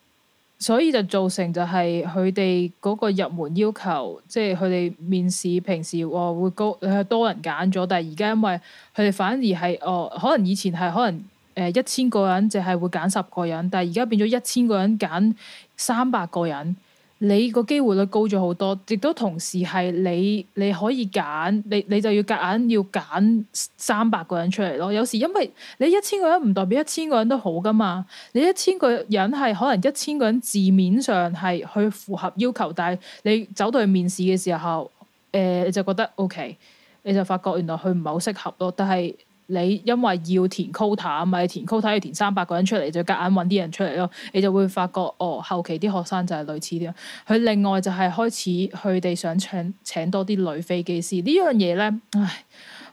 S2: 所以就造成就係佢哋嗰個入門要求，即係佢哋面試平時話、哦、會高，呃、多人揀咗。但係而家因為佢哋反而係哦，可能以前係可能誒一千個人淨係會揀十個人，但係而家變咗一千個人揀三百個人，你個機會率高咗好多，亦都同時係你你可以揀，你你就要夾硬要揀三百個人出嚟咯。有時因為你一千個人唔代表一千個人都好噶嘛，你一千個人係可能一千個人字面上係去符合要求，但係你走到去面試嘅時候，呃，你就覺得 OK，你就發覺原來佢唔係好適合咯，但係，你因為要填 quota 啊嘛，你填 quota 要填三百個人出嚟，就夾硬揾啲人出嚟咯，你就會發覺哦，後期啲學生就係類似啲。佢另外就係開始佢哋想請請多啲女飛機師樣呢樣嘢咧，唉，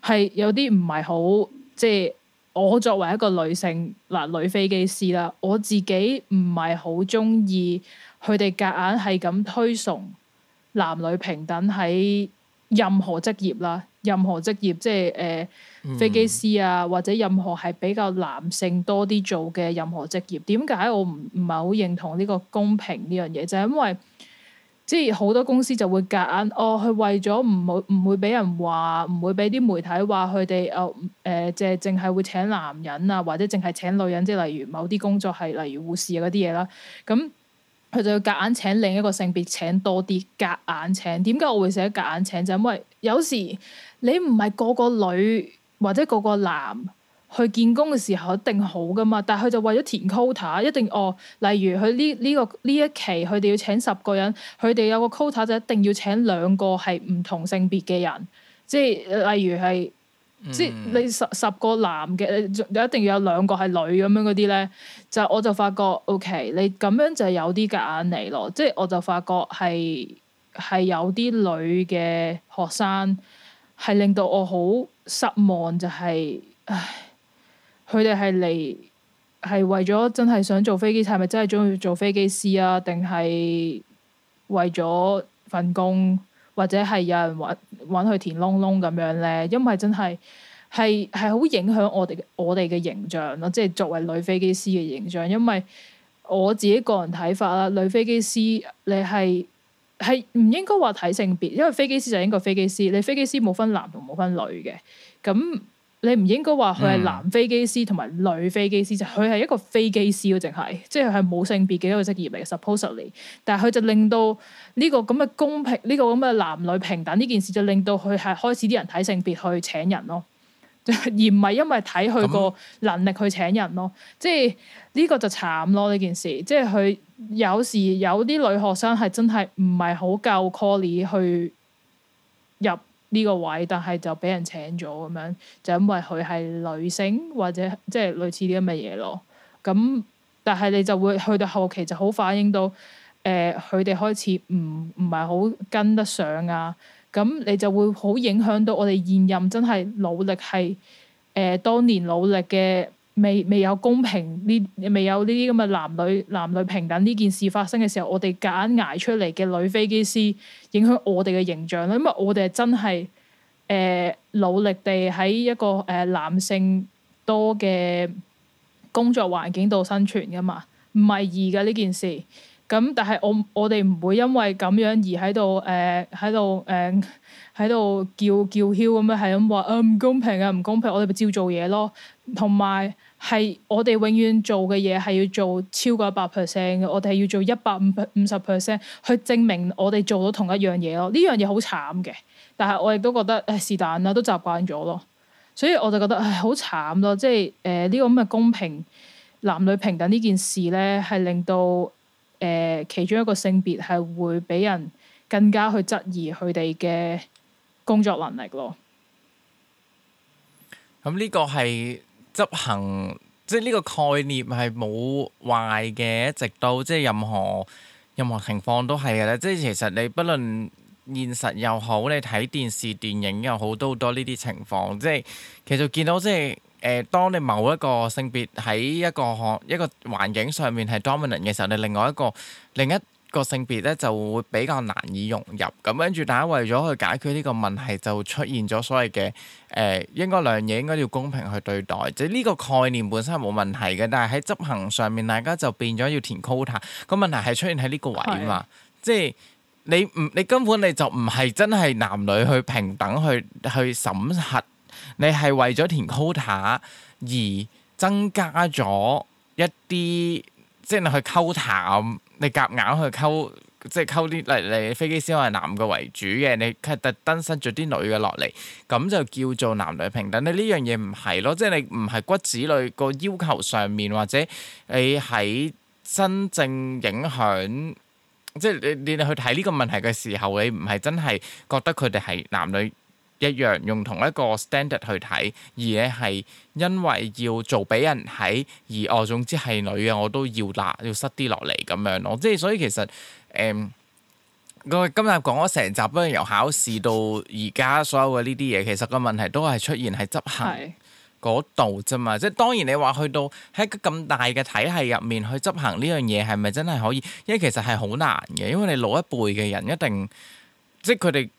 S2: 係有啲唔係好即係，我作為一個女性嗱、呃、女飛機師啦，我自己唔係好中意佢哋夾硬係咁推崇男女平等喺任何職業啦。任何職業，即係誒、呃、飛機師啊，或者任何係比較男性多啲做嘅任何職業，點解我唔唔係好認同呢個公平呢樣嘢？就係、是、因為即係好多公司就會夾硬，哦，佢為咗唔冇唔會俾人話，唔會俾啲媒體話佢哋哦誒，即係淨係會請男人啊，或者淨係請女人，即係例如某啲工作係例如護士嗰啲嘢啦，咁、嗯、佢就要夾硬請另一個性別請多啲，夾硬請。點解我會寫夾硬請？就係、因為有時。你唔係個個女或者個個男去見工嘅時候一定好㗎嘛？但係佢就為咗填 quota 一定哦，例如佢呢呢個呢一期佢哋要請十個人，佢哋有個 quota 就一定要請兩個係唔同性別嘅人，即係例如係、嗯、即你十十個男嘅，你一定要有兩個係女咁樣嗰啲咧。就我就發覺，OK，你咁樣就有啲夾硬嚟咯，即係我就發覺係係有啲女嘅學生。係令到我好失望，就係、唉，佢哋係嚟係為咗真係想做飛機，係咪真係鍾意做飛機師啊？定係為咗份工，或者係有人揾揾佢填窿窿咁樣咧？因為真係係係好影響我哋我哋嘅形象咯，即係作為女飛機師嘅形象。因為我自己個人睇法啦，女飛機師你係。係唔應該話睇性別，因為飛機師就應該飛機師。你飛機師冇分男同冇分女嘅，咁你唔應該話佢係男飛機師同埋女飛機師，就佢係一個飛機師咯，淨係即係佢係冇性別嘅一個職業嚟嘅。Supposedly，但係佢就令到呢個咁嘅公平，呢個咁嘅男女平等呢件事就令到佢係開始啲人睇性別去請人咯。 而唔係因為睇佢個能力去請人咯，嗯、即係呢、呢個就慘咯呢件事。即係佢有時有啲女學生係真係唔係好夠 c a l l 去入呢個位，但係就俾人請咗咁樣，就因為佢係女性或者即係類似啲咁嘅嘢咯。咁、嗯、但係你就會去到後期就好反映到，誒佢哋開始唔唔係好跟得上啊。咁你就會好影響到我哋現任真係努力係，誒當年努力嘅，未未有公平呢，未有呢啲咁嘅男女男女平等呢件事發生嘅時候，我哋夾硬捱出嚟嘅女飛機師影響我哋嘅形象啦，因為我哋係真係誒、呃、努力地喺一個誒、呃、男性多嘅工作環境度生存噶嘛，唔係易㗎呢件事。咁但係，我我哋唔會因為咁樣而喺度誒喺度誒喺度叫叫囂咁樣，係咁話啊唔公平啊唔公平！我哋咪照做嘢咯，同埋係我哋永遠做嘅嘢係要做超過一百 percent 嘅，我哋係要做一百五十 percent 去證明我哋做到同一樣嘢咯。呢樣嘢好慘嘅，但係我亦都覺得誒是但啦，都習慣咗咯。所以我就覺得唉好慘咯，即係誒呢個咁嘅公平男女平等呢件事咧，係令到。誒，其中一個性別係會俾人更加去質疑佢哋嘅工作能力咯。咁
S1: 呢、嗯呢個係執行，即係呢個概念係冇壞嘅，一直到即係任何任何情況都係嘅咧。即係其實你，不論現實又好，你睇電視電影又好，都好多呢啲情況。即係其實見到即係。誒，當你某一個性別喺一個項，一個環境上面係 dominant 嘅時候，你另外一個另一個性別咧，就會比較難以融入。咁跟住，大家為咗去解決呢個問題，就出現咗所謂嘅誒，應該兩樣嘢應該要公平去對待，即係呢個概念本身係冇問題嘅。但係喺執行上面，大家就變咗要填 quota。個問題係出現喺呢個位嘛？的即係你唔，你根本你就唔係真係男女去平等去去審核。你係為咗填 quota 而增加咗一啲，即係你去 quota 你夾硬去扣，即係扣啲嚟嚟飛機師，係男嘅為主嘅，你佢特登塞咗啲女嘅落嚟，咁就叫做男女平等。你呢樣嘢唔係咯，即係你唔係骨子裏個要求上面，或者你喺真正影響，即係你你你去睇呢個問題嘅時候，你唔係真係覺得佢哋係男女。一樣用同一個 standard 去睇，而咧係因為要做俾人睇，而我、哦、總之係女嘅，我都要辣要塞啲落嚟咁樣咯。即係所以其實誒，我、嗯、今日講咗成集，不過由考試到而家所有嘅呢啲嘢，其實個問題都係出現喺執行嗰度啫嘛。是即係當然你話去到喺咁大嘅體系入面去執行呢樣嘢，係咪真係可以？因為其實係好難嘅，因為你老一輩嘅人一定即係佢哋。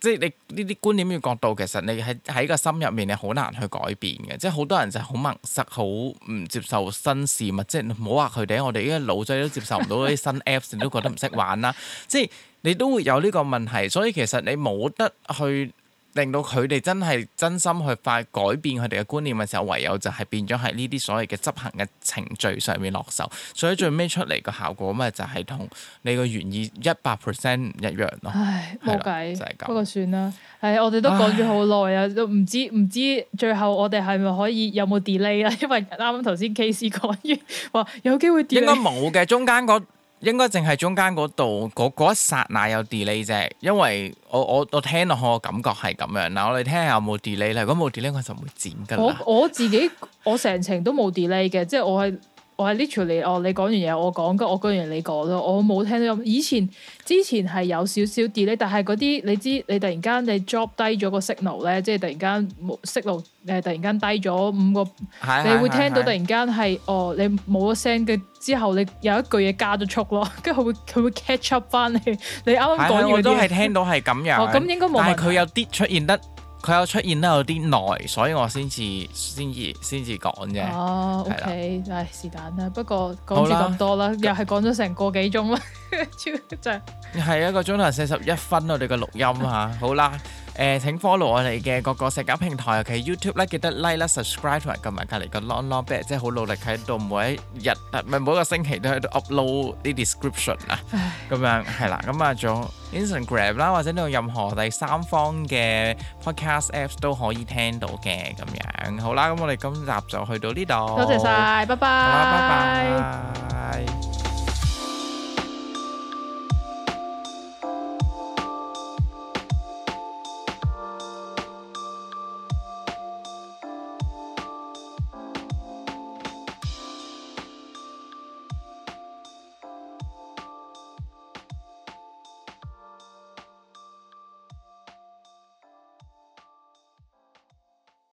S1: 即係你呢啲觀念嘅角度，其實你喺喺個心入面，你好難去改變嘅。即係好多人就係好盲塞，好唔接受新事物。即係唔好話佢哋，我哋而家老仔都接受唔到啲新 Apps，你都覺得唔識玩啦。即係你都會有呢個問題，所以其實你冇得去。令到佢哋真係真心去快改變佢哋嘅觀念嘅時候，唯有就係變咗係呢啲所謂嘅執行嘅程序上面落手，所以最尾出嚟嘅效果咪就係同你個原意一百 percent 唔一樣咯。唉，
S2: 冇計，不過，就係咁，算啦。唉，我哋都講咗好耐啊，都唔唉知唔知最後我哋係咪可以有冇 delay 啦？ 因為啱啱頭先 KC 講完話有機會 delay，應
S1: 該冇嘅，中間個。應該淨係中間嗰度，嗰一剎那有 delay 啫，因為我我我聽落去嘅感覺係咁樣嗱，我哋聽下有冇 delay 啦，如果冇 delay，我就唔會剪㗎啦。我
S2: 我自己 我成程都冇 delay 嘅，即係我係。Ally, 哦、你我係 literally，我你講完嘢我講，跟住我講完你講咯，我冇聽到咁。以前之前係有少少 delay，但係嗰啲你知，你突然間你 drop 低咗個 signal 咧，即係突然間 signal 誒，突然間低咗五個，是是是是你會聽到突然間係哦，你冇咗聲嘅之後，你有一句嘢加咗速咯，跟住佢會佢會 catch up 翻你。你啱啱講完啲。我都係聽
S1: 到係咁樣哦。哦，咁應該冇人。係佢有啲出現得。佢有出現得有啲耐，所以我先至先至先至講啫。哦、
S2: 啊、的，OK，唉，是但啦，不過講咗咁多啦，吧又係講咗成個幾鐘啦，超正，
S1: 係一個鐘頭四十一分，我哋嘅錄音嚇、 啊，好啦。誒，請 follow 我哋嘅各個社交平台，尤其 YouTube 啦，記得 like 啦，subscribe 同埋撳埋隔籬個 long long bell，即係好努力喺度，每一日唔係每個星期都喺度 upload 啲 description 啊，咁樣係啦，咁啊仲有 Instagram 啦，或者用任何第三方嘅 podcast apps 都可以聽到嘅，咁樣好啦，咁我哋今集就去到呢度，多謝晒，拜拜，好啦，拜拜。